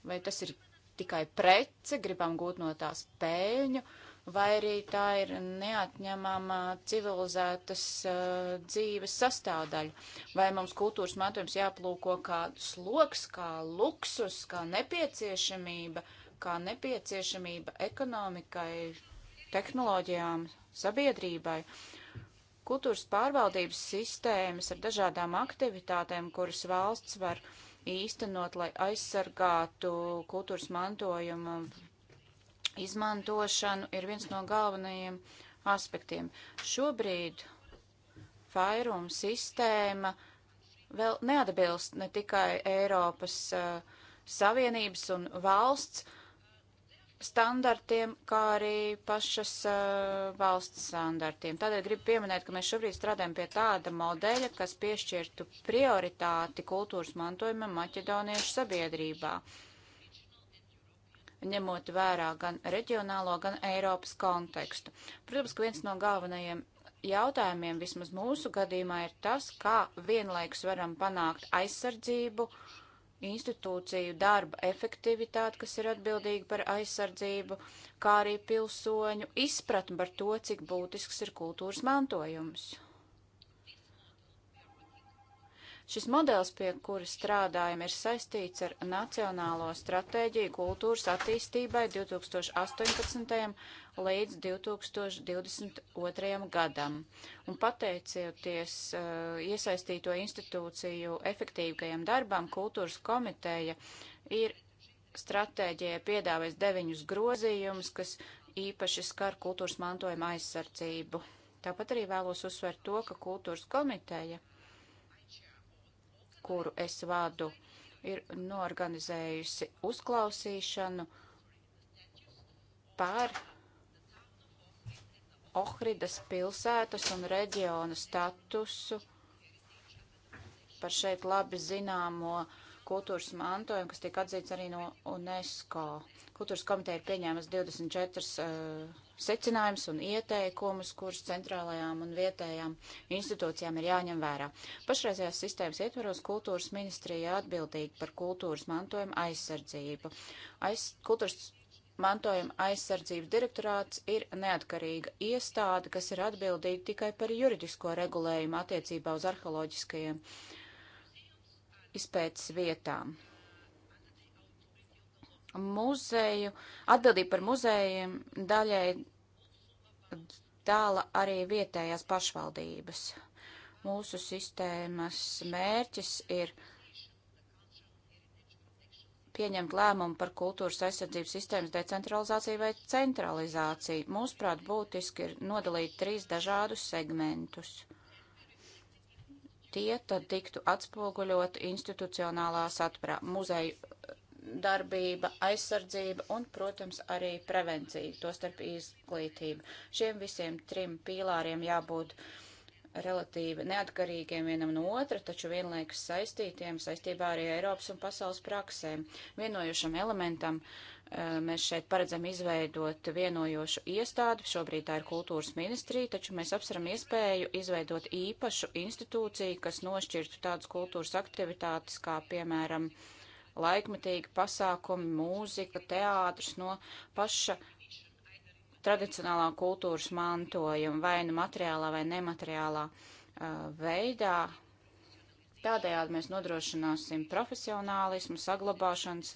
Vai tas ir tikai prece, gribam gūt no tās pēļņu, vai arī tā ir neatņemama civilizētas uh, dzīves sastāvdaļa. Vai mums kultūras mantojums jāplūko kā sloks, kā luksus, kā nepieciešamība, kā nepieciešamība ekonomikai, tehnoloģijām, sabiedrībai. Kultūras pārvaldības sistēmas ar dažādām aktivitātēm, kuras valsts var īstenot, lai aizsargātu kultūras mantojumu izmantošanu ir viens no galvenajiem aspektiem. Šobrīd vairuma sistēma vēl neatbilst ne tikai Eiropas uh, Savienības un valsts standartiem, kā arī pašas uh, valsts standartiem. Tādēļ gribu pieminēt, ka mēs šobrīd strādājam pie tāda modeļa, kas piešķirtu prioritāti kultūras mantojumam Maķedoniešu sabiedrībā. Uh, ņemot vērā gan reģionālo, gan Eiropas kontekstu. Protams, ka viens no galvenajiem jautājumiem vismaz mūsu gadījumā ir tas, kā vienlaikus varam panākt aizsardzību, institūciju darba efektivitāti, kas ir atbildīga par aizsardzību, kā arī pilsoņu izpratni par to, cik būtisks ir kultūras mantojums. Šis modelis, pie kura strādājam, ir saistīts ar Nacionālo stratēģiju kultūras attīstībai 2018. līdz 2022. gadam. Un pateicoties uh, iesaistīto institūciju efektīvajam darbam, kultūras komiteja ir stratēģijai piedāvājis deviņus grozījumus, kas īpaši skar kultūras mantojuma aizsardzību. Tāpat arī vēlos uzsvērt to, ka kultūras komiteja kuru es vadu, ir norganizējusi uzklausīšanu par Ohridas pilsētas un reģiona statusu, par šeit labi zināmo kultūras mantojumu, kas tiek atzīts arī no UNESCO. Kultūras komiteja ir pieņēmusi 24 uh, secinājumus un ieteikumus, kurus centrālajām un vietējām institūcijām ir jāņem vērā. Pašreizējās sistēmas ietvaros kultūras ministrija atbildīga par kultūras mantojuma aizsardzību. Aiz, kultūras mantojuma aizsardzības direktorāts ir neatkarīga iestāde, kas ir atbildīga tikai par juridisko regulējumu attiecībā uz arheoloģiskajiem izpētes vietām muzeju, atbildība par muzejiem daļai dala arī vietējās pašvaldības. Mūsu sistēmas mērķis ir pieņemt lēmumu par kultūras aizsardzības sistēmas decentralizāciju vai centralizāciju. Mūsuprāt, būtiski ir nodalīt trīs dažādus segmentus. Tie tad tiktu atspoguļot institucionālās atprā, muzeju darbība, aizsardzība un, protams, arī prevencija, tostarp izglītība. Šiem visiem trim pīlāriem jābūt relatīvi neatkarīgiem vienam no otra, taču vienlaikus saistītiem saistībā arī Eiropas un pasaules praksēm. Vienojušam elementam eh, mēs šeit paredzam izveidot vienojošu iestādi, šobrīd tā ir kultūras ministrija, taču mēs apsveram iespēju izveidot īpašu institūciju, kas nošķirtu tādas kultūras aktivitātes kā, piemēram, uh, laikmetīgi pasākumi, mūzika, teātris no paša tradicionālā kultūras mantojuma, vai nu materiālā vai nemateriālā uh, veidā, Tādējādi mēs nodrošināsim profesionālismu, saglabāšanas,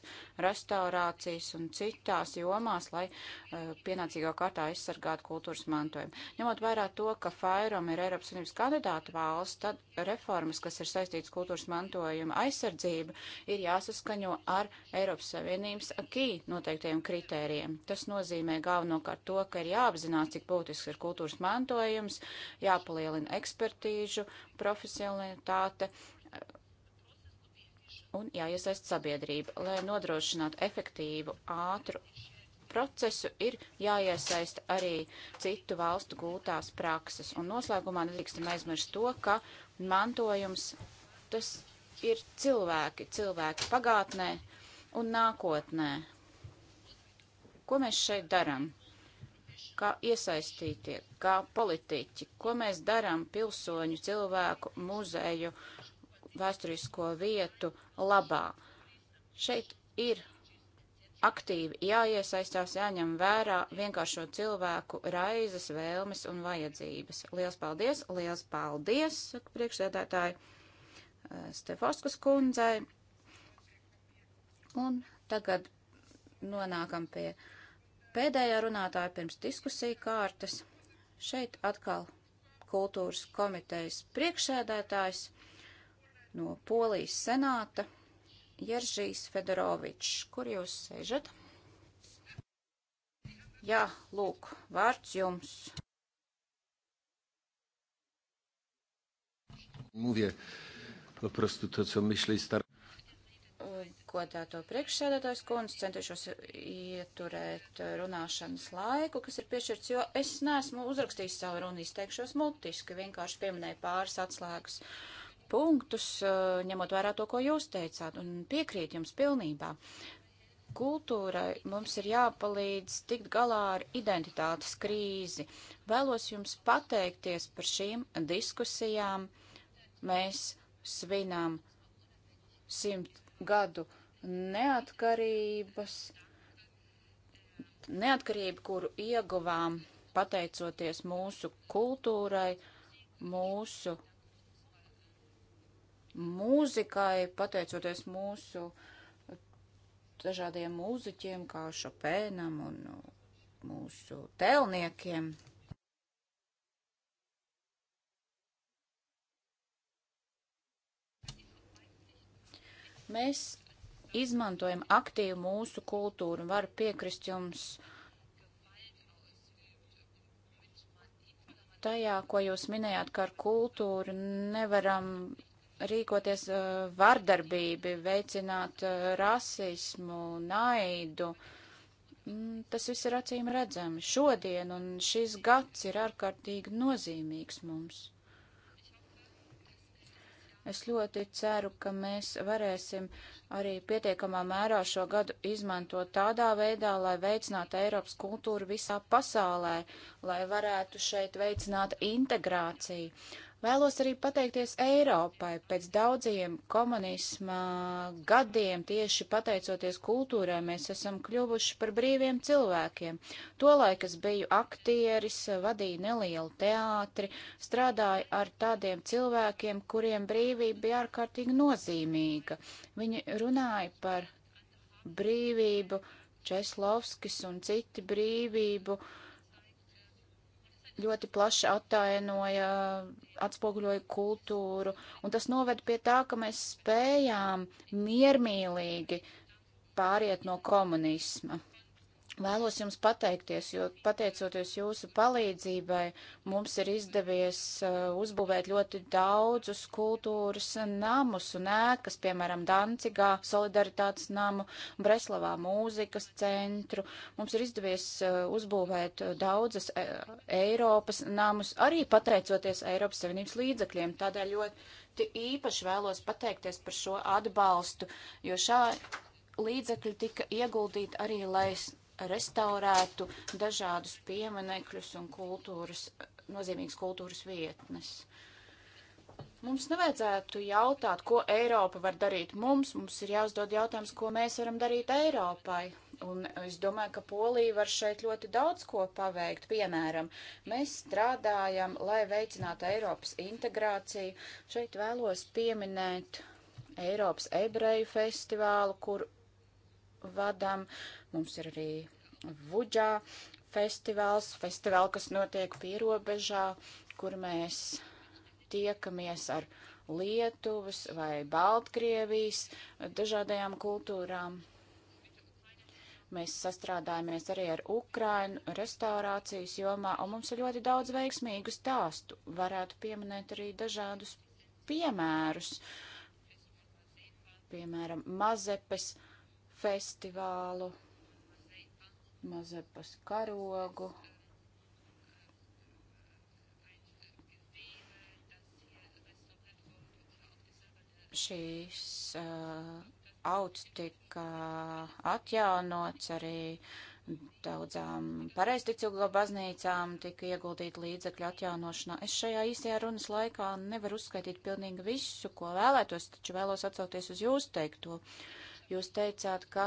restaurācijas un citās jomās, lai uh, pienācīgā kārtā aizsargātu kultūras mantojumu. Ņemot vērā to, ka Fairom ir Eiropas Unības kandidāta valsts, tad reformas, kas ir saistītas kultūras mantojuma aizsardzība, ir jāsaskaņo ar Eiropas Savienības akī noteiktajiem kritērijiem. Tas nozīmē galvenokārt to, ka ir jāapzinās, cik būtisks ir kultūras mantojums, jāpalielina ekspertīžu, profesionalitāte, uh, un jāiesaist sabiedrība. Lai nodrošinātu efektīvu, ātru procesu, ir jāiesaist arī citu valstu gūtās prakses. Un noslēgumā nedrīkstam aizmirst to, ka mantojums tas ir cilvēki, cilvēki pagātnē un nākotnē. Ko mēs šeit darām? Kā iesaistītie, kā politiķi, ko mēs darām pilsoņu, cilvēku, muzeju, uh, vēsturisko vietu labā. Šeit ir aktīvi jāiesaistās, jāņem vērā vienkāršo cilvēku raizes, vēlmes un vajadzības. Lielas paldies, liels paldies, saka priekšsēdētāji eh, Stefoskas kundzei. Un tagad nonākam pie pēdējā runātāja pirms diskusija kārtas. Šeit atkal kultūras komitejas priekšsēdētājs no Polijas senāta Jeržīs Fedorovičs. Kur jūs sēžat? Jā, lūk, vārds jums. Mówię po prostu to, co myślę i staram godāto priekšsēdētājs kundze, centīšos ieturēt runāšanas laiku, kas ir piešķirts, jo es neesmu uzrakstījis savu runu, izteikšos mutiski, vienkārši pieminēju pāris atslēgas punktus, eh, ņemot vērā to, ko jūs teicāt, un piekrīt jums pilnībā. Kultūrai mums ir jāpalīdz tikt galā ar identitātes krīzi. Vēlos jums pateikties par šīm diskusijām. Mēs svinām simt gadu neatkarības, neatkarību, kuru ieguvām pateicoties mūsu kultūrai, mūsu mūzikai, pateicoties mūsu dažādiem mūziķiem, kā Šopēnam un nu, mūsu tēlniekiem. Mēs izmantojam aktīvi mūsu kultūru un varu piekrist jums tajā, ko jūs minējāt, ka ar kultūru nevaram rīkoties uh, vardarbību, veicināt uh, rasismu, naidu. Mm, tas viss ir acīm redzami šodien, un šis gads ir ārkārtīgi nozīmīgs mums. Es ļoti ceru, ka mēs varēsim arī pietiekamā mērā šo gadu izmantot tādā veidā, lai veicinātu Eiropas kultūru visā pasaulē, lai varētu šeit veicināt integrāciju. Vēlos arī pateikties Eiropai pēc daudziem komunisma gadiem, tieši pateicoties kultūrai, mēs esam kļuvuši par brīviem cilvēkiem. Tolaik es biju aktieris, vadīju nelielu teātri, strādāju ar tādiem cilvēkiem, kuriem brīvība bija ārkārtīgi nozīmīga. Viņi runāja par brīvību, Česlovskis un citi brīvību. Uh, ļoti plaši attainoja, atspoguļoja kultūru, un tas noved pie tā, ka mēs spējām miermīlīgi pāriet no komunisma. Vēlos jums pateikties, jo pateicoties jūsu palīdzībai, mums ir izdevies uh, uzbūvēt ļoti daudzus kultūras namus un ēkas, piemēram, Dancigā, Solidaritātes namu, Breslavā mūzikas centru. Mums ir izdevies uh, uzbūvēt uh, daudzas e Eiropas namus, arī pateicoties Eiropas Savienības līdzekļiem. Tādēļ ļoti īpaši vēlos pateikties par šo atbalstu, jo šā līdzekļi tika ieguldīti arī, lai restaurētu dažādus pieminekļus un kultūras, nozīmīgas kultūras vietnes. Mums nevajadzētu jautāt, ko Eiropa var darīt mums. Mums ir jāuzdod jautājums, ko mēs varam darīt Eiropai. Un es domāju, ka Polija var šeit ļoti daudz ko paveikt. Piemēram, mēs strādājam, lai veicinātu Eiropas integrāciju. Šeit vēlos pieminēt Eiropas ebreju festivālu, kur vadam. Mums ir arī Vuģā festivāls, festivāls, kas notiek pierobežā, kur mēs tiekamies ar Lietuvas vai Baltkrievijas dažādajām kultūrām. Mēs sastrādājamies arī ar Ukrainu restaurācijas jomā, un mums ir ļoti daudz veiksmīgu stāstu. Varētu pieminēt arī dažādus piemērus, piemēram, mazepes festivālu, Mazepas karogu. Šīs uh, auts tika atjaunots arī daudzām pareizticīgo baznīcām tika ieguldīta līdzekļu atjaunošanā. Es šajā īsajā runas laikā nevaru uzskaitīt pilnīgi visu, ko vēlētos, taču vēlos atsauties uz jūsu teikto. Uh, Jūs teicāt, ka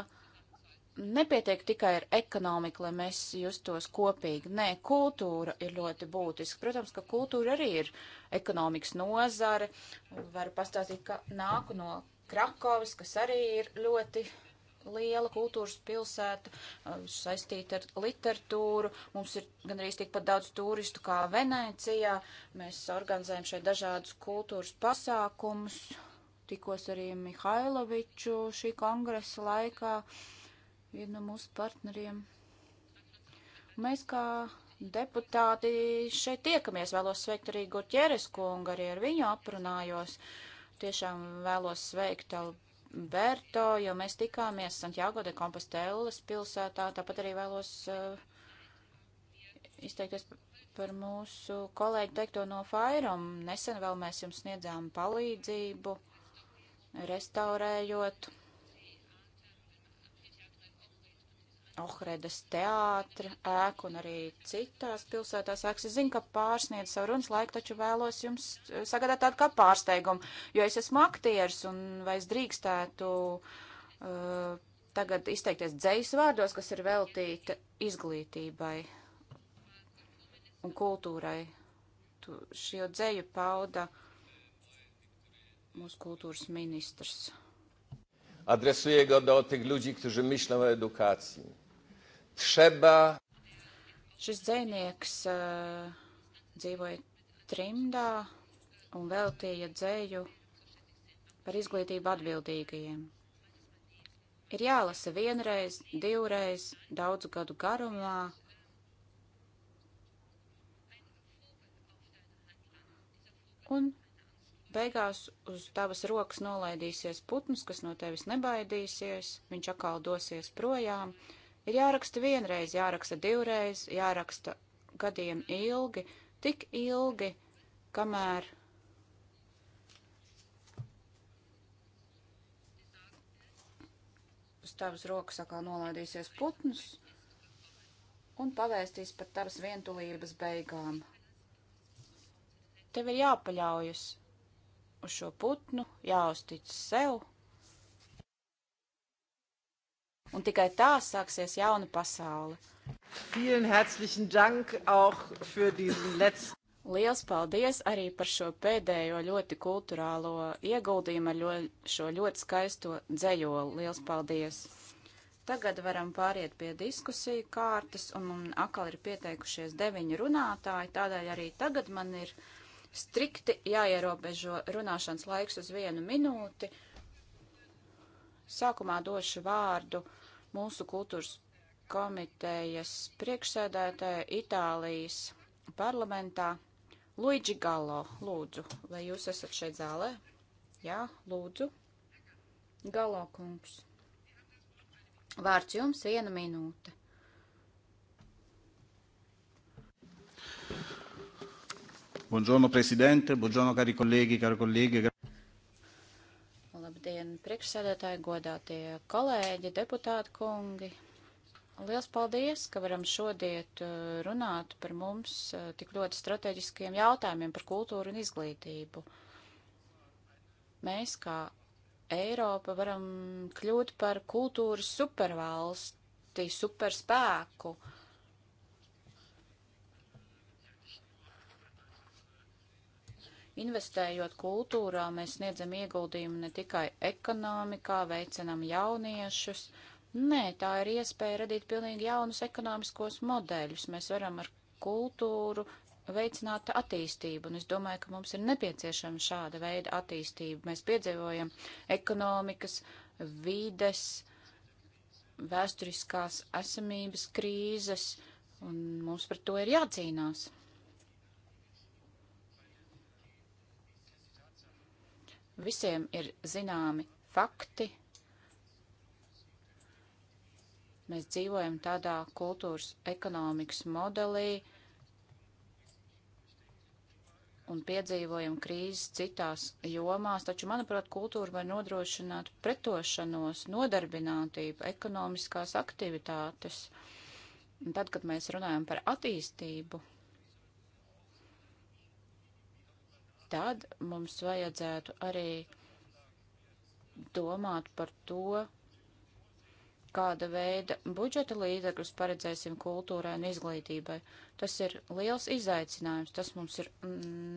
nepietiek tikai ar ekonomiku, lai mēs justos kopīgi. Nē, kultūra ir ļoti būtiska. Protams, ka kultūra arī ir ekonomikas nozare. Varu pastāstīt, ka nāku no Krakovas, kas arī ir ļoti liela kultūras pilsēta, uh, saistīta ar literatūru. Mums ir gandrīz tikpat daudz turistu kā Venecijā. Mēs organizējam šeit dažādus kultūras pasākumus tikos arī Mihailoviču šī kongresa laikā, vienu no mūsu partneriem. Mēs kā deputāti šeit tiekamies, vēlos sveikt arī Gutjeres kungu, arī ar viņu aprunājos. Tiešām vēlos sveikt Alberto, jo mēs tikāmies Santiago de Compostelles pilsētā, tāpat arī vēlos uh, izteikties par mūsu kolēģi teikto no Fairam. Nesen vēl mēs jums sniedzām palīdzību restaurējot Ohredas teātra ēku un arī citās pilsētās ēkas. Es zinu, ka pārsniedz savu runas laiku, taču vēlos jums eh, sagādāt tādu kā pārsteigumu, jo es esmu aktieris un vai es drīkstētu uh, tagad izteikties dzējas vārdos, kas ir veltīta izglītībai un kultūrai. Tu, šo dzēju pauda. Uh, mūsu kultūras ministrs. Adresuję go do tych ludzi, którzy myślą o edukacji. Trzeba. Šis dzēnieks uh, e, dzīvoja trimdā un veltīja dzēju par izglītību atbildīgajiem. Ir jālasa vienreiz, divreiz, daudzu gadu garumā, un Beigās uz tavas rokas nolaidīsies putns, kas no tevis nebaidīsies, viņš atkal dosies projām. Ir jāraksta vienreiz, jāraksta divreiz, jāraksta gadiem ilgi, tik ilgi, kamēr uz tavas rokas atkal nolaidīsies putns un pavēstīs par tavas vientulības beigām. Tev ir jāpaļaujas uz šo putnu, jāuztic sev. Un tikai tā sāksies jauna pasaule. Vielen herzlichen Dank auch für diesen letzten. Liels paldies arī par šo pēdējo ļoti kulturālo ieguldījumu ar ļo, šo ļoti skaisto dzējoli. Liels paldies! Tagad varam pāriet pie diskusiju kārtas, un man atkal ir pieteikušies deviņi runātāji, tādēļ arī tagad man ir strikti jāierobežo runāšanas laiks uz vienu minūti. Sākumā došu vārdu mūsu kultūras komitejas priekšsēdētāja Itālijas parlamentā Luigi Gallo. Lūdzu, vai jūs esat šeit zālē? Jā, lūdzu. Galo kungs. Vārds jums viena minūte. Buongiorno, prezidente, buongiorno, cari kolēģi, cari kolēģi. Labdien, priekšsēdētāji, godātie kolēģi, deputāti kungi. Liels paldies, ka varam šodiet uh, runāt par mums uh, tik ļoti strateģiskiem jautājumiem par kultūru un izglītību. Mēs, kā Eiropa, varam kļūt par kultūras supervalsti, superspēku. spēku Investējot kultūrā, mēs sniedzam ieguldījumu ne tikai ekonomikā, veicinam jauniešus. Nē, tā ir iespēja radīt pilnīgi jaunus ekonomiskos modeļus. Mēs varam ar kultūru veicināt attīstību, un es domāju, ka mums ir nepieciešama šāda veida attīstība. Mēs piedzīvojam ekonomikas, vides, vēsturiskās esamības krīzes, un mums par to ir jācīnās. Visiem ir zināmi fakti. Mēs dzīvojam tādā kultūras ekonomikas modelī un piedzīvojam krīzes citās jomās, taču, manuprāt, kultūra var nodrošināt pretošanos, nodarbinātību, ekonomiskās aktivitātes. Un tad, kad mēs runājam par attīstību, tad mums vajadzētu arī domāt par to, kāda veida budžeta līdzekļus paredzēsim kultūrai un izglītībai. Tas ir liels izaicinājums, tas mums ir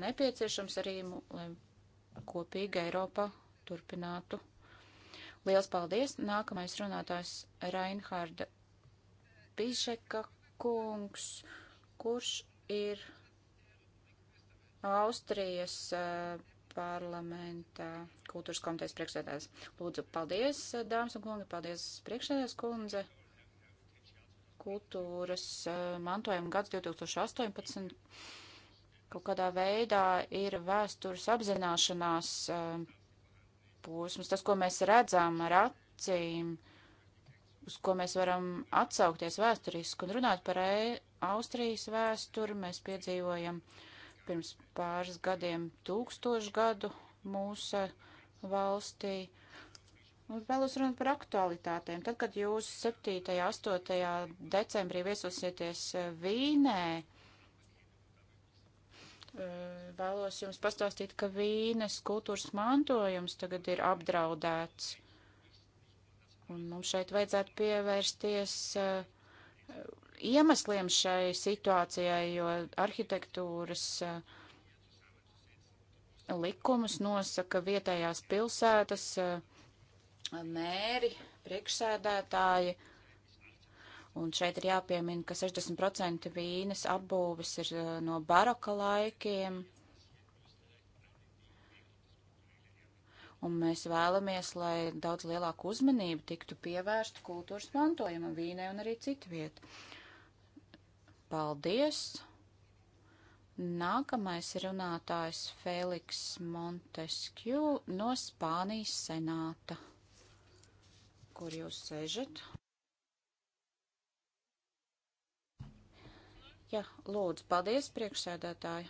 nepieciešams arī, lai kopīgi Eiropā turpinātu. Liels paldies! Nākamais runātājs Reinharda Pišeka kungs, kurš ir Austrijas eh, parlamenta kultūras komitejas priekšsēdētājs. Lūdzu, paldies, eh, dāmas un kungi, paldies, priekšsēdētājs kundze. Kultūras eh, mantojuma gads 2018 kaut kādā veidā ir vēstures apzināšanās posms, tas, ko mēs redzam ar acīm, uz ko mēs varam atsaukties vēsturiski un runāt par Austrijas vēsturi, mēs piedzīvojam uh, pirms pāris gadiem tūkstošu gadu mūsu valstī. Un vēlos runāt par aktualitātēm. Tad, kad jūs 7. un 8. decembrī viesosieties eh, Vīnē, eh, vēlos jums pastāstīt, ka Vīnes kultūras mantojums tagad ir apdraudēts. Un mums šeit vajadzētu pievērsties uh, iemesliem šai situācijai, jo arhitektūras eh, likumus nosaka vietējās pilsētas eh, mēri, priekšsēdētāji. Un šeit ir jāpiemina, ka 60% vīnas apbūves ir eh, no baroka laikiem. Un mēs vēlamies, lai daudz lielāku uzmanību tiktu pievērstu kultūras mantojumam vīnai un arī citu vietu. Uh, Paldies! Nākamais runātājs Feliks Monteskju no Spānijas senāta. Kur jūs sežat? Jā, lūdzu, paldies priekšsēdētāji.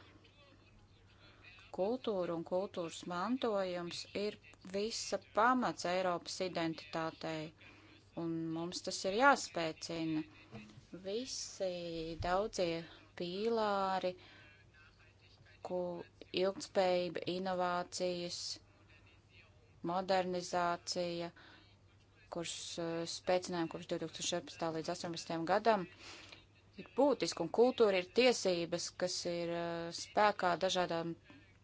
Kultūra un kultūras mantojums ir visa pamats Eiropas identitātei, un mums tas ir jāspēcina Visi daudzie pīlāri, ku ilgspējība, inovācijas, modernizācija, kurš spēcinājām kurš 2014. līdz 2018. gadam, ir būtiski, un kultūra ir tiesības, kas ir eh, spēkā dažādām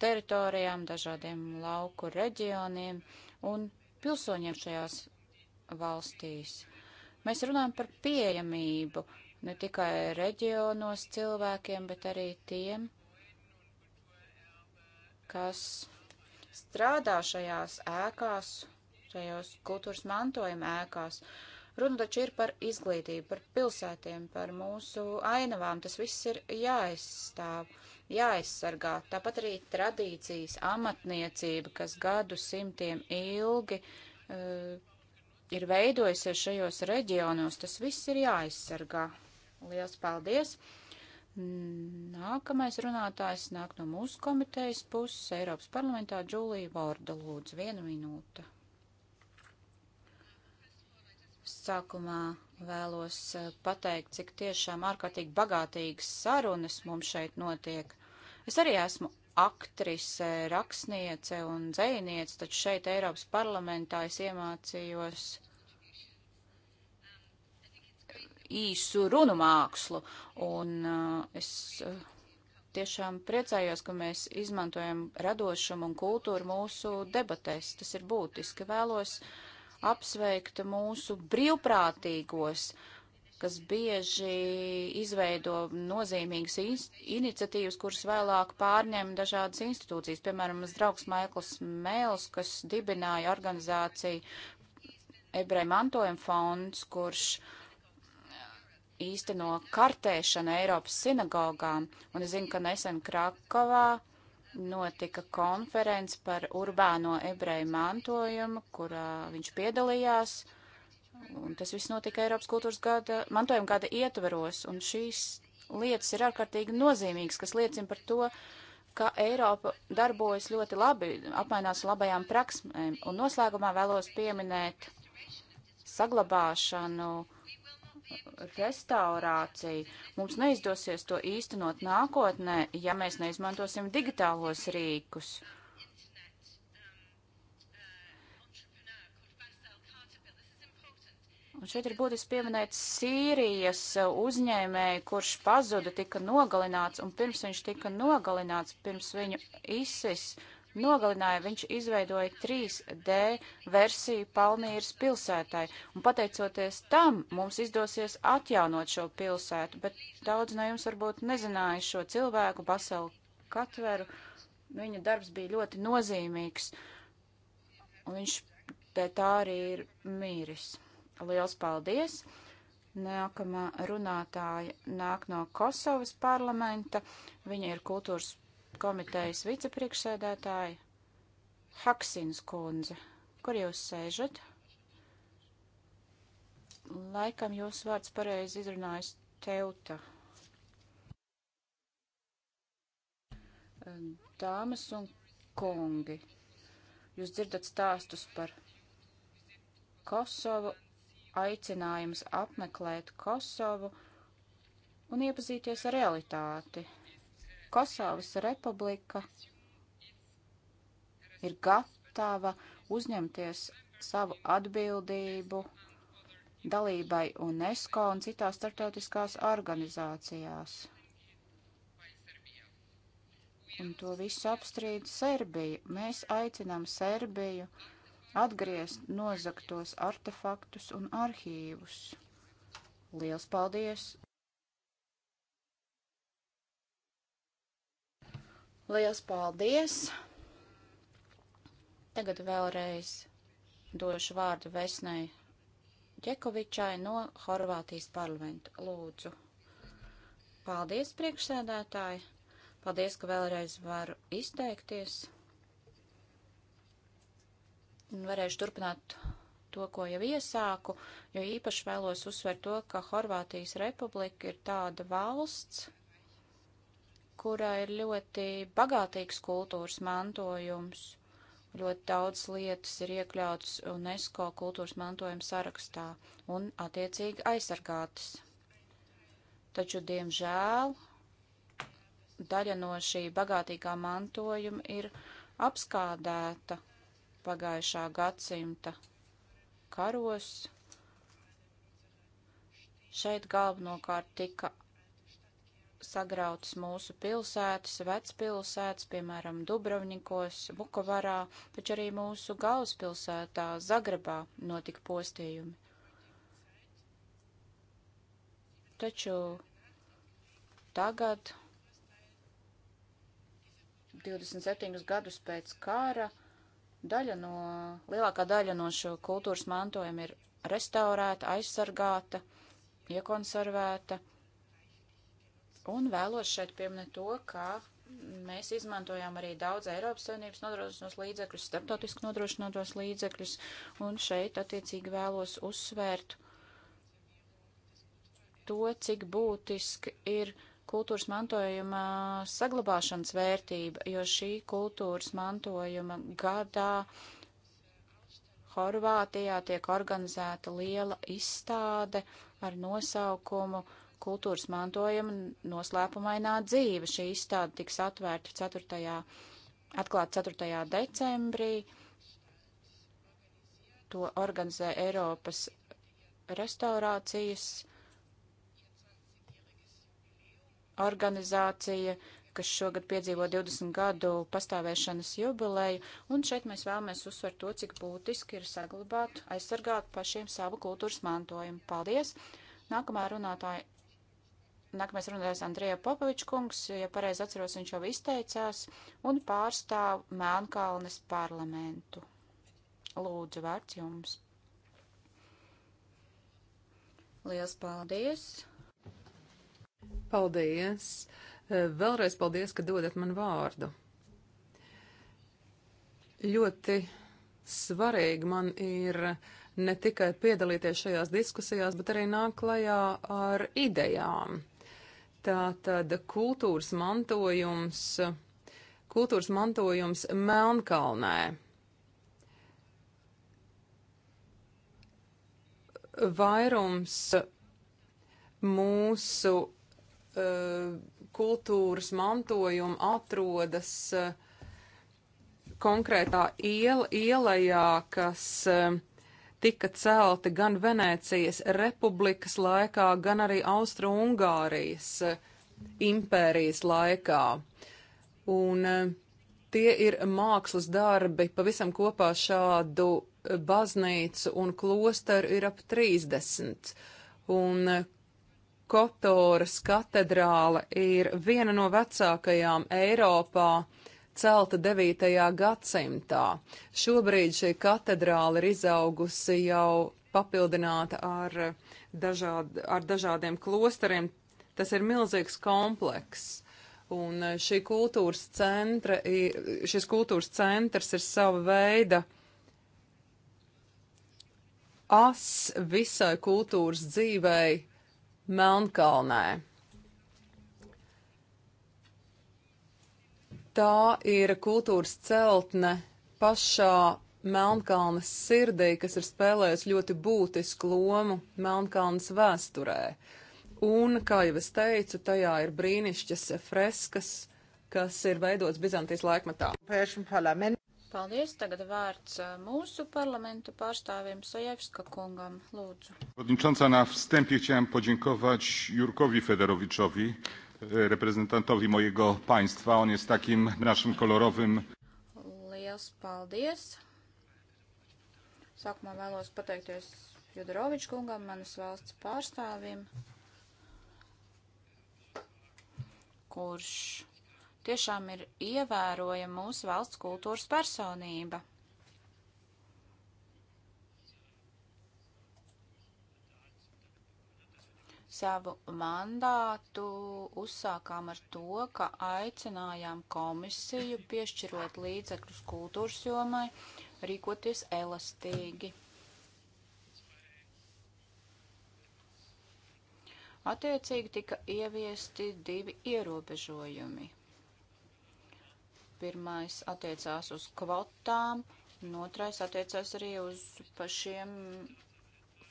teritorijām, dažādiem lauku reģioniem un pilsoņiem šajās valstīs. Mēs runājam par pieejamību ne tikai reģionos cilvēkiem, bet arī tiem, kas strādā šajās ēkās, šajos kultūras mantojuma ēkās. Runa taču ir par izglītību, par pilsētiem, par mūsu ainavām. Tas viss ir jāaizstāv, jāaizsargā. Tāpat arī tradīcijas, amatniecība, kas gadu simtiem ilgi uh, ir veidojusies šajos reģionos, tas viss ir jāaizsargā. Liels paldies! Nākamais runātājs nāk no mūsu komitejas puses Eiropas parlamentā Džūlija Vorda. Lūdzu, viena minūte. Sākumā vēlos eh, pateikt, cik tiešām ārkārtīgi bagātīgas sarunas mums šeit notiek. Es arī esmu aktrise, rakstniece un dzēniece, taču šeit Eiropas parlamentā es iemācījos īsu runu mākslu. Un uh, es uh, tiešām priecājos, ka mēs izmantojam radošumu un kultūru mūsu debatēs. Tas ir būtiski. Vēlos apsveikt mūsu brīvprātīgos uh, kas bieži izveido nozīmīgas iniciatīvas, kuras vēlāk pārņem dažādas institūcijas. Piemēram, mans draugs Maikls Mēls, kas dibināja organizāciju Ebreja mantojuma fonds, kurš īsteno kartēšanu Eiropas sinagogām. Un es zinu, ka nesen Krakovā notika konference par urbāno ebreju mantojumu, kurā viņš piedalījās. Un tas viss notika Eiropas kultūras gada, mantojuma gada ietveros, un šīs lietas ir ārkārtīgi nozīmīgas, kas liecina par to, ka Eiropa darbojas ļoti labi, apmainās labajām praksmēm. Un noslēgumā vēlos pieminēt saglabāšanu, restaurāciju. Mums neizdosies to īstenot nākotnē, ja mēs neizmantosim digitālos rīkus. Un šeit ir būtiski pieminēt Sīrijas uh, uzņēmēju, kurš pazuda, tika nogalināts, un pirms viņš tika nogalināts, pirms viņu ISIS nogalināja, viņš izveidoja 3D versiju Palmīras pilsētai. Un pateicoties tam, mums izdosies atjaunot šo pilsētu, bet daudz no jums varbūt nezināja šo cilvēku, Baselu Katveru. Viņa darbs bija ļoti nozīmīgs, un viņš pēc tā arī ir mīris. Liels paldies! Nākamā runātāja nāk no Kosovas parlamenta. Viņa ir kultūras komitejas vicepriekšsēdētāja Haksins kundze. Kur jūs sēžat? Laikam jūs vārds pareizi izrunājas teuta. Dāmas un kungi, jūs dzirdat stāstus par Kosovu aicinājums apmeklēt Kosovu un iepazīties ar realitāti. Kosovas republika ir gatava uzņemties savu atbildību dalībai UNESCO un citās starptautiskās organizācijās. Un to visu apstrīd Serbija. Mēs aicinām Serbiju uh, atgriezt nozaktos artefaktus un arhīvus. Liels paldies! Liels paldies! Tagad vēlreiz došu vārdu Vesnei Ķekovičai no Horvātijas parlamenta. Lūdzu! Paldies, priekšsēdētāji! Paldies, ka vēlreiz varu izteikties! varēšu turpināt to, ko jau iesāku, jo īpaši vēlos uzsvērt to, ka Horvātijas republika ir tāda valsts, kurā ir ļoti bagātīgs kultūras mantojums. Ļoti daudz lietas ir iekļautas UNESCO kultūras mantojuma sarakstā un attiecīgi aizsargātas. Taču, diemžēl, daļa no šī bagātīgā mantojuma ir apskādēta pagājušā gadsimta karos. Šeit galvenokārt tika sagrautas mūsu pilsētas, vecpilsētas, piemēram, Dubrovnikos, Bukovarā, taču arī mūsu galvaspilsētā Zagrebā notika postījumi. Taču tagad, 27 gadus pēc kara, Daļa no, lielākā daļa no šo kultūras mantojuma ir restaurēta, aizsargāta, iekonservēta. Un vēlos šeit pieminēt to, ka mēs izmantojām arī daudz Eiropas Savienības nodrošinos līdzekļus, starptautiski nodrošinotos līdzekļus, un šeit attiecīgi vēlos uzsvērt to, cik būtiski ir kultūras mantojuma saglabāšanas vērtība, jo šī kultūras mantojuma gadā Horvātijā tiek organizēta liela izstāde ar nosaukumu Kultūras mantojuma noslēpumainā dzīve. Šī izstāde tiks atvērta 4. atklāta 4. decembrī. To organizē Eiropas restaurācijas organizācija, kas šogad piedzīvo 20 gadu pastāvēšanas jubileju, un šeit mēs vēlamies uzsvert to, cik būtiski ir saglabāt, aizsargāt pašiem savu kultūras mantojumu. Paldies! Nākamā runātāja. Nākamais runātājs Andrija Popovičs kungs, ja pareizi atceros, viņš jau izteicās un pārstāv Melnkalnes parlamentu. Lūdzu, vārds jums. Liels paldies! Paldies! Eh, vēlreiz paldies, ka dodat man vārdu. Ļoti svarīgi man ir ne tikai piedalīties šajās diskusijās, bet arī nāk klajā ar idejām. Tā tad kultūras mantojums, kultūras mantojums Melnkalnē. Vairums mūsu Eh, kultūras mantojumi atrodas eh, konkrētā iela, ielajā, kas eh, tika celti gan Venēcijas republikas laikā, gan arī Austro-Ungārijas impērijas laikā. Un tie ir mākslas darbi, pavisam kopā šādu baznīcu un klosteru ir ap 30. Un Kotoras katedrāle ir viena no vecākajām Eiropā celta 9. gadsimtā. Šobrīd šī katedrāle ir izaugusi jau papildināta ar, dažād, ar dažādiem klosteriem. Tas ir milzīgs komplekss. Un šī kultūras centra, šis kultūras centrs ir sava veida as visai kultūras dzīvei Melnkalnē. Tā ir kultūras celtne pašā Melnkalnes sirdī, kas ir spēlējusi ļoti būtisku lomu Melnkalnes vēsturē. Un, kā jau es teicu, tajā ir brīnišķas freskas, kas ir veidots Bizantijas laikmatā. Paldies. Tagad vārds mūsu parlamentu pārstāvim Sojevska kungam. Lūdzu. Podnicząca na wstępie chciałem podziękować Jurkowi Federowiczowi, e, reprezentantowi mojego państwa. On jest takim naszym kolorowym. Liels paldies. Sākumā vēlos pateikties Jodoroviču kungam, manas valsts pārstāvim, kurš tiešām ir ievērojama mūsu valsts kultūras personība. Savu mandātu uzsākām ar to, ka aicinājām komisiju piešķirot līdzekļus kultūras jomai, rīkoties elastīgi. Attiecīgi tika ieviesti divi ierobežojumi Pirmais attiecās uz kvotām, un otrais attiecās arī uz pašiem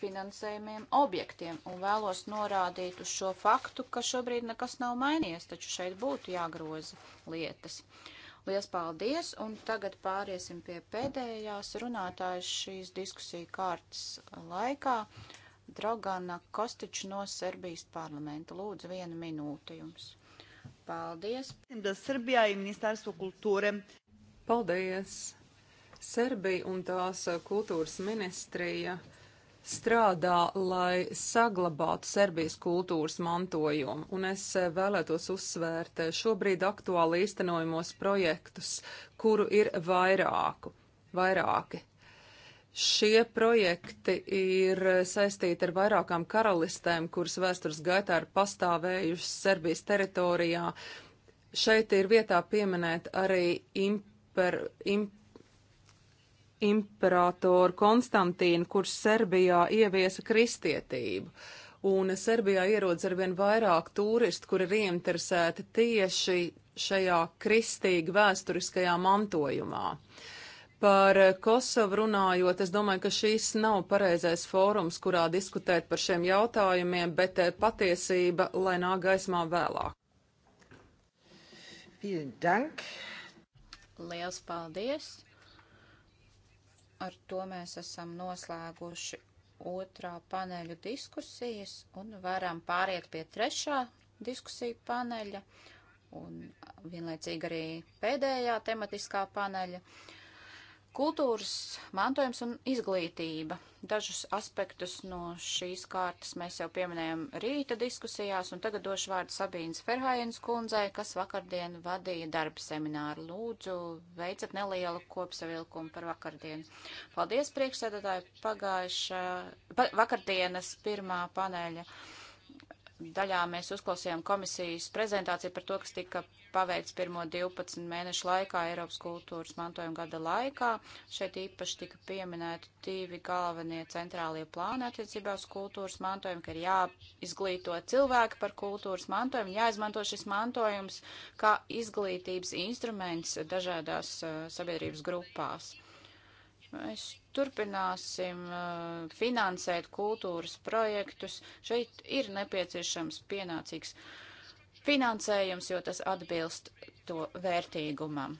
finansējumiem objektiem. Un vēlos norādīt uz šo faktu, ka šobrīd nekas nav mainījies, taču šeit būtu jāgroza lietas. Lielas paldies, un tagad pāriesim pie pēdējās runātājas šīs diskusija kārtas laikā. Dragana Kostič no Serbijas parlamenta. Lūdzu, viena minūte jums. Paldies! Serbijā ir Ministērstvo kultūra. Paldies! Serbija un tās kultūras ministrija strādā, lai saglabātu Serbijas kultūras mantojumu, un es vēlētos uzsvērt šobrīd aktuāli īstenojumos projektus, kuru ir vairāku, vairāki. Šie projekti ir saistīti ar vairākām karalistēm, kuras vēstures gaitā ir pastāvējušas Serbijas teritorijā. Šeit ir vietā pieminēt arī imper, im, imperatoru Konstantīnu, kurš Serbijā ieviesa kristietību. Un Serbijā ierodas arvien vairāk turistu, kuri ir ieinteresēti tieši šajā kristīgi vēsturiskajā mantojumā. Uh, Par Kosovu runājot, es domāju, ka šīs nav pareizais fórums, kurā diskutēt par šiem jautājumiem, bet eh, patiesība, lai nāk gaismā vēlāk. Dank. Liels paldies! Ar to mēs esam noslēguši otrā paneļa diskusijas un varam pāriet pie trešā diskusiju paneļa un vienlaicīgi arī pēdējā tematiskā paneļa. Uh, Kultūras mantojums un izglītība. Dažus aspektus no šīs kārtas mēs jau pieminējām rīta diskusijās, un tagad došu vārdu Sabīnas Ferhājienas kundzei, kas vakardien vadīja darba semināru. Lūdzu, veicat nelielu kopsavilkumu par vakardienu. Paldies priekšsēdētāji pagājušā, pa, vakardienas pirmā paneļa. Uh, daļā mēs uzklausījām komisijas prezentāciju par to, kas tika paveikts pirmo 12 mēnešu laikā Eiropas kultūras mantojuma gada laikā. Šeit īpaši tika pieminēti divi galvenie centrālie plāni attiecībā uz kultūras mantojumu, ka ir jāizglīto cilvēki par kultūras mantojumu, jāizmanto šis mantojums kā izglītības instruments dažādās uh, sabiedrības grupās. Mēs turpināsim uh, finansēt kultūras projektus. Šeit ir nepieciešams pienācīgs finansējums, jo tas atbilst to vērtīgumam.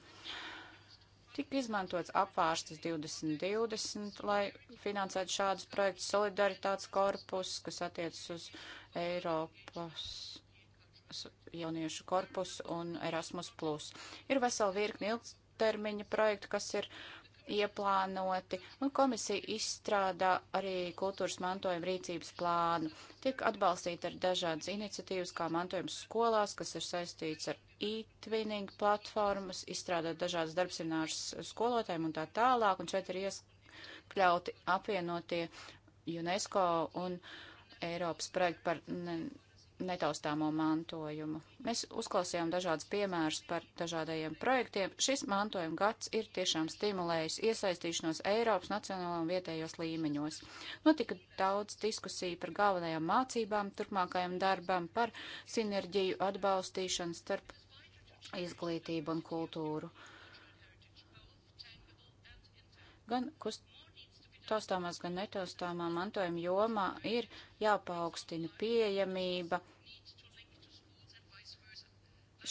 Tik izmantots apvārstas 2020, lai finansētu šādus projektus solidaritātes korpus, kas attiecas uz Eiropas jauniešu korpusu un Erasmus. Ir vesela virkni ilgstermiņa projektu, kas ir uh, ieplānoti, un komisija izstrādā arī kultūras mantojuma rīcības plānu. Tiek atbalstīta ar dažādas iniciatīvas, kā mantojums skolās, kas ir saistīts ar e-twinning platformas, izstrādāt dažādas darbsināšanas skolotājiem un tā tālāk, un šeit ir ieskļauti apvienotie UNESCO un Eiropas projekti par netaustāmo mantojumu. Mēs uzklausījām dažādus piemērus par dažādajiem projektiem. Šis mantojuma gads ir tiešām stimulējis iesaistīšanos Eiropas nacionālā un vietējos līmeņos. Notika daudz diskusiju par galvenajām mācībām, turpmākajam darbam, par sinerģiju atbalstīšanu starp izglītību un kultūru. Gan kust taustāmās gan netaustāmā mantojuma jomā ir jāpaukstina pieejamība.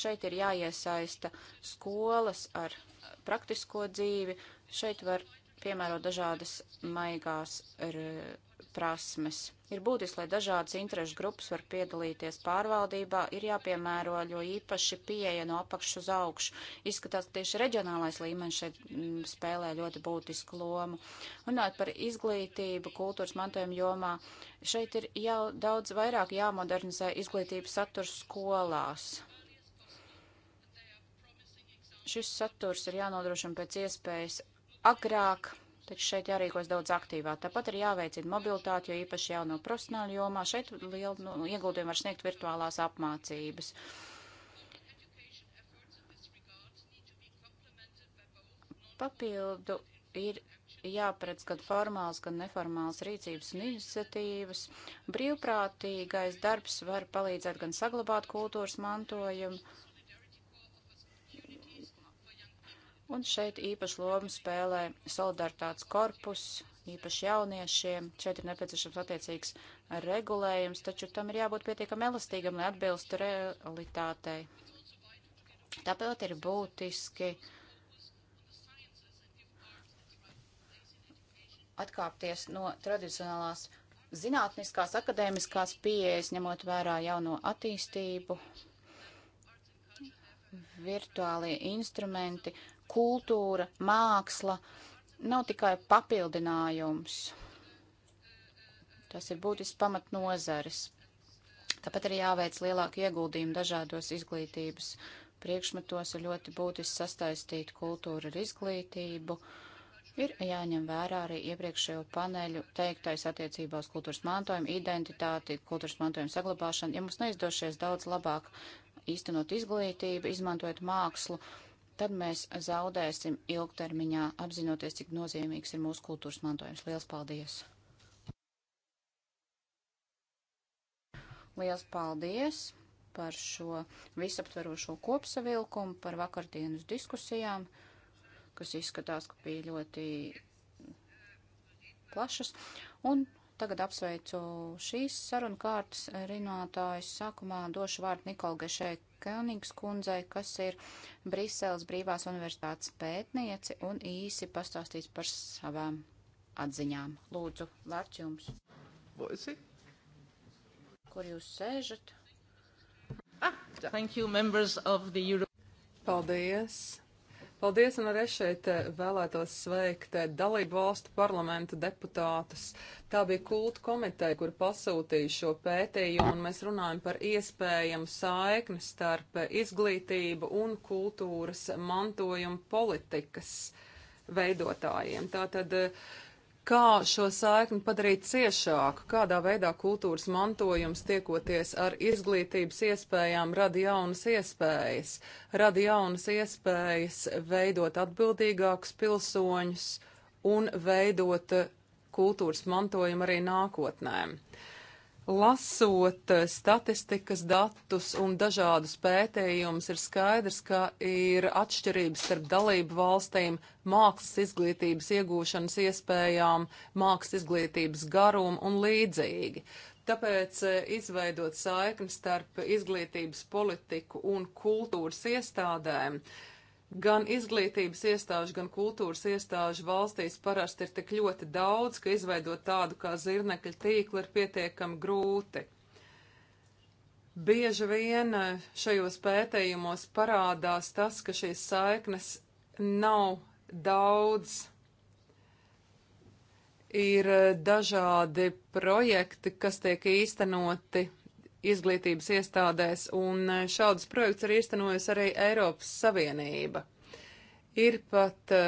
Šeit ir jāiesaista skolas ar praktisko dzīvi. Šeit var piemērot dažādas maigās prasmes. Ir būtiski, lai dažādas interešu grupas var piedalīties pārvaldībā, ir jāpiemēro jo īpaši pieeja no apakšas uz augšu. Izskatās, ka tieši reģionālais līmenis šeit mm, spēlē ļoti būtisku lomu. Runājot par izglītību, kultūras mantojuma jomā, šeit ir jau daudz vairāk jāmodernizē izglītības saturs skolās. Šis saturs ir jānodrošina pēc iespējas agrāk taču šeit jārīkojas daudz aktīvāk. Tāpat ir jāveicina mobilitāte, jo īpaši jauno profesionāļu jomā šeit lielu nu, ieguldījumu var sniegt virtuālās apmācības. Papildu ir jāparedz gan formāls, gan neformāls rīcības un iniciatīvas. Brīvprātīgais darbs var palīdzēt gan saglabāt kultūras mantojumu, Un šeit īpaši lomu spēlē solidaritātes korpus, īpaši jauniešiem. Šeit ir nepieciešams attiecīgs regulējums, taču tam ir jābūt pietiekam elastīgam, lai atbilstu realitātei. Tāpēc ir būtiski atkāpties no tradicionālās zinātniskās, akadēmiskās pieejas, ņemot vērā jauno attīstību, virtuālie instrumenti kultūra, māksla nav tikai papildinājums. Tas ir būtisks pamatnozaris. Tāpat arī jāveic lielāku ieguldījumu dažādos izglītības priekšmetos, ir ļoti būtiski sastaistīt kultūru ar izglītību. Ir jāņem vērā arī iepriekšējo paneļu teiktais attiecībā uz kultūras mantojumu, identitāti, kultūras mantojumu saglabāšanu. Ja mums neizdošies daudz labāk īstenot izglītību, izmantojot mākslu, tad mēs zaudēsim ilgtermiņā, apzinoties, cik nozīmīgs ir mūsu kultūras mantojums. Lielas paldies! Lielas paldies par šo visaptverošo kopsavilkumu, par vakardienas diskusijām, kas izskatās, ka bija ļoti plašas. Un Tagad apsveicu šīs sarunu kārtas rinātājus. Sākumā došu vārdu Nikola Gešē Kelnings kundzei, kas ir Briseles Brīvās universitātes pētniece un īsi pastāstīs par savām atziņām. Lūdzu, vārds jums. Voisi? Kur jūs sēžat? Ah, thank you, members of the Euro. Paldies! Paldies, un arī šeit eh, vēlētos sveikt eh, dalību valstu parlamentu deputātus. Tā bija kulta komiteja, kur pasūtīja šo pētījumu, un mēs runājam par iespējamu saikni starp izglītību un kultūras mantojumu politikas veidotājiem. Tātad eh, Kā šo saikni padarīt ciešāku, kādā veidā kultūras mantojums tiekoties ar izglītības iespējām rada jaunas iespējas, rada jaunas iespējas veidot atbildīgākus pilsoņus un veidot kultūras mantojumu arī nākotnēm. Lasot eh, statistikas datus un dažādus pētījumus, ir skaidrs, ka ir atšķirības starp dalību valstīm, mākslas izglītības iegūšanas iespējām, mākslas izglītības garumu un līdzīgi. Tāpēc eh, izveidot saikni starp izglītības politiku un kultūras iestādēm, uh, Gan izglītības iestāžu, gan kultūras iestāžu valstīs parasti ir tik ļoti daudz, ka izveidot tādu kā zirnekļa tīklu ir pietiekami grūti. Bieži vien eh, šajos pētījumos parādās tas, ka šīs saiknes nav daudz. Ir eh, dažādi projekti, kas tiek īstenoti izglītības iestādēs, un e, šādas projekts ir īstenojusi arī Eiropas Savienība. Ir pat e,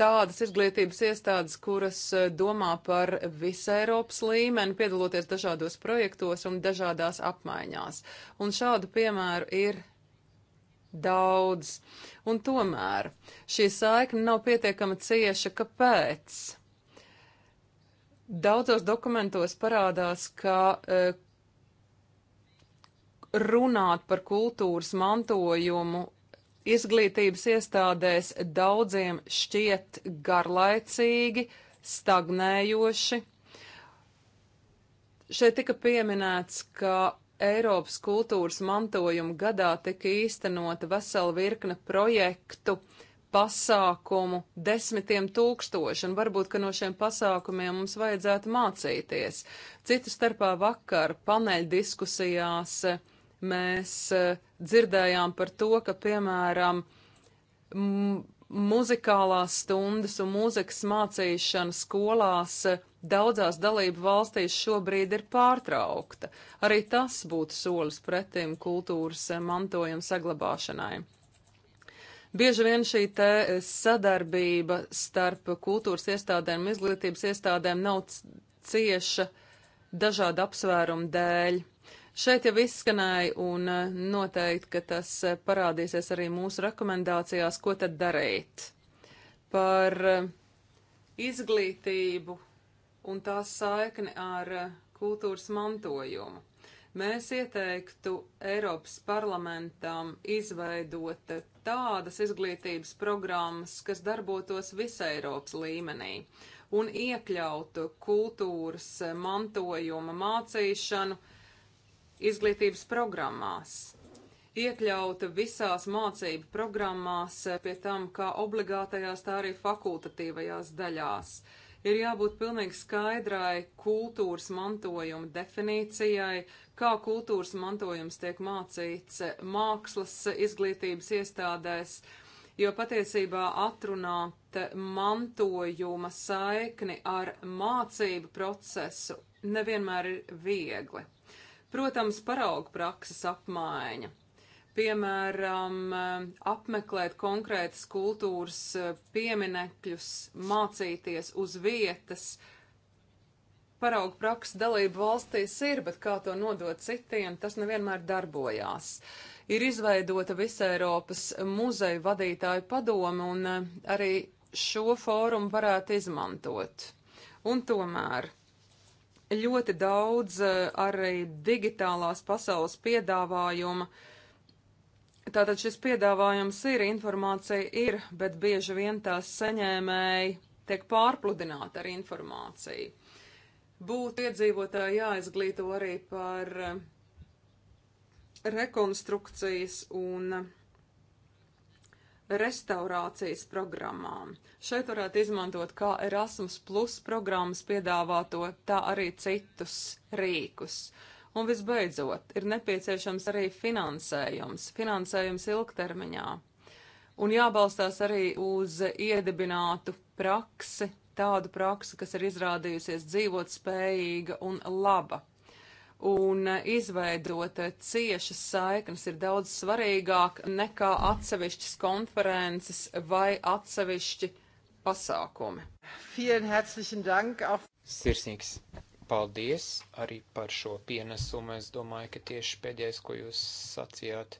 tādas izglītības iestādes, kuras e, domā par visu Eiropas līmeni, piedaloties dažādos projektos un dažādās apmaiņās. Un šādu piemēru ir daudz. Un tomēr šī saikne nav pietiekama cieša. Kāpēc? Daudzos dokumentos parādās, ka runāt par kultūras mantojumu izglītības iestādēs daudziem šķiet garlaicīgi, stagnējoši. Šeit tika pieminēts, ka Eiropas kultūras mantojuma gadā tika īstenota vesela virkne projektu, pasākumu desmitiem tūkstoši, un varbūt, ka no šiem pasākumiem mums vajadzētu mācīties. Citu starpā vakar paneļdiskusijās diskusijās Mēs eh, dzirdējām par to, ka, piemēram, muzikālās stundas un mūzikas mācīšana skolās eh, daudzās dalību valstīs šobrīd ir pārtraukta. Arī tas būtu solis pretim kultūras eh, mantojuma saglabāšanai. Bieži vien šī te sadarbība starp kultūras iestādēm un izglītības iestādēm nav cieša dažādu apsvērumu dēļ. Šeit jau izskanēja un eh, noteikti, ka tas eh, parādīsies arī mūsu rekomendācijās, ko tad darīt par eh, izglītību un tās saikni ar kultūras mantojumu. Mēs ieteiktu Eiropas parlamentam izveidot tādas izglītības programmas, kas darbotos visai Eiropas līmenī un iekļautu kultūras mantojuma mācīšanu uh, izglītības programmās, iekļauta visās mācību programmās, pie tam kā obligātajās, tā arī fakultatīvajās daļās. Ir jābūt pilnīgi skaidrai kultūras mantojuma definīcijai, kā kultūras mantojums tiek mācīts mākslas izglītības iestādēs, jo patiesībā atrunāt mantojuma saikni ar mācību procesu nevienmēr ir viegli. Protams, paraugu prakses apmaiņa. Piemēram, apmeklēt konkrētas kultūras eh, pieminekļus, mācīties uz vietas. Paraugu prakses dalību valstīs ir, bet kā to nodot citiem, tas nevienmēr darbojās ir izveidota visa Eiropas muzeja vadītāju padome, un eh, arī šo fórumu varētu izmantot. Un tomēr ļoti daudz eh, arī digitālās pasaules piedāvājuma. Tātad šis piedāvājums ir, informācija ir, bet bieži vien tās saņēmēji tiek pārpludināti ar informāciju. Būtu iedzīvotāji jāizglīto arī par eh, rekonstrukcijas un restaurācijas programmām. Šeit varētu izmantot kā Erasmus Plus programmas piedāvāto, tā arī citus rīkus. Un visbeidzot, ir nepieciešams arī finansējums, finansējums ilgtermiņā. Un jābalstās arī uz iedibinātu praksi, tādu praksi, kas ir izrādījusies dzīvot spējīga un laba un eh, izveidot eh, ciešas saiknes ir daudz svarīgāk nekā atsevišķas konferences vai atsevišķi pasākumi. Sirsnīgs paldies arī par šo pienesumu. Es domāju, ka tieši pēdējais, ko jūs sacījāt,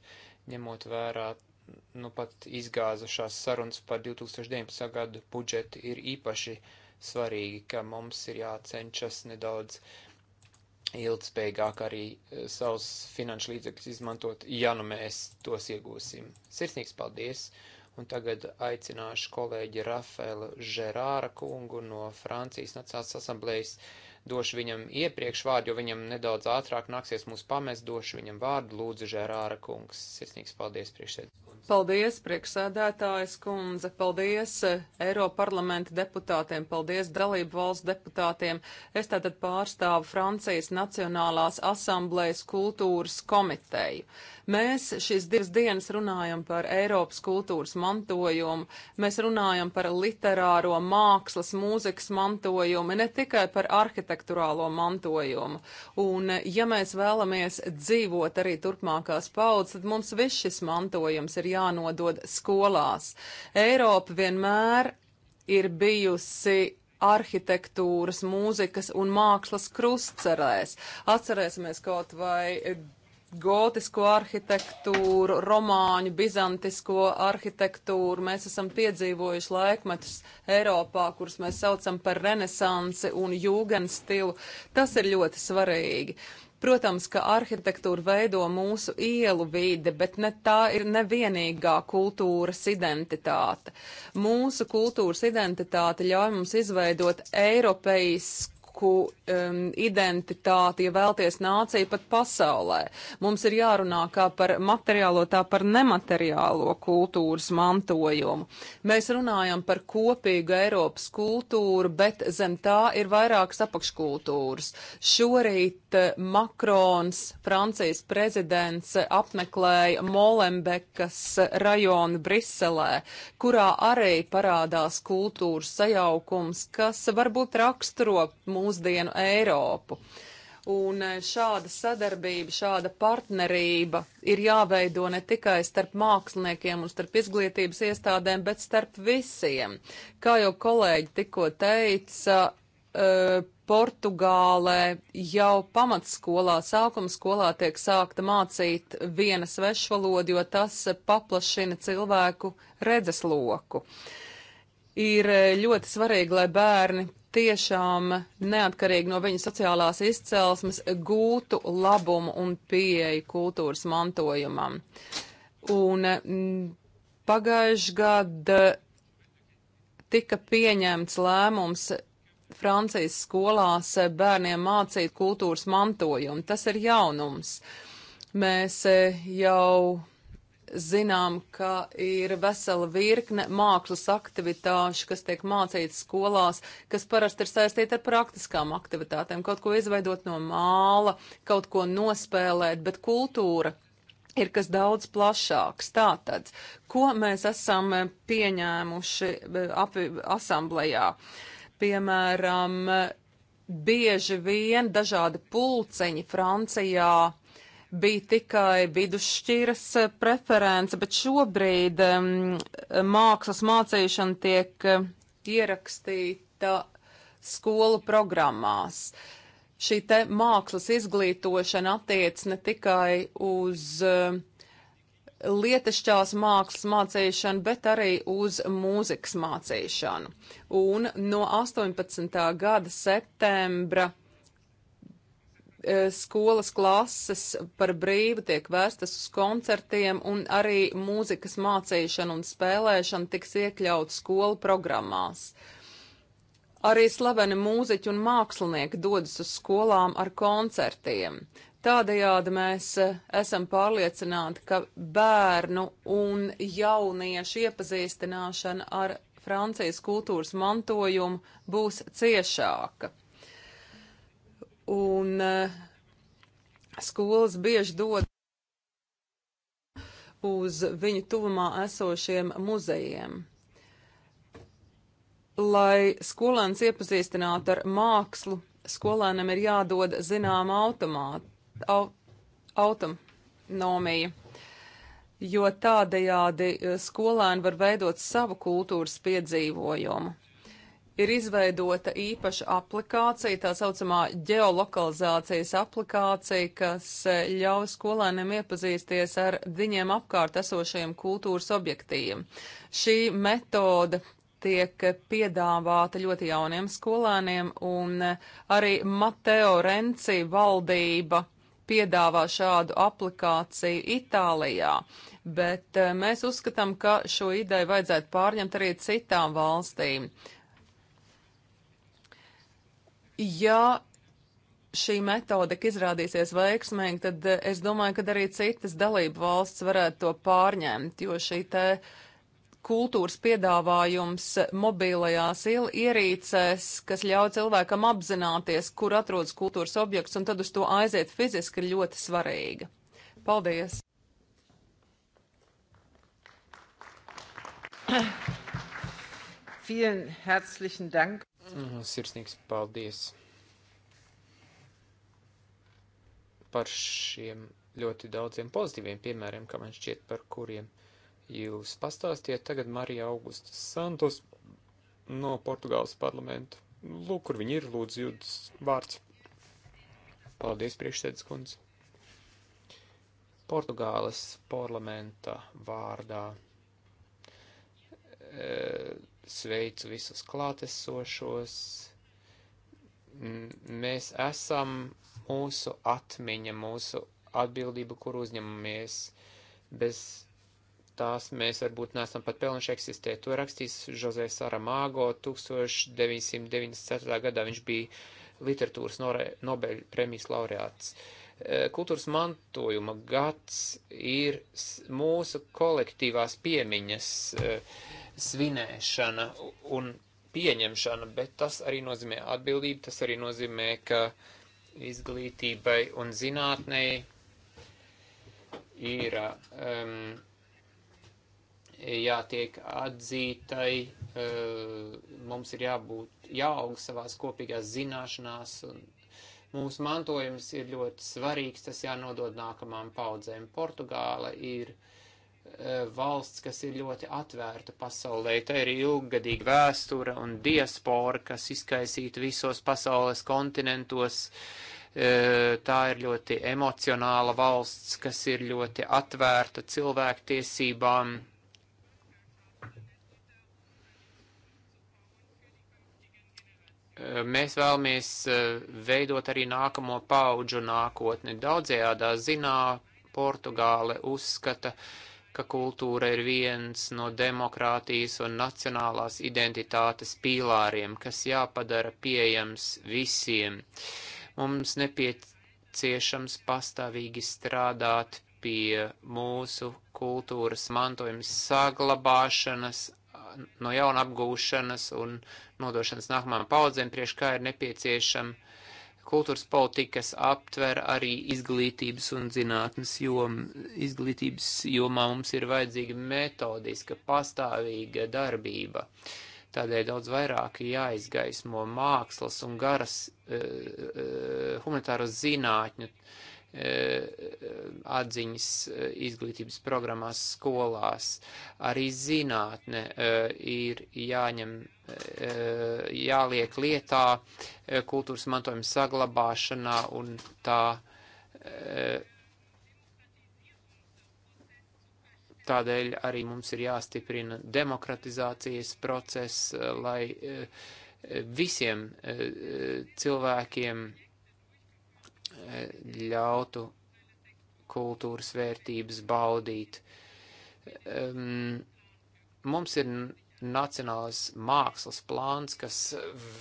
ņemot vērā nu pat izgāzušās sarunas par 2019. gadu budžetu, ir īpaši svarīgi, ka mums ir jācenšas nedaudz uh, ilgspējīgāk arī eh, savus finanšu līdzekļus izmantot, ja nu mēs tos iegūsim. Sirsnīgs paldies! Un tagad aicināšu kolēģi Rafaelu Žerāra kungu no Francijas Nacionālās asamblējas. Došu viņam iepriekš vārdu, jo viņam nedaudz ātrāk nāksies mūs pamest. Došu viņam vārdu, lūdzu, Žerāra kungs. Sirsnīgs paldies, priekšsēdētājs. Paldies, priekšsēdētājs kundze. Paldies eh, Eiroparlamenta deputātiem. Paldies dalību valsts deputātiem. Es tātad pārstāvu Francijas Nacionālās asamblējas kultūras komiteju. Mēs šīs divas dienas runājam par Eiropas kultūras mākslu mantojumu. Mēs runājam par literāro mākslas, mūzikas mantojumu, ne tikai par arhitektūrālo mantojumu. Un, ja mēs vēlamies dzīvot arī turpmākās paudzes, tad mums viss šis mantojums ir jānodod skolās. Eiropa vienmēr ir bijusi arhitektūras, mūzikas un mākslas krustcerēs. Atcerēsimies kaut vai gotisko arhitektūru, romāņu, bizantisko arhitektūru. Mēs esam piedzīvojuši laikmetus Eiropā, kurus mēs saucam par renesansi un jūgenstilu. Tas ir ļoti svarīgi. Protams, ka arhitektūra veido mūsu ielu vide, bet ne tā ir nevienīgā kultūras identitāte. Mūsu kultūras identitāte ļauj mums izveidot eiropeisku cilvēku um, identitāti, ja vēlties nāciju pat pasaulē. Mums ir jārunā kā par materiālo, tā par nemateriālo kultūras mantojumu. Mēs runājam par kopīgu Eiropas kultūru, bet zem tā ir vairākas apakškultūras. Šorīt eh, Makrons, Francijas prezidents, apmeklēja Molembekas rajonu Briselē, kurā arī parādās kultūras sajaukums, kas varbūt raksturo mūsu mūsdienu Eiropu. Un eh, šāda sadarbība, šāda partnerība ir jāveido ne tikai starp māksliniekiem un starp izglītības iestādēm, bet starp visiem. Kā jau kolēģi tikko teica, eh, Portugālē jau pamatskolā, sākuma skolā tiek sākta mācīt viena svešvaloda, jo tas paplašina cilvēku redzesloku. Uh, ir eh, ļoti svarīgi, lai bērni tiešām neatkarīgi no viņa sociālās izcelsmes gūtu labumu un pieeju kultūras mantojumam. Un mm, pagājuši gada tika pieņemts lēmums Francijas skolās bērniem mācīt kultūras mantojumu. Tas ir jaunums. Mēs eh, jau zinām, ka ir vesela virkne mākslas aktivitāšu, kas tiek mācītas skolās, kas parasti ir saistīta ar praktiskām aktivitātēm, kaut ko izveidot no māla, kaut ko nospēlēt, bet kultūra ir kas daudz plašāks. Tātad, ko mēs esam pieņēmuši e, api, asamblējā? Piemēram, bieži vien dažādi pulceņi Francijā, bija tikai vidusšķiras eh, preference, bet šobrīd um, mākslas mācīšana tiek eh, ierakstīta skolu programmās. Šī te mākslas izglītošana attiec ne tikai uz uh, lietišķās mākslas mācīšanu, bet arī uz mūzikas mācīšanu. Un no 18. gada septembra Eh, skolas klases par brīvu tiek vērstas uz koncertiem, un arī mūzikas mācīšana un spēlēšana tiks iekļaut skolu programmās. Arī slaveni mūziķi un mākslinieki dodas uz skolām ar koncertiem. Tādējādi mēs eh, esam pārliecināti, ka bērnu un jauniešu iepazīstināšana ar Francijas kultūras mantojumu būs ciešāka un eh, skolas bieži dod uz viņu tuvumā esošiem muzejiem. Lai skolēns iepazīstinātu ar mākslu, skolēnam ir jādod zināma automāta, au, autonomija, jo tādējādi eh, skolēni var veidot savu kultūras piedzīvojumu ir izveidota īpaša aplikācija, tā saucamā geolokalizācijas aplikācija, kas eh, ļauj skolēniem iepazīsties ar viņiem apkārt esošajiem kultūras objektiem. Šī metode tiek piedāvāta ļoti jauniem skolēniem, un eh, arī Mateo Renci valdība piedāvā šādu aplikāciju Itālijā, bet eh, mēs uzskatām, ka šo ideju vajadzētu pārņemt arī citām valstīm. Uh, ja šī metodika izrādīsies veiksmīga, tad eh, es domāju, ka arī citas dalību valsts varētu to pārņemt, jo šī te kultūras piedāvājums mobilajās ierīcēs, kas ļauj cilvēkam apzināties, kur atrodas kultūras objekts, un tad uz to aiziet fiziski ir ļoti svarīga. Paldies! Vielen herzlichen Dank. Mhm, sirsnīgs paldies par šiem ļoti daudziem pozitīviem piemēriem, kā man šķiet, par kuriem jūs pastāstījāt. Tagad Marija Augusta Santos no Portugāles parlamentu. Lūk, kur viņi ir, lūdzu, jūdas vārds. Paldies, priekšsēdus kundze. Portugāles parlamenta vārdā. E, sveicu visus klātesošos. Mēs esam mūsu atmiņa, mūsu atbildība, kur uzņemamies. Bez tās mēs varbūt neesam pat pelnuši eksistēt. To rakstīs Jose Saramago 1994. gadā. Viņš bija literatūras Nobeļa premijas laureāts. E, kultūras mantojuma gads ir mūsu kolektīvās piemiņas. Uh, svinēšana un pieņemšana, bet tas arī nozīmē atbildību, tas arī nozīmē, ka izglītībai un zinātnei ir um, jātiek atzītai, uh, mums ir jābūt, jāaug savās kopīgās zināšanās un mūsu mantojums ir ļoti svarīgs, tas jānodod nākamām paudzēm. Portugāla ir uh, E, valsts, kas ir ļoti atvērta pasaulē. Tā ir ilggadīga vēsture un diaspora, kas izkaisīta visos pasaules kontinentos. E, tā ir ļoti emocionāla valsts, kas ir ļoti atvērta cilvēktiesībām. E, mēs vēlamies veidot arī nākamo pauģu nākotni. Daudzējādā zinā Portugāle uzskata, uh, ka kultūra ir viens no demokrātijas un nacionālās identitātes pīlāriem, kas jāpadara pieejams visiem. Mums nepieciešams pastāvīgi strādāt pie mūsu kultūras mantojuma saglabāšanas, no jauna apgūšanas un nodošanas nākamajām paudzēm, priekš kā ir nepieciešama Kultūras politikas aptver arī izglītības un zinātnes jomu. Izglītības jomā mums ir vajadzīga metodiska, pastāvīga darbība. Tādēļ daudz vairāk jāizgaismo mākslas un garas uh, eh, uh, eh, humanitāras zinātņu uh, Eh, eh, atziņas eh, izglītības programmās skolās. Arī zinātne ir jāņem, jāliek lietā kultūras mantojuma saglabāšanā un tā. Tādēļ arī mums ir jāstiprina demokratizācijas process, lai visiem cilvēkiem ļautu kultūras vērtības baudīt. Um, mums ir nacionāls mākslas plāns, kas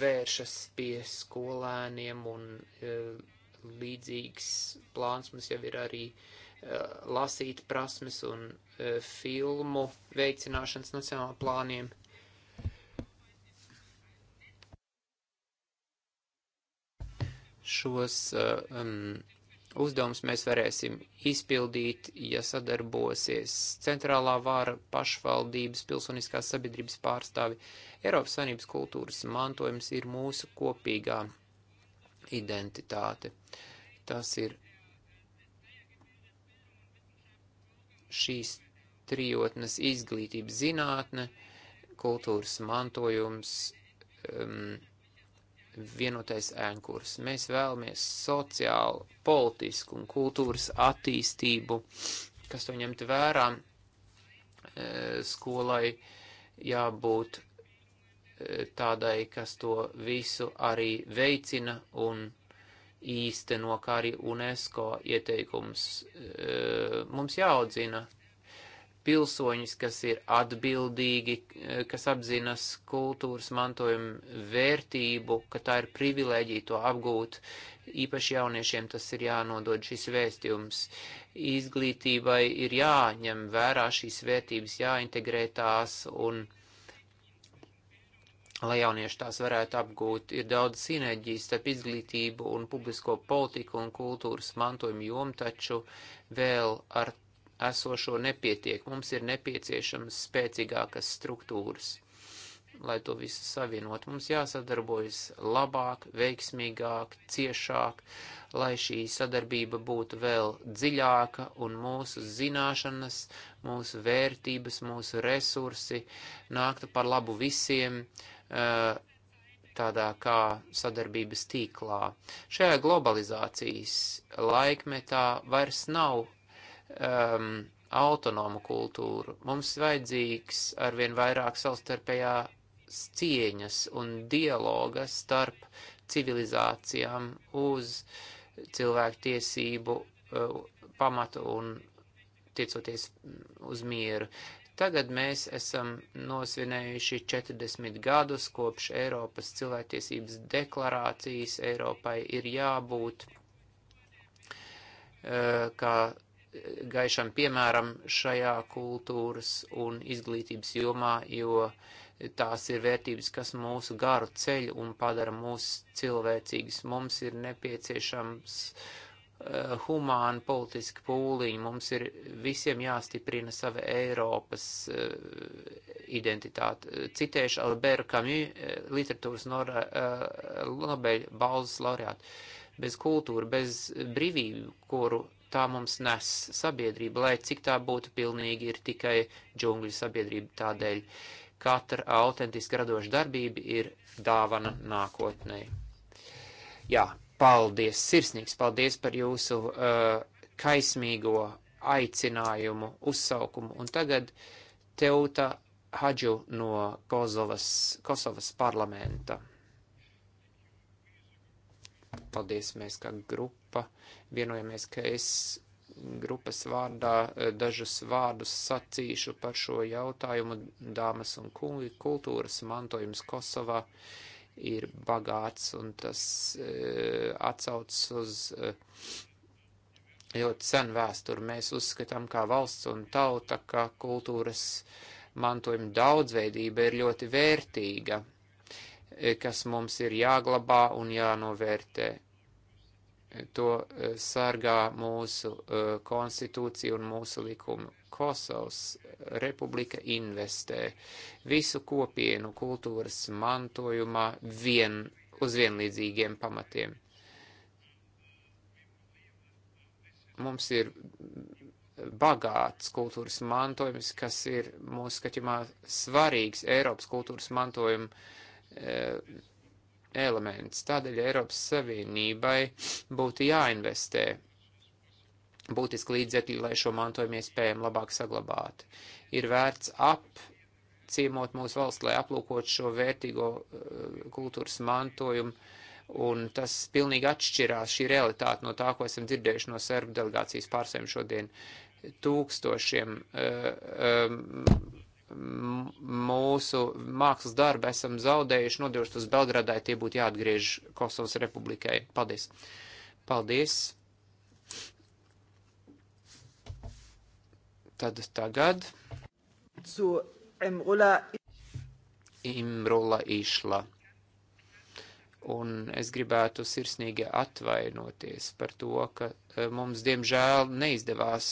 vēršas pie skolēniem un uh, līdzīgs plāns mums jau ir arī uh, lasīt prasmes un uh, filmu veicināšanas nacionāla plāniem. šos uh, um, uzdevumus mēs varēsim izpildīt, ja sadarbosies centrālā vāra, pašvaldības, pilsoniskās sabiedrības pārstāvi. Eiropas Savienības kultūras mantojums ir mūsu kopīgā identitāte. Tas ir šīs trijotnes izglītības zinātne, kultūras mantojums, um, vienotais ēnkurs. Mēs vēlamies sociālu, politisku un kultūras attīstību, kas to ņemt vērā. E, skolai jābūt e, tādai, kas to visu arī veicina un īsteno, kā arī UNESCO ieteikums. E, mums jāaudzina pilsoņus, kas ir atbildīgi, eh, kas apzinas kultūras mantojumu vērtību, ka tā ir privilēģija to apgūt. Īpaši jauniešiem tas ir jānodod šis vēstījums. Izglītībai ir jāņem vērā šīs vērtības, jāintegrē tās un, lai jaunieši tās varētu apgūt, ir daudz sinerģijas starp izglītību un publisko politiku un kultūras mantojumu jomu, taču vēl ar esošo nepietiek. Mums ir nepieciešams spēcīgākas struktūras, lai to visu savienot. Mums jāsadarbojas labāk, veiksmīgāk, ciešāk, lai šī sadarbība būtu vēl dziļāka un mūsu zināšanas, mūsu vērtības, mūsu resursi nāktu par labu visiem. Uh, tādā kā sadarbības tīklā. Šajā globalizācijas laikmetā vairs nav um, autonomu kultūru. Mums vajadzīgs arvien vairāk savstarpējā cieņas un dialoga starp civilizācijām uz cilvēktiesību uh, pamatu un tiecoties uz mieru. Tagad mēs esam nosvinējuši 40 gadus kopš Eiropas cilvēktiesības deklarācijas. Eiropai ir jābūt uh, kā gaišam piemēram šajā kultūras un izglītības jomā, jo tās ir vērtības, kas mūsu garu ceļ un padara mūs cilvēcīgus. Mums ir nepieciešams uh, humāna politiska pūliņa, mums ir visiem jāstiprina sava Eiropas uh, identitāte. Citēšu Albertu Camus, eh, literatūras Nora uh, Lobeļa balzas laureātu. Bez kultūra, bez brīvību, kuru tā mums nes sabiedrība, lai cik tā būtu pilnīgi ir tikai džungļu sabiedrība tādēļ. Katra autentiska radoša darbība ir dāvana nākotnē. Jā, paldies, sirsnīgs paldies par jūsu uh, kaismīgo aicinājumu, uzsaukumu. Un tagad Teuta Hadžu no Kosovas, Kosovas parlamenta. Paldies, mēs kā grupa vienojamies, ka es grupas vārdā eh, dažus vārdus sacīšu par šo jautājumu. Dāmas un kungi, kultūras mantojums Kosovā ir bagāts un tas e, eh, atsauc uz e, ļoti senu vēsturi. Mēs uzskatām kā valsts un tauta, ka kultūras mantojuma daudzveidība ir ļoti vērtīga Eh, kas mums ir jāglabā un jānovērtē. To eh, sargā mūsu eh, konstitūcija un mūsu likumi. Kosovas republika investē visu kopienu kultūras mantojumā vien, uz vienlīdzīgiem pamatiem. Mums ir bagāts kultūras mantojums, kas ir mūsu skatījumā svarīgs Eiropas kultūras mantojuma uh, Eh, elements. Tādēļ Eiropas Savienībai būtu jāinvestē būtiski līdzekļi, lai šo mantojumu iespējami labāk saglabātu. Ir vērts apciemot mūsu valsts, lai aplūkot šo vērtīgo uh, kultūras mantojumu, un tas pilnīgi atšķirās šī realitāte no tā, ko esam dzirdējuši no serbu delegācijas pārsēm šodien. Tūkstošiem uh, um, mūsu mākslas darbu esam zaudējuši, nodevuši uz Belgradai, tie būtu jāatgriež Kosovas republikai. Paldies! Paldies! Tad tagad. Zu Emrula Imrula Išla un es gribētu sirsnīgi atvainoties par to, ka e, mums diemžēl neizdevās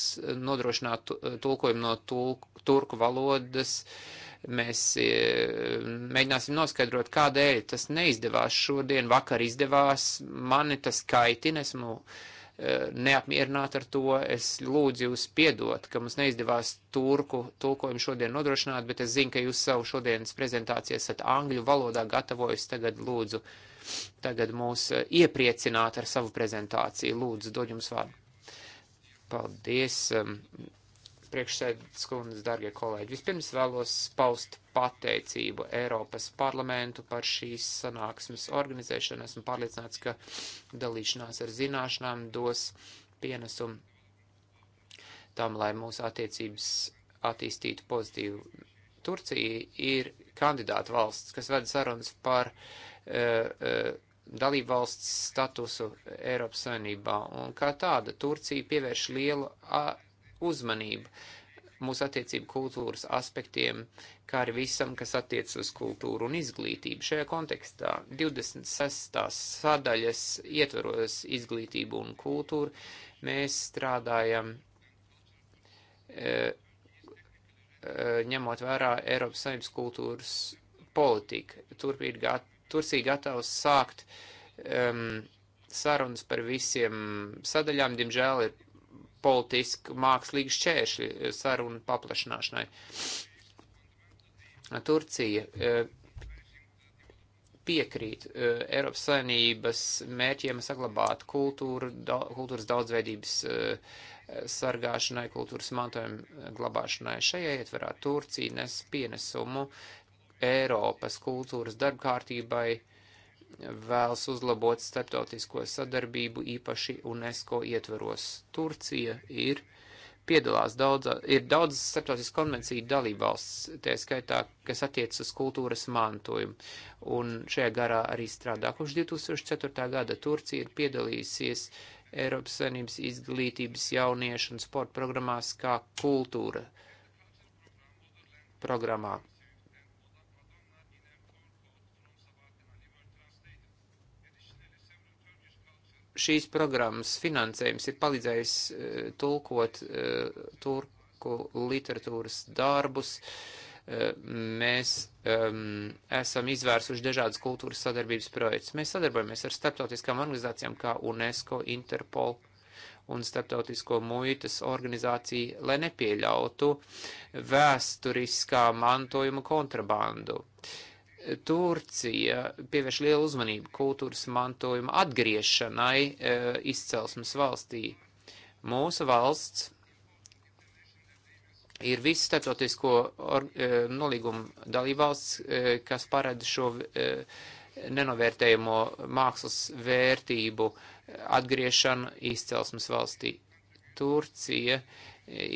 nodrošināt e, tulkojumu no tulk, turku valodas. Mēs e, mēģināsim noskaidrot, kādēļ tas neizdevās. Šodien vakar izdevās, mani tas kaitina, esmu neapmierināta ar to. Es lūdzu jūs piedot, ka mums neizdevās turku tulkojumu šodien nodrošināt, bet es zinu, ka jūs savu šodienas prezentāciju esat angļu valodā gatavojis. Tagad lūdzu uh, tagad mūs eh, iepriecināt ar savu prezentāciju. Lūdzu, dod jums vārdu. Paldies, ehm, priekšsēdus kundas, dargie kolēģi. Vispirms vēlos paust pateicību Eiropas parlamentu par šīs sanāksmes organizēšanu. Esmu pārliecināts, ka dalīšanās ar zināšanām dos pienesumu tam, lai mūsu attiecības attīstītu pozitīvu. Turcija ir kandidāta valsts, kas ved sarunas par uh, E, e, dalībvalsts statusu Eiropas Savienībā, un kā tāda Turcija pievērš lielu uzmanību mūsu attiecību kultūras aspektiem, kā arī visam, kas attiec uz kultūru un izglītību. Šajā kontekstā 26. sadaļas ietveros izglītību un kultūru mēs strādājam e, e, ņemot vērā Eiropas Savienības kultūras politika. Turpīt gat, Turcija gatava sākt um, sarunas par visiem sadaļām. Diemžēl ir politiski mākslīgi šķēršļi eh, sarunu paplašināšanai. Turcija uh, piekrīt uh, Eiropas Savienības mērķiem saglabāt kultūru, da, kultūras daudzveidības uh, sargāšanai, kultūras mantojuma glabāšanai. Šajā ietverā Turcija nes pienesumu Eiropas kultūras darbkārtībai vēlas uzlabot starptautisko sadarbību īpaši UNESCO ietveros. Turcija ir piedalās daudz, ir daudz starptautisku konvenciju dalībvalsts, tie skaitā, kas attiec uz kultūras mantojumu, un šajā garā arī strādā. Kopš 2004. gada Turcija ir piedalīsies Eiropas Savienības izglītības jauniešu un sporta programmās kā kultūra programmā. šīs programmas finansējums ir palīdzējis eh, tulkot eh, turku literatūras darbus. Eh, mēs um, esam izvērsuši dažādas kultūras sadarbības projekts. Mēs sadarbojamies ar starptautiskām organizācijām kā UNESCO, Interpol un starptautisko muitas organizāciju, lai nepieļautu vēsturiskā mantojuma kontrabandu. Uh, Turcija pievērš lielu uzmanību kultūras mantojuma atgriešanai e, izcelsmes valstī. Mūsu valsts ir visu starptautisko e, nolīgumu dalībvalsts, e, kas parada šo e, nenovērtējamo mākslas vērtību atgriešanu izcelsmes valstī. Turcija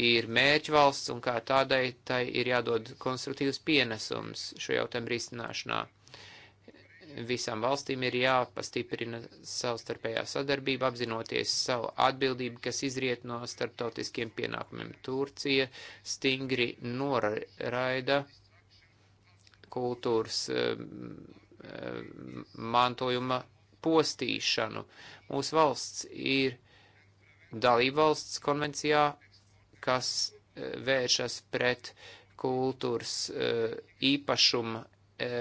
ir mērķvalsts un kā tādai tai ir jādod konstruktīvs pienesums šo jautājumu risināšanā. Visām valstīm ir jāpastiprina savstarpējā sadarbība, apzinoties savu atbildību, kas izriet no starptautiskiem pienākumiem. Turcija stingri noraida kultūras um, um, mantojuma postīšanu. Mūsu valsts ir dalībvalsts konvencijā kas e, vēršas pret kultūras e, īpašuma e,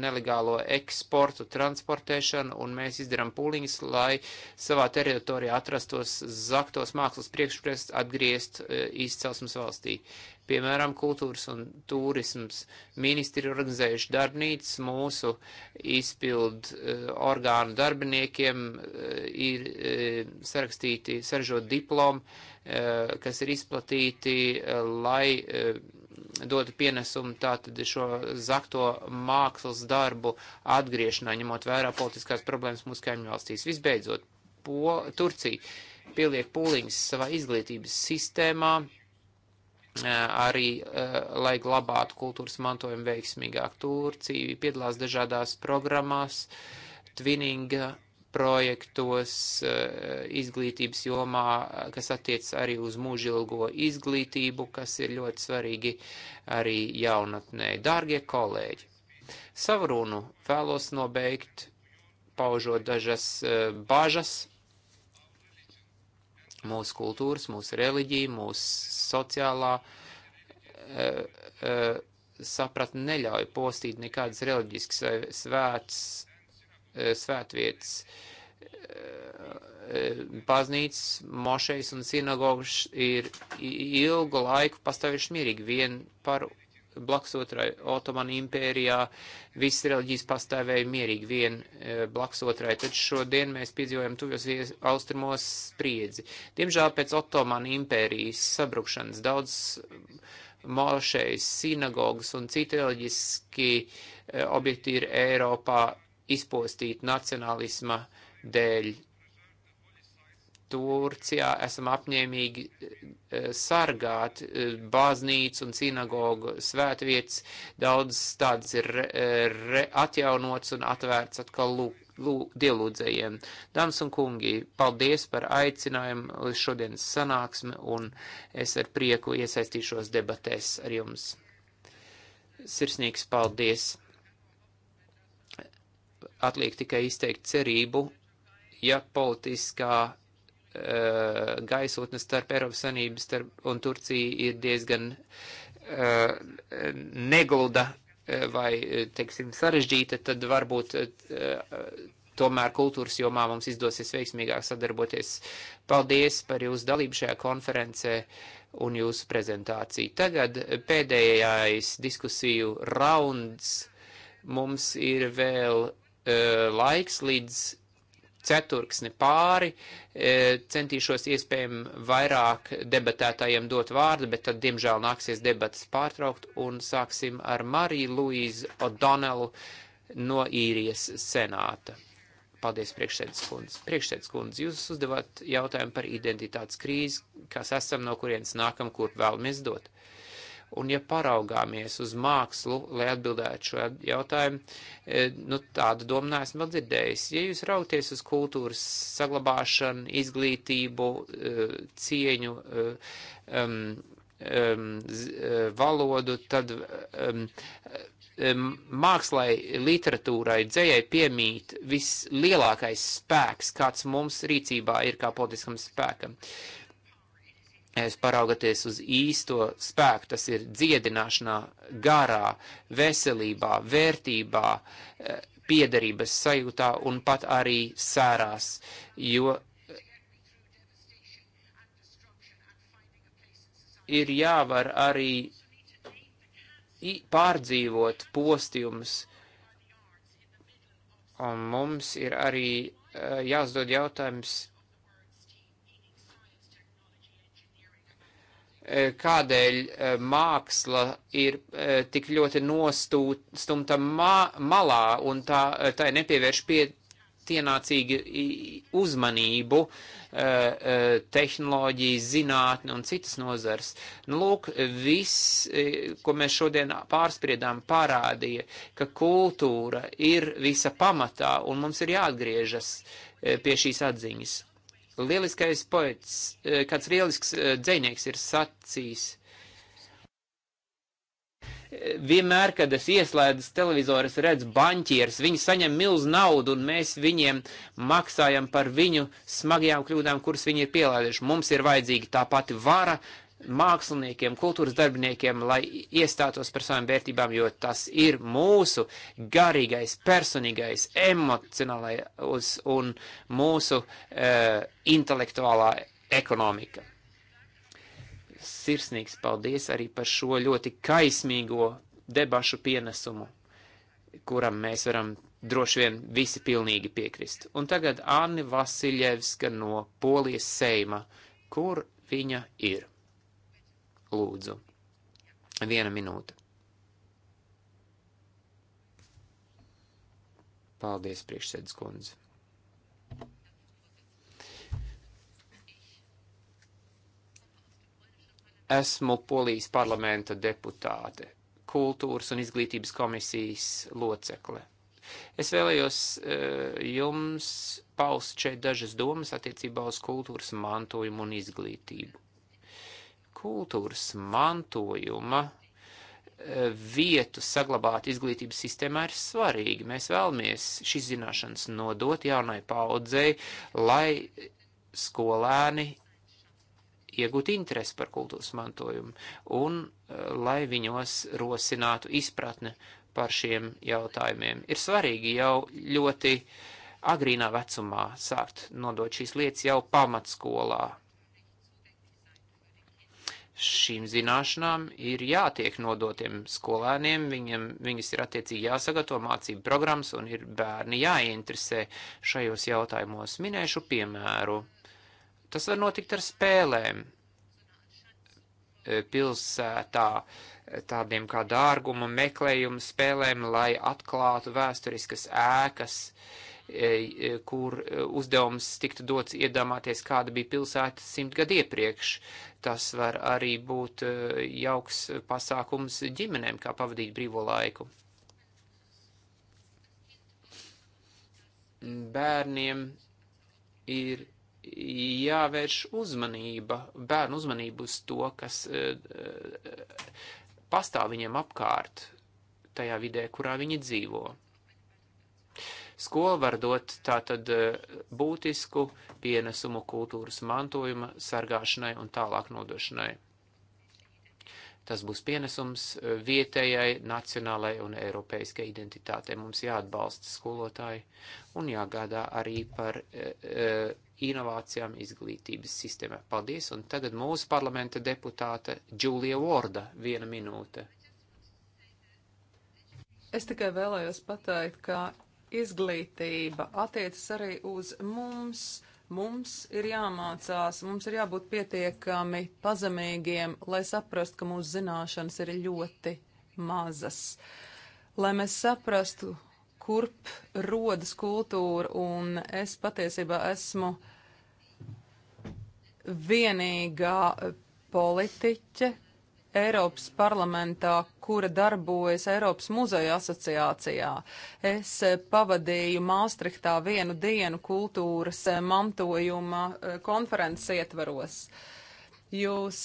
nelegālo eksportu, transportēšanu, un mēs izdarām pūliņus, lai savā teritorijā atrastos zaktos mākslas priekšprests atgriezt e, izcelsmes valstī. Piemēram, kultūras un turisms ministri ir organizējuši darbnīcas mūsu izpildu e, orgānu darbiniekiem, e, ir sarakstīti, saražot diplomu, kas ir izplatīti, lai dotu pienesumu tātad šo zakto mākslas darbu atgriešanai, ņemot vērā politiskās problēmas mūsu kaimiņu valstīs. Visbeidzot, po, Turcija pieliek pūliņas savā izglītības sistēmā, eh, arī, eh, lai glabātu kultūras mantojumu veiksmīgāk. Turcija piedalās dažādās programmās, Twininga projektos eh, izglītības jomā, kas attiec arī uz mūžilgo izglītību, kas ir ļoti svarīgi arī jaunatnē. Dārgie kolēģi, savrunu vēlos nobeigt, paužot dažas eh, bažas mūsu kultūras, mūsu reliģija, mūsu sociālā eh, sapratne neļauj postīt nekādas reliģiskas vai svētas Eh, svētvietas eh, eh, baznīcas, mošejas un sinagogas ir ilgu laiku pastāvējuši mierīgi vien par blakus otrai Otomanu impērijā, visas reliģijas pastāvēja mierīgi vien blakus otrai, taču šodien mēs piedzīvojam tuvjos austrumos spriedzi. Diemžēl pēc Otomanu impērijas sabrukšanas daudz mošejas, sinagogas un citi reliģiski objekti ir Eiropā izpostīt nacionalisma dēļ. Turcijā esam apņēmīgi eh, sargāt eh, baznīcu un sinagogu svētvietas. Daudz tādas ir re, eh, atjaunots un atvērts atkal lūk. Dielūdzējiem. Dāmas un kungi, paldies par aicinājumu uz šodienas sanāksmi un es ar prieku iesaistīšos debatēs ar jums. Sirsnīgs paldies! Atliek tikai izteikt cerību, ja politiskā uh, gaisotne starp Eiropas Sanības starp un Turciju ir diezgan uh, negluda eh, vai, teiksim, sarežģīta, tad varbūt tomēr kultūras jomā mums izdosies veiksmīgāk sadarboties. Paldies par jūsu dalību šajā konferencē un jūsu prezentāciju. Tagad pēdējais diskusiju rauns. Mums ir vēl E, laiks līdz ceturksni pāri, e, centīšos iespējami vairāk debatētājiem dot vārdu, bet tad, diemžēl, nāksies debatas pārtraukt un sāksim ar Mariju Luīzu O'Donelu no īrijas senāta. Paldies, priekšsēdus kundze. Priekšsēdus kundze, jūs uzdevāt jautājumu par identitātes krīzi, kas esam, no kurienes nākam, kur vēlamies dot. Uh, Un ja paraugāmies uz mākslu, lai atbildētu šo jautājumu, e, nu tādu domu neesmu vēl dzirdējis. Ja jūs raugties uz kultūras saglabāšanu, izglītību, e, cieņu, um, um, valodu, tad. Um, mākslai, literatūrai, dzējai piemīt vislielākais spēks, kāds mums rīcībā ir kā politiskam spēkam. Uh, paraugoties uz īsto spēku, tas ir dziedināšanā, garā, veselībā, vērtībā, eh, piederības sajūtā un pat arī sērās, jo eh, ir jāvar arī pārdzīvot postījumus, un mums ir arī eh, jāuzdod jautājums Eh, kādēļ eh, māksla ir eh, tik ļoti nostumta malā un tā, tā nepievērš pie pienācīgu uzmanību, tehnoloģijas, zinātni un citas nozars. Nu, lūk, viss, ko mēs šodien pārspriedām, parādīja, ka kultūra ir visa pamatā un mums ir jāatgriežas pie šīs atziņas lieliskais poets, e, kāds lielisks e, dzēnieks ir sacījis. Vienmēr, kad es ieslēdzu televizoru, es redzu banķierus, viņi saņem milzu naudu un mēs viņiem maksājam par viņu smagajām kļūdām, kuras viņi ir pielaiduši. Mums ir vajadzīga tā pati vara, māksliniekiem, kultūras darbiniekiem, lai iestātos par savām vērtībām, jo tas ir mūsu garīgais, personīgais, emocionālais un mūsu e, intelektuālā ekonomika. Sirsnīgs paldies arī par šo ļoti kaismīgo debašu pienesumu, kuram mēs varam droši vien visi pilnīgi piekrist. Un tagad Anni Vasiljevska no Polijas Seima, kur viņa ir. Lūdzu. Viena minūte. Paldies, priekšsēdus kundze. Esmu Polijas parlamenta deputāte, kultūras un izglītības komisijas locekle. Es vēlējos uh, jums paust šeit dažas domas attiecībā uz kultūras mantojumu un izglītību kultūras mantojuma e, vietu saglabāt izglītības sistēmā ir svarīgi. Mēs vēlamies šīs zināšanas nodot jaunai paudzei, lai skolēni iegūtu interesi par kultūras mantojumu un e, lai viņos rosinātu izpratne par šiem jautājumiem. Ir svarīgi jau ļoti agrīnā vecumā sākt nodot šīs lietas jau pamatskolā šīm zināšanām ir jātiek nodotiem skolēniem, viņam, viņas ir attiecīgi jāsagato mācību programmas un ir bērni jāinteresē šajos jautājumos. Minēšu piemēru. Tas var notikt ar spēlēm. E, pilsētā e, tādiem kā dārguma meklējuma spēlēm, lai atklātu vēsturiskas ēkas. Uh, E, kur e, uzdevums tiktu dots iedomāties, kāda bija pilsēta simt gadu iepriekš. Tas var arī būt e, jauks pasākums ģimenēm, kā pavadīt brīvo laiku. Bērniem ir jāvērš uzmanība, bērnu uzmanību uz to, kas pastāv viņiem apkārt tajā vidē, kurā viņi dzīvo. Skola var dot tātad eh, būtisku pienesumu kultūras mantojuma sargāšanai un tālāk nodošanai. Tas būs pienesums eh, vietējai, nacionālajai un eiropeiskai identitātei. Mums jāatbalsta skolotāji un jāgādā arī par e, e, inovācijām izglītības sistēmā. Paldies! Un tagad mūsu parlamenta deputāte Džulija Vorda, viena minūte. Es tikai vēlējos pateikt, ka izglītība attiecas arī uz mums. Mums ir jāmācās, mums ir jābūt pietiekami pazemīgiem, lai saprastu, ka mūsu zināšanas ir ļoti mazas. Lai mēs saprastu, kurp rodas kultūra, un es patiesībā esmu vienīgā politiķe, Eiropas parlamentā, kura darbojas Eiropas muzeja asociācijā. Es eh, pavadīju Māstrihtā vienu dienu kultūras eh, mantojuma eh, konferences ietvaros. Jūs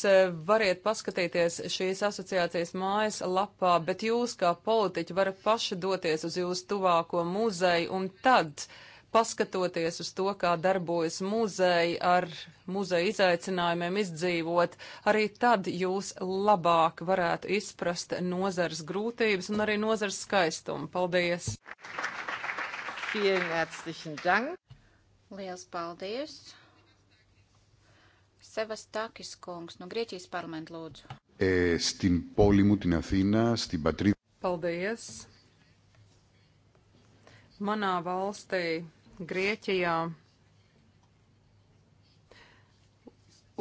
variet paskatīties šīs asociācijas mājas lapā, bet jūs kā politiķi varat paši doties uz jūsu tuvāko muzeju un tad paskatoties uz to, kā darbojas muzeji ar muzeja izaicinājumiem izdzīvot, arī tad jūs labāk varētu izprast nozars grūtības un arī nozars skaistumu. Paldies! Liels paldies! Sevastakis kungs no Grieķijas parlamenta lūdzu. E, στην πόλη μου, την Αθήνα, στην πατρίδα. Paldies! Manā valstī Grieķijā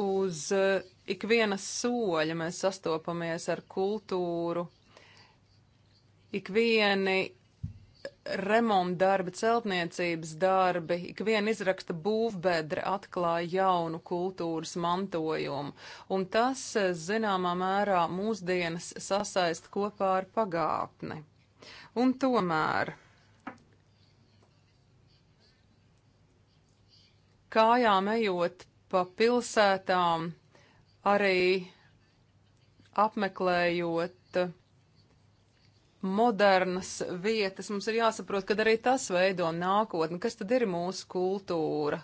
uz ikviena soļa mēs sastopamies ar kultūru, ikvieni remonta darbi, celtniecības darbi, ikviena izraksta būvbedre atklāja jaunu kultūras mantojumu, un tas, zināmā mērā, mūsdienas sasaist kopā ar pagātni. Un tomēr kājām ejot pa pilsētām, arī apmeklējot modernas vietas, mums ir jāsaprot, ka arī tas veido nākotni, kas tad ir mūsu kultūra.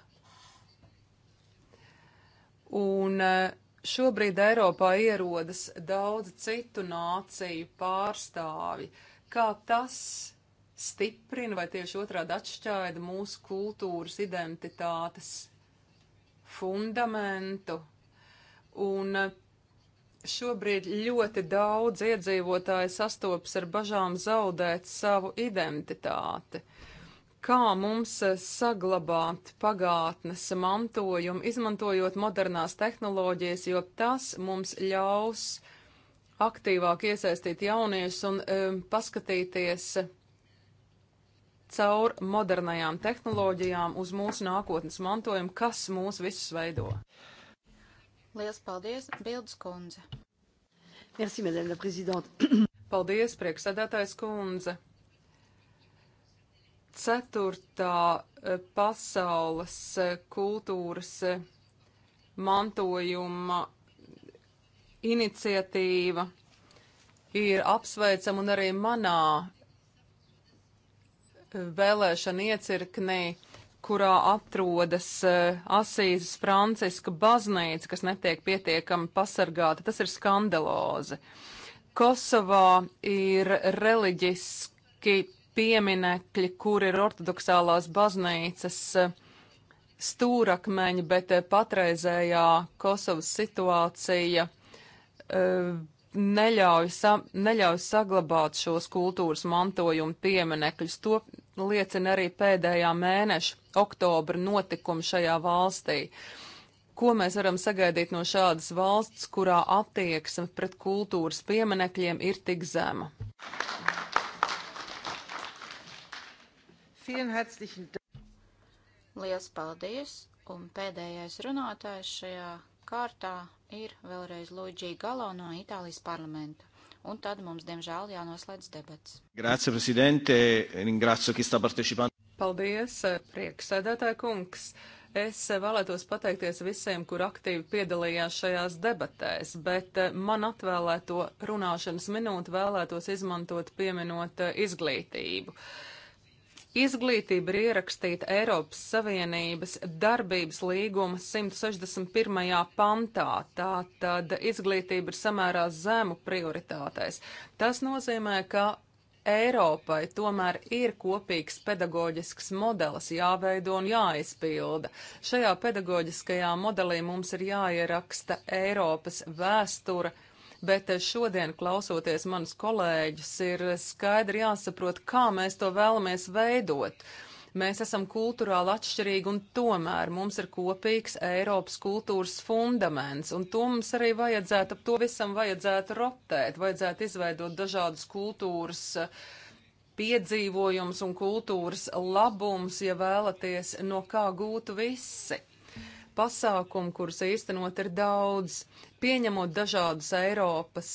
Un eh, šobrīd Eiropā ierodas daudz citu nāciju pārstāvi. Kā tas stiprina vai tieši otrādi atšķaida mūsu kultūras identitātes fundamentu. Un eh, šobrīd ļoti daudz iedzīvotāji sastopas ar bažām zaudēt savu identitāti. Kā mums eh, saglabāt pagātnes mantojumu, izmantojot modernās tehnoloģijas, jo tas mums ļaus aktīvāk iesaistīt jauniešus un um, paskatīties, caur modernajām tehnoloģijām uz mūsu nākotnes mantojumu, kas mūs visus veido. Lielas paldies, Bildes kundze! Merci, madame la présidente! paldies, prieksēdētājs kundze! Ceturtā eh, pasaules eh, kultūras eh, mantojuma iniciatīva ir apsveicama un arī manā vēlēšana iecirknī, kurā atrodas eh, Asīzes Franciska baznīca, kas netiek pietiekami pasargāta. Tas ir skandalozi. Kosovā ir reliģiski pieminekļi, kur ir ortodoksālās baznīcas eh, stūrakmeņi, bet eh, patreizējā Kosovas situācija uh, neļauj, sa, neļauj saglabāt šos kultūras mantojuma pieminekļus. To liecina arī pēdējā mēneša oktobra notikumi šajā valstī. Ko mēs varam sagaidīt no šādas valsts, kurā attieksme pret kultūras pieminekļiem ir tik zema? Liels paldies! Un pēdējais runātājs šajā kārtā ir vēlreiz Luigi Galo no Itālijas parlamenta. Un tad mums, diemžēl, jānoslēdz debats. Grācija, prezidente, e ringrācija, kas tā participant. Paldies, e, prieksēdētāja kungs. Es e, vēlētos pateikties visiem, kur aktīvi piedalījās šajās debatēs, bet man atvēlēto runāšanas minūti vēlētos izmantot pieminot izglītību. Uh, Izglītība ir ierakstīta Eiropas Savienības darbības līguma 161. pantā, tātad izglītība ir samērā zemu prioritātais. Tas nozīmē, ka Eiropai tomēr ir kopīgs pedagoģisks modelis jāveido un jāizpilda. Šajā pedagoģiskajā modelī mums ir jāieraksta Eiropas vēstura, bet eh, šodien, klausoties manus kolēģus, ir skaidri jāsaprot, kā mēs to vēlamies veidot. Mēs esam kultūrāli atšķirīgi, un tomēr mums ir kopīgs Eiropas kultūras fundaments, un to mums arī vajadzētu, ap to visam vajadzētu rotēt, vajadzētu izveidot dažādas kultūras eh, piedzīvojums un kultūras labums, ja vēlaties, no kā gūtu visi. Pasākumu, kurus īstenot, ir daudz pieņemot dažādas Eiropas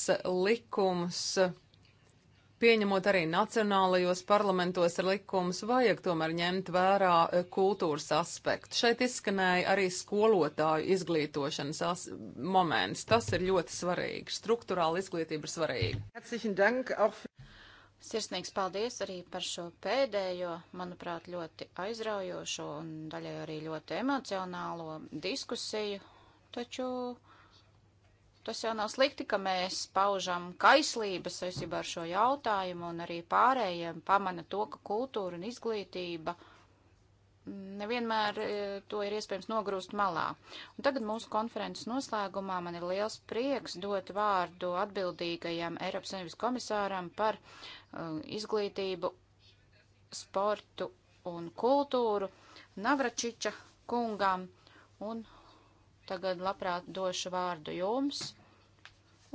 likumus, pieņemot arī nacionālajos parlamentos likumus, vajag tomēr ņemt vērā e, kultūras aspektu. Šeit izskanēja arī skolotāju izglītošanas moments. Tas ir ļoti svarīgi. Struktūrāla izglītība ir svarīga. Sirsnīgs paldies arī par šo pēdējo, manuprāt, ļoti aizraujošo un daļai arī ļoti emocionālo diskusiju. Taču Tas jau nav slikti, ka mēs paužam kaislības saistībā ar šo jautājumu, un arī pārējiem pamana to, ka kultūra un izglītība nevienmēr e, to ir iespējams nogrūst malā. Un tagad mūsu konferences noslēgumā man ir liels prieks dot vārdu atbildīgajam Eiropas Savienības komisāram par uh, izglītību, sportu un kultūru Navračiča kungam un tagad labprāt došu vārdu jums.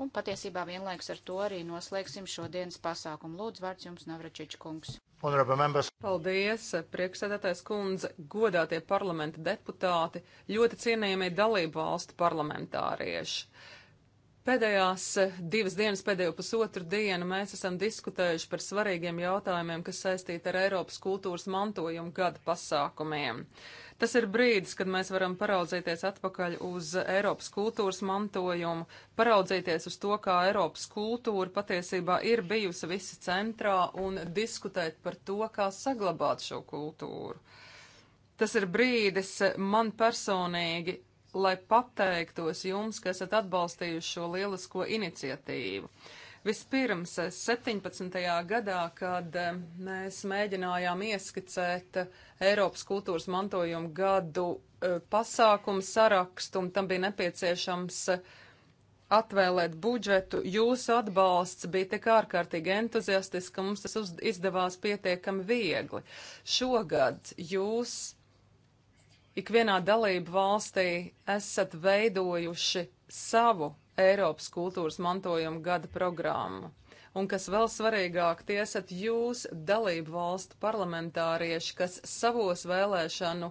Un patiesībā vienlaiks ar to arī noslēgsim šodienas pasākumu. Lūdzu, vārds jums, Navračič kungs. Paldies, priekšsēdētājs kundze, godātie parlamenta deputāti, ļoti cienījamie dalību valstu parlamentārieši. Pēdējās eh, divas dienas, pēdējo pusotru dienu mēs esam diskutējuši par svarīgiem jautājumiem, kas saistīti ar Eiropas kultūras mantojumu gada pasākumiem. Tas ir brīdis, kad mēs varam paraudzīties atpakaļ uz Eiropas kultūras mantojumu, paraudzīties uz to, kā Eiropas kultūra patiesībā ir bijusi visa centrā un diskutēt par to, kā saglabāt šo kultūru. Tas ir brīdis man personīgi lai pateiktos jums, ka esat atbalstījuši šo lielisko iniciatīvu. Vispirms, 17. Eh, gadā, kad eh, mēs mēģinājām ieskicēt eh, Eiropas kultūras mantojumu gadu pasākumu sarakstu, un tam bija nepieciešams atvēlēt budžetu, jūsu atbalsts bija tik ārkārtīgi entuziastisks, ka mums tas izdevās pietiekami viegli. Šogad jūs ikvienā dalību valstī esat veidojuši savu Eiropas kultūras mantojuma gada programmu. Un kas vēl svarīgāk, tie esat jūs, dalību valstu parlamentārieši, kas savos vēlēšanu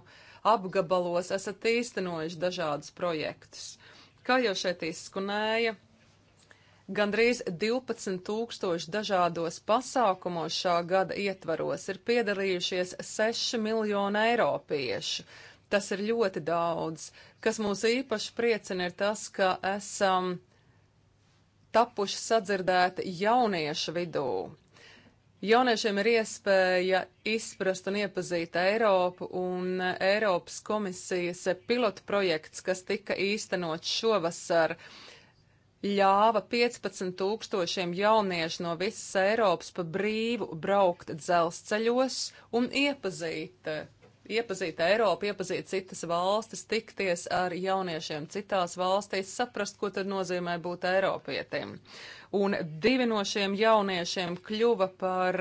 apgabalos esat īstenojuši dažādus projektus. Kā jau šeit izskunēja, gandrīz 12 tūkstoši dažādos pasākumos šā gada ietvaros ir piedalījušies 6 miljoni eiropiešu Tas ir ļoti daudz. Kas mūs īpaši priecina ir tas, ka esam tapuši sadzirdēti jauniešu vidū. Jauniešiem ir iespēja izprast un iepazīt Eiropu, un Eiropas komisijas pilotu projekts, kas tika īstenots šovasar, ļāva 15 tūkstošiem jauniešu no visas Eiropas pa brīvu braukt dzelzceļos un iepazīt iepazīt Eiropu, iepazīt citas valstis, tikties ar jauniešiem citās valstīs, saprast, ko tad nozīmē būt Eiropietim. Un divi no šiem jauniešiem kļuva par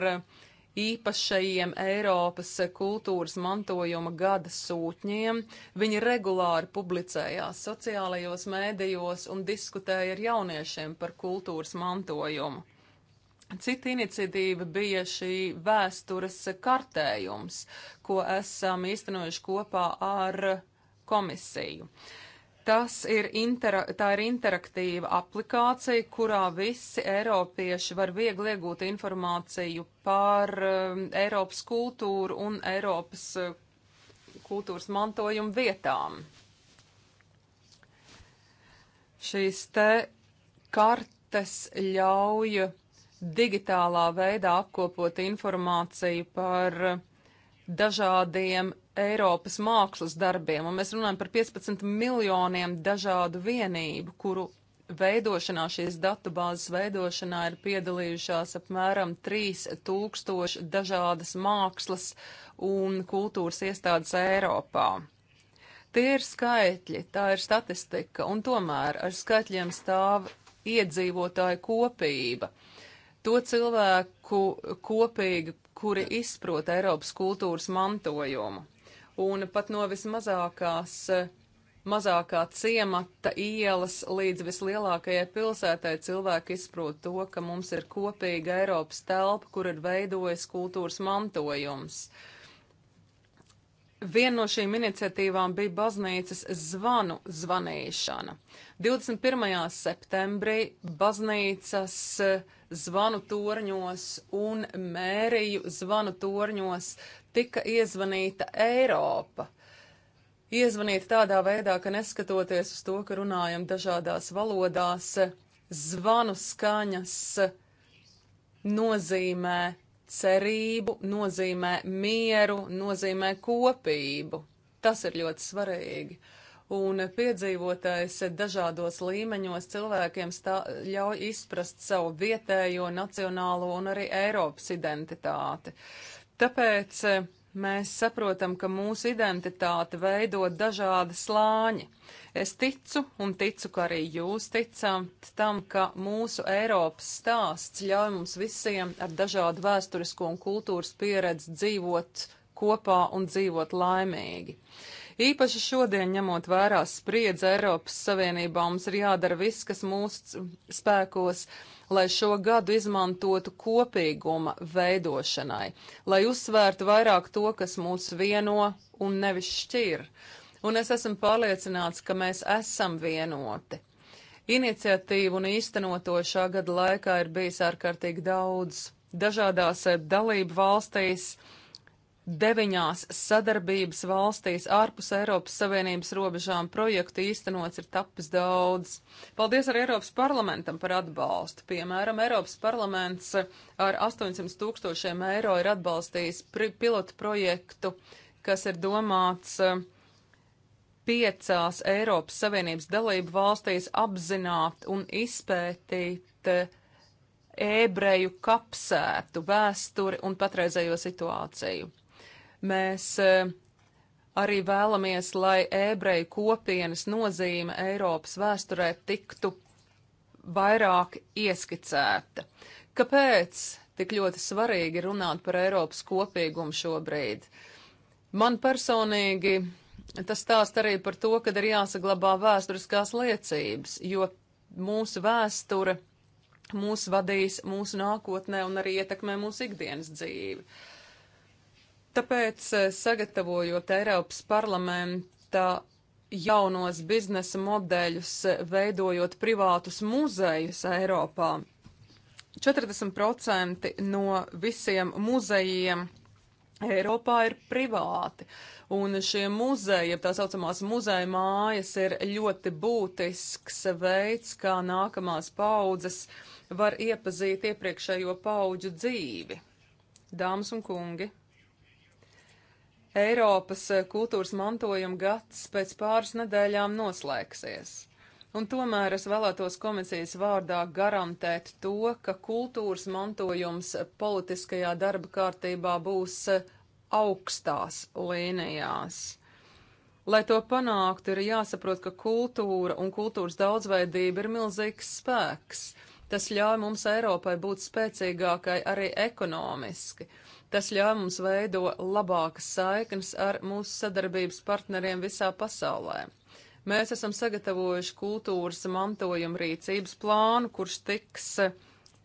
īpašajiem Eiropas kultūras mantojuma gada sūtņiem. Viņi regulāri publicējās sociālajos mēdījos un diskutēja ar jauniešiem par kultūras mantojumu. Cita iniciatīva bija šī vēstures kartējums, ko esam īstenojuši kopā ar komisiju. Tas ir, intera tā ir interaktīva aplikācija, kurā visi eiropieši var viegli iegūt informāciju par um, Eiropas kultūru un Eiropas uh, kultūras mantojumu vietām. Šīs te kartes ļauj digitālā veidā apkopot informāciju par dažādiem Eiropas mākslas darbiem, un mēs runājam par 15 miljoniem dažādu vienību, kuru veidošanā, šīs datubāzes veidošanā ir piedalījušās apmēram 3000 dažādas mākslas un kultūras iestādes Eiropā. Tie ir skaitļi, tā ir statistika, un tomēr ar skaitļiem stāv iedzīvotāju kopība to cilvēku kopīgi, kuri izprot Eiropas kultūras mantojumu. Un pat no vismazākās, mazākā ciemata ielas līdz vislielākajai pilsētai cilvēki izprot to, ka mums ir kopīga Eiropas telpa, kur ir veidojas kultūras mantojums. Uh, Viena no šīm iniciatīvām bija baznīcas zvanu zvanīšana. 21. septembrī baznīcas eh, zvanu torņos un mēriju zvanu torņos tika iezvanīta Eiropa. Iezvanīt tādā veidā, ka neskatoties uz to, ka runājam dažādās valodās, zvanu skaņas nozīmē cerību, nozīmē mieru, nozīmē kopību. Tas ir ļoti svarīgi. Un piedzīvotais dažādos līmeņos cilvēkiem stā, ļauj izprast savu vietējo, nacionālo un arī Eiropas identitāti. Tāpēc eh, mēs saprotam, ka mūsu identitāti veido dažādi slāņi. Es ticu un ticu, ka arī jūs ticāt tam, ka mūsu Eiropas stāsts ļauj mums visiem ar dažādu vēsturisko un kultūras pieredzi dzīvot kopā un dzīvot laimīgi. Īpaši šodien, ņemot vērā spriedzi Eiropas Savienībā, mums ir jādara viss, kas mūsu spēkos, lai šo gadu izmantotu kopīguma veidošanai, lai uzsvērtu vairāk to, kas mūs vieno un nevis šķir. Uh, un es esmu pārliecināts, ka mēs esam vienoti. Iniciatīvu un īstenoto šā gada laikā ir bijis ārkārtīgi daudz dažādās eh, dalību valstīs, deviņās sadarbības valstīs ārpus Eiropas Savienības robežām projektu īstenots ir tapis daudz. Paldies arī Eiropas parlamentam par atbalstu. Piemēram, Eiropas parlaments eh, ar 800 tūkstošiem eiro ir atbalstījis pilotu projektu, kas ir domāts uh, piecās Eiropas Savienības dalību valstīs apzināt un izpētīt eh, ebreju kapsētu vēsturi un patreizējo situāciju. Mēs eh, arī vēlamies, lai ebreju kopienas nozīme Eiropas vēsturē tiktu vairāk ieskicēta. Kāpēc tik ļoti svarīgi runāt par Eiropas kopīgumu šobrīd? Man personīgi Tas stāst arī par to, ka ir jāsaglabā vēsturiskās liecības, jo mūsu vēsture mūs vadīs mūsu nākotnē un arī ietekmē mūsu ikdienas dzīvi. Tāpēc, eh, sagatavojot Eiropas parlamenta jaunos biznesa modeļus, eh, veidojot privātus muzejus Eiropā, 40% no visiem muzejiem Eiropā ir privāti, un šie muzeji, tā saucamās muzeja mājas, ir ļoti būtisks veids, kā nākamās paudzes var iepazīt iepriekšējo paudžu dzīvi. Dāmas un kungi! Eiropas kultūras mantojuma gads pēc pāris nedēļām noslēgsies. Un tomēr es vēlētos komisijas vārdā garantēt to, ka kultūras mantojums politiskajā darba kārtībā būs eh, augstās līnijās. Lai to panāktu, ir jāsaprot, ka kultūra un kultūras daudzveidība ir milzīgs spēks. Tas ļauj mums Eiropai būt spēcīgākai arī ekonomiski. Tas ļauj mums veido labākas saiknes ar mūsu sadarbības partneriem visā pasaulē. Mēs esam sagatavojuši kultūras mantojuma rīcības plānu, kurš tiks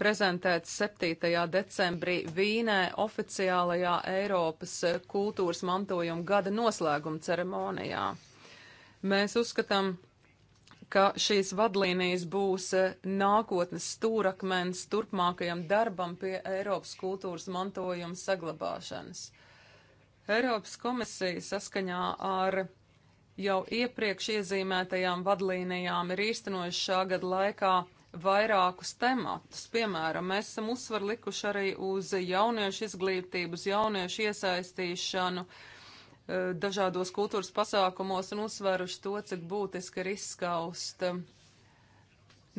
prezentēts 7. decembrī Vīnē oficiālajā Eiropas kultūras mantojuma gada noslēguma ceremonijā. Mēs uzskatām, ka šīs vadlīnijas būs nākotnes stūrakmens turpmākajam darbam pie Eiropas kultūras mantojuma saglabāšanas. Eiropas komisija saskaņā ar jau iepriekš iezīmētajām vadlīnijām ir īstenojuši šā gada laikā vairākus tematus. Piemēram, mēs esam uzsvaru likuši arī uz jauniešu izglītību, uz jauniešu iesaistīšanu eh, dažādos kultūras pasākumos un uzsveruši to, cik būtiski ir izskaust eh,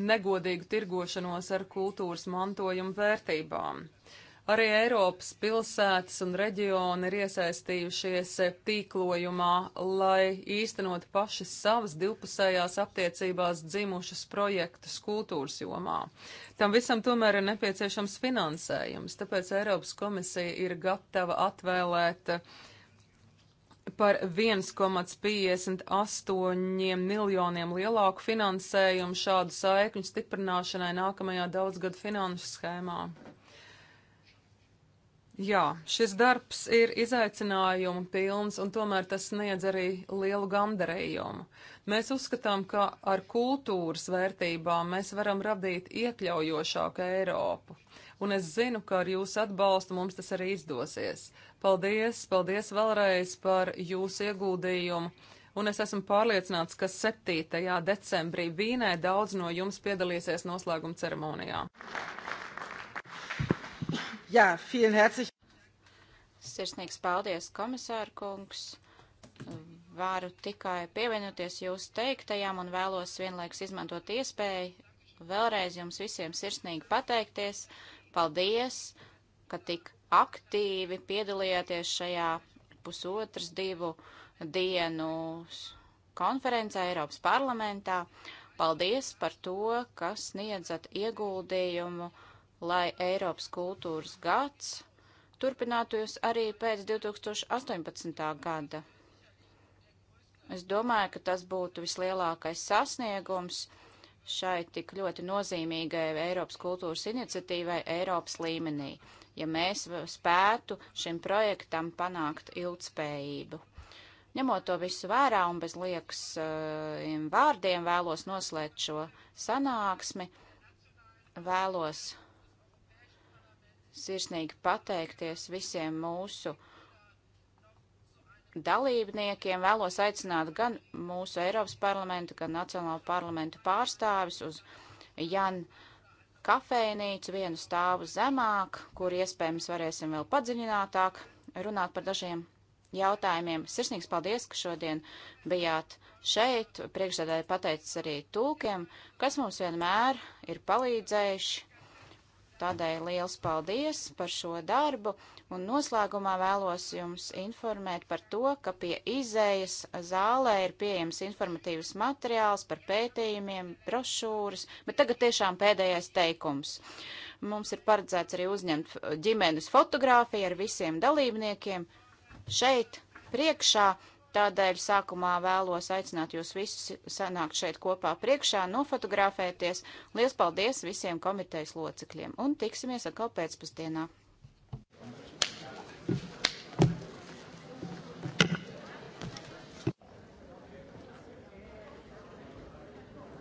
negodīgu tirgošanos ar kultūras mantojumu vērtībām. Uh, Arī Eiropas pilsētas un reģioni ir iesaistījušies tīklojumā, lai īstenot paši savas divpusējās attiecībās dzimušas projektus kultūras jomā. Tam visam tomēr ir nepieciešams finansējums, tāpēc Eiropas komisija ir gatava atvēlēt par 1,58 miljoniem lielāku finansējumu šādu saikņu stiprināšanai nākamajā daudzgadu finanšu schēmā. Jā, šis darbs ir izaicinājumu pilns, un tomēr tas sniedz arī lielu gandarījumu. Mēs uzskatām, ka ar kultūras vērtībām mēs varam radīt iekļaujošāku Eiropu, un es zinu, ka ar jūsu atbalstu mums tas arī izdosies. Paldies, paldies vēlreiz par jūsu ieguldījumu un es esmu pārliecināts, ka 7. decembrī Vīnē daudz no jums piedalīsies noslēguma ceremonijā. Jā, vielen herzlich. Sirsnīgs paldies, komisāra kungs. Varu tikai pievienoties jūsu teiktajām un vēlos vienlaiks izmantot iespēju vēlreiz jums visiem sirsnīgi pateikties. Paldies, ka tik aktīvi piedalījāties šajā pusotras divu dienu konferencē Eiropas parlamentā. Paldies par to, ka sniedzat ieguldījumu lai Eiropas kultūras gads turpinātos arī pēc 2018. gada. Es domāju, ka tas būtu vislielākais sasniegums šai tik ļoti nozīmīgai Eiropas kultūras iniciatīvai Eiropas līmenī, ja mēs spētu šim projektam panākt ilgspējību. Ņemot to visu vērā un bez liekas eh, vārdiem vēlos noslēgt šo sanāksmi, vēlos sirsnīgi pateikties visiem mūsu dalībniekiem. Vēlos aicināt gan mūsu Eiropas parlamentu, gan Nacionālo parlamentu pārstāvis uz Jan kafejnīcu vienu stāvu zemāk, kur iespējams varēsim vēl padziļinātāk runāt par dažiem jautājumiem. Sirsnīgs paldies, ka šodien bijāt šeit. Priekšsēdētāji pateicis arī tūkiem, kas mums vienmēr ir palīdzējuši Tādēļ liels paldies par šo darbu, un noslēgumā vēlos jums informēt par to, ka pie izējas zālē ir pieejams informatīvs materiāls par pētījumiem, brošūras, bet tagad tiešām pēdējais teikums. Mums ir paredzēts arī uzņemt ģimenes fotogrāfiju ar visiem dalībniekiem šeit priekšā. Tādēļ sākumā vēlos aicināt jūs visus sanākt šeit kopā priekšā, nofotografēties. Lielas paldies visiem komitejas locekļiem un tiksimies atkal pēcpusdienā!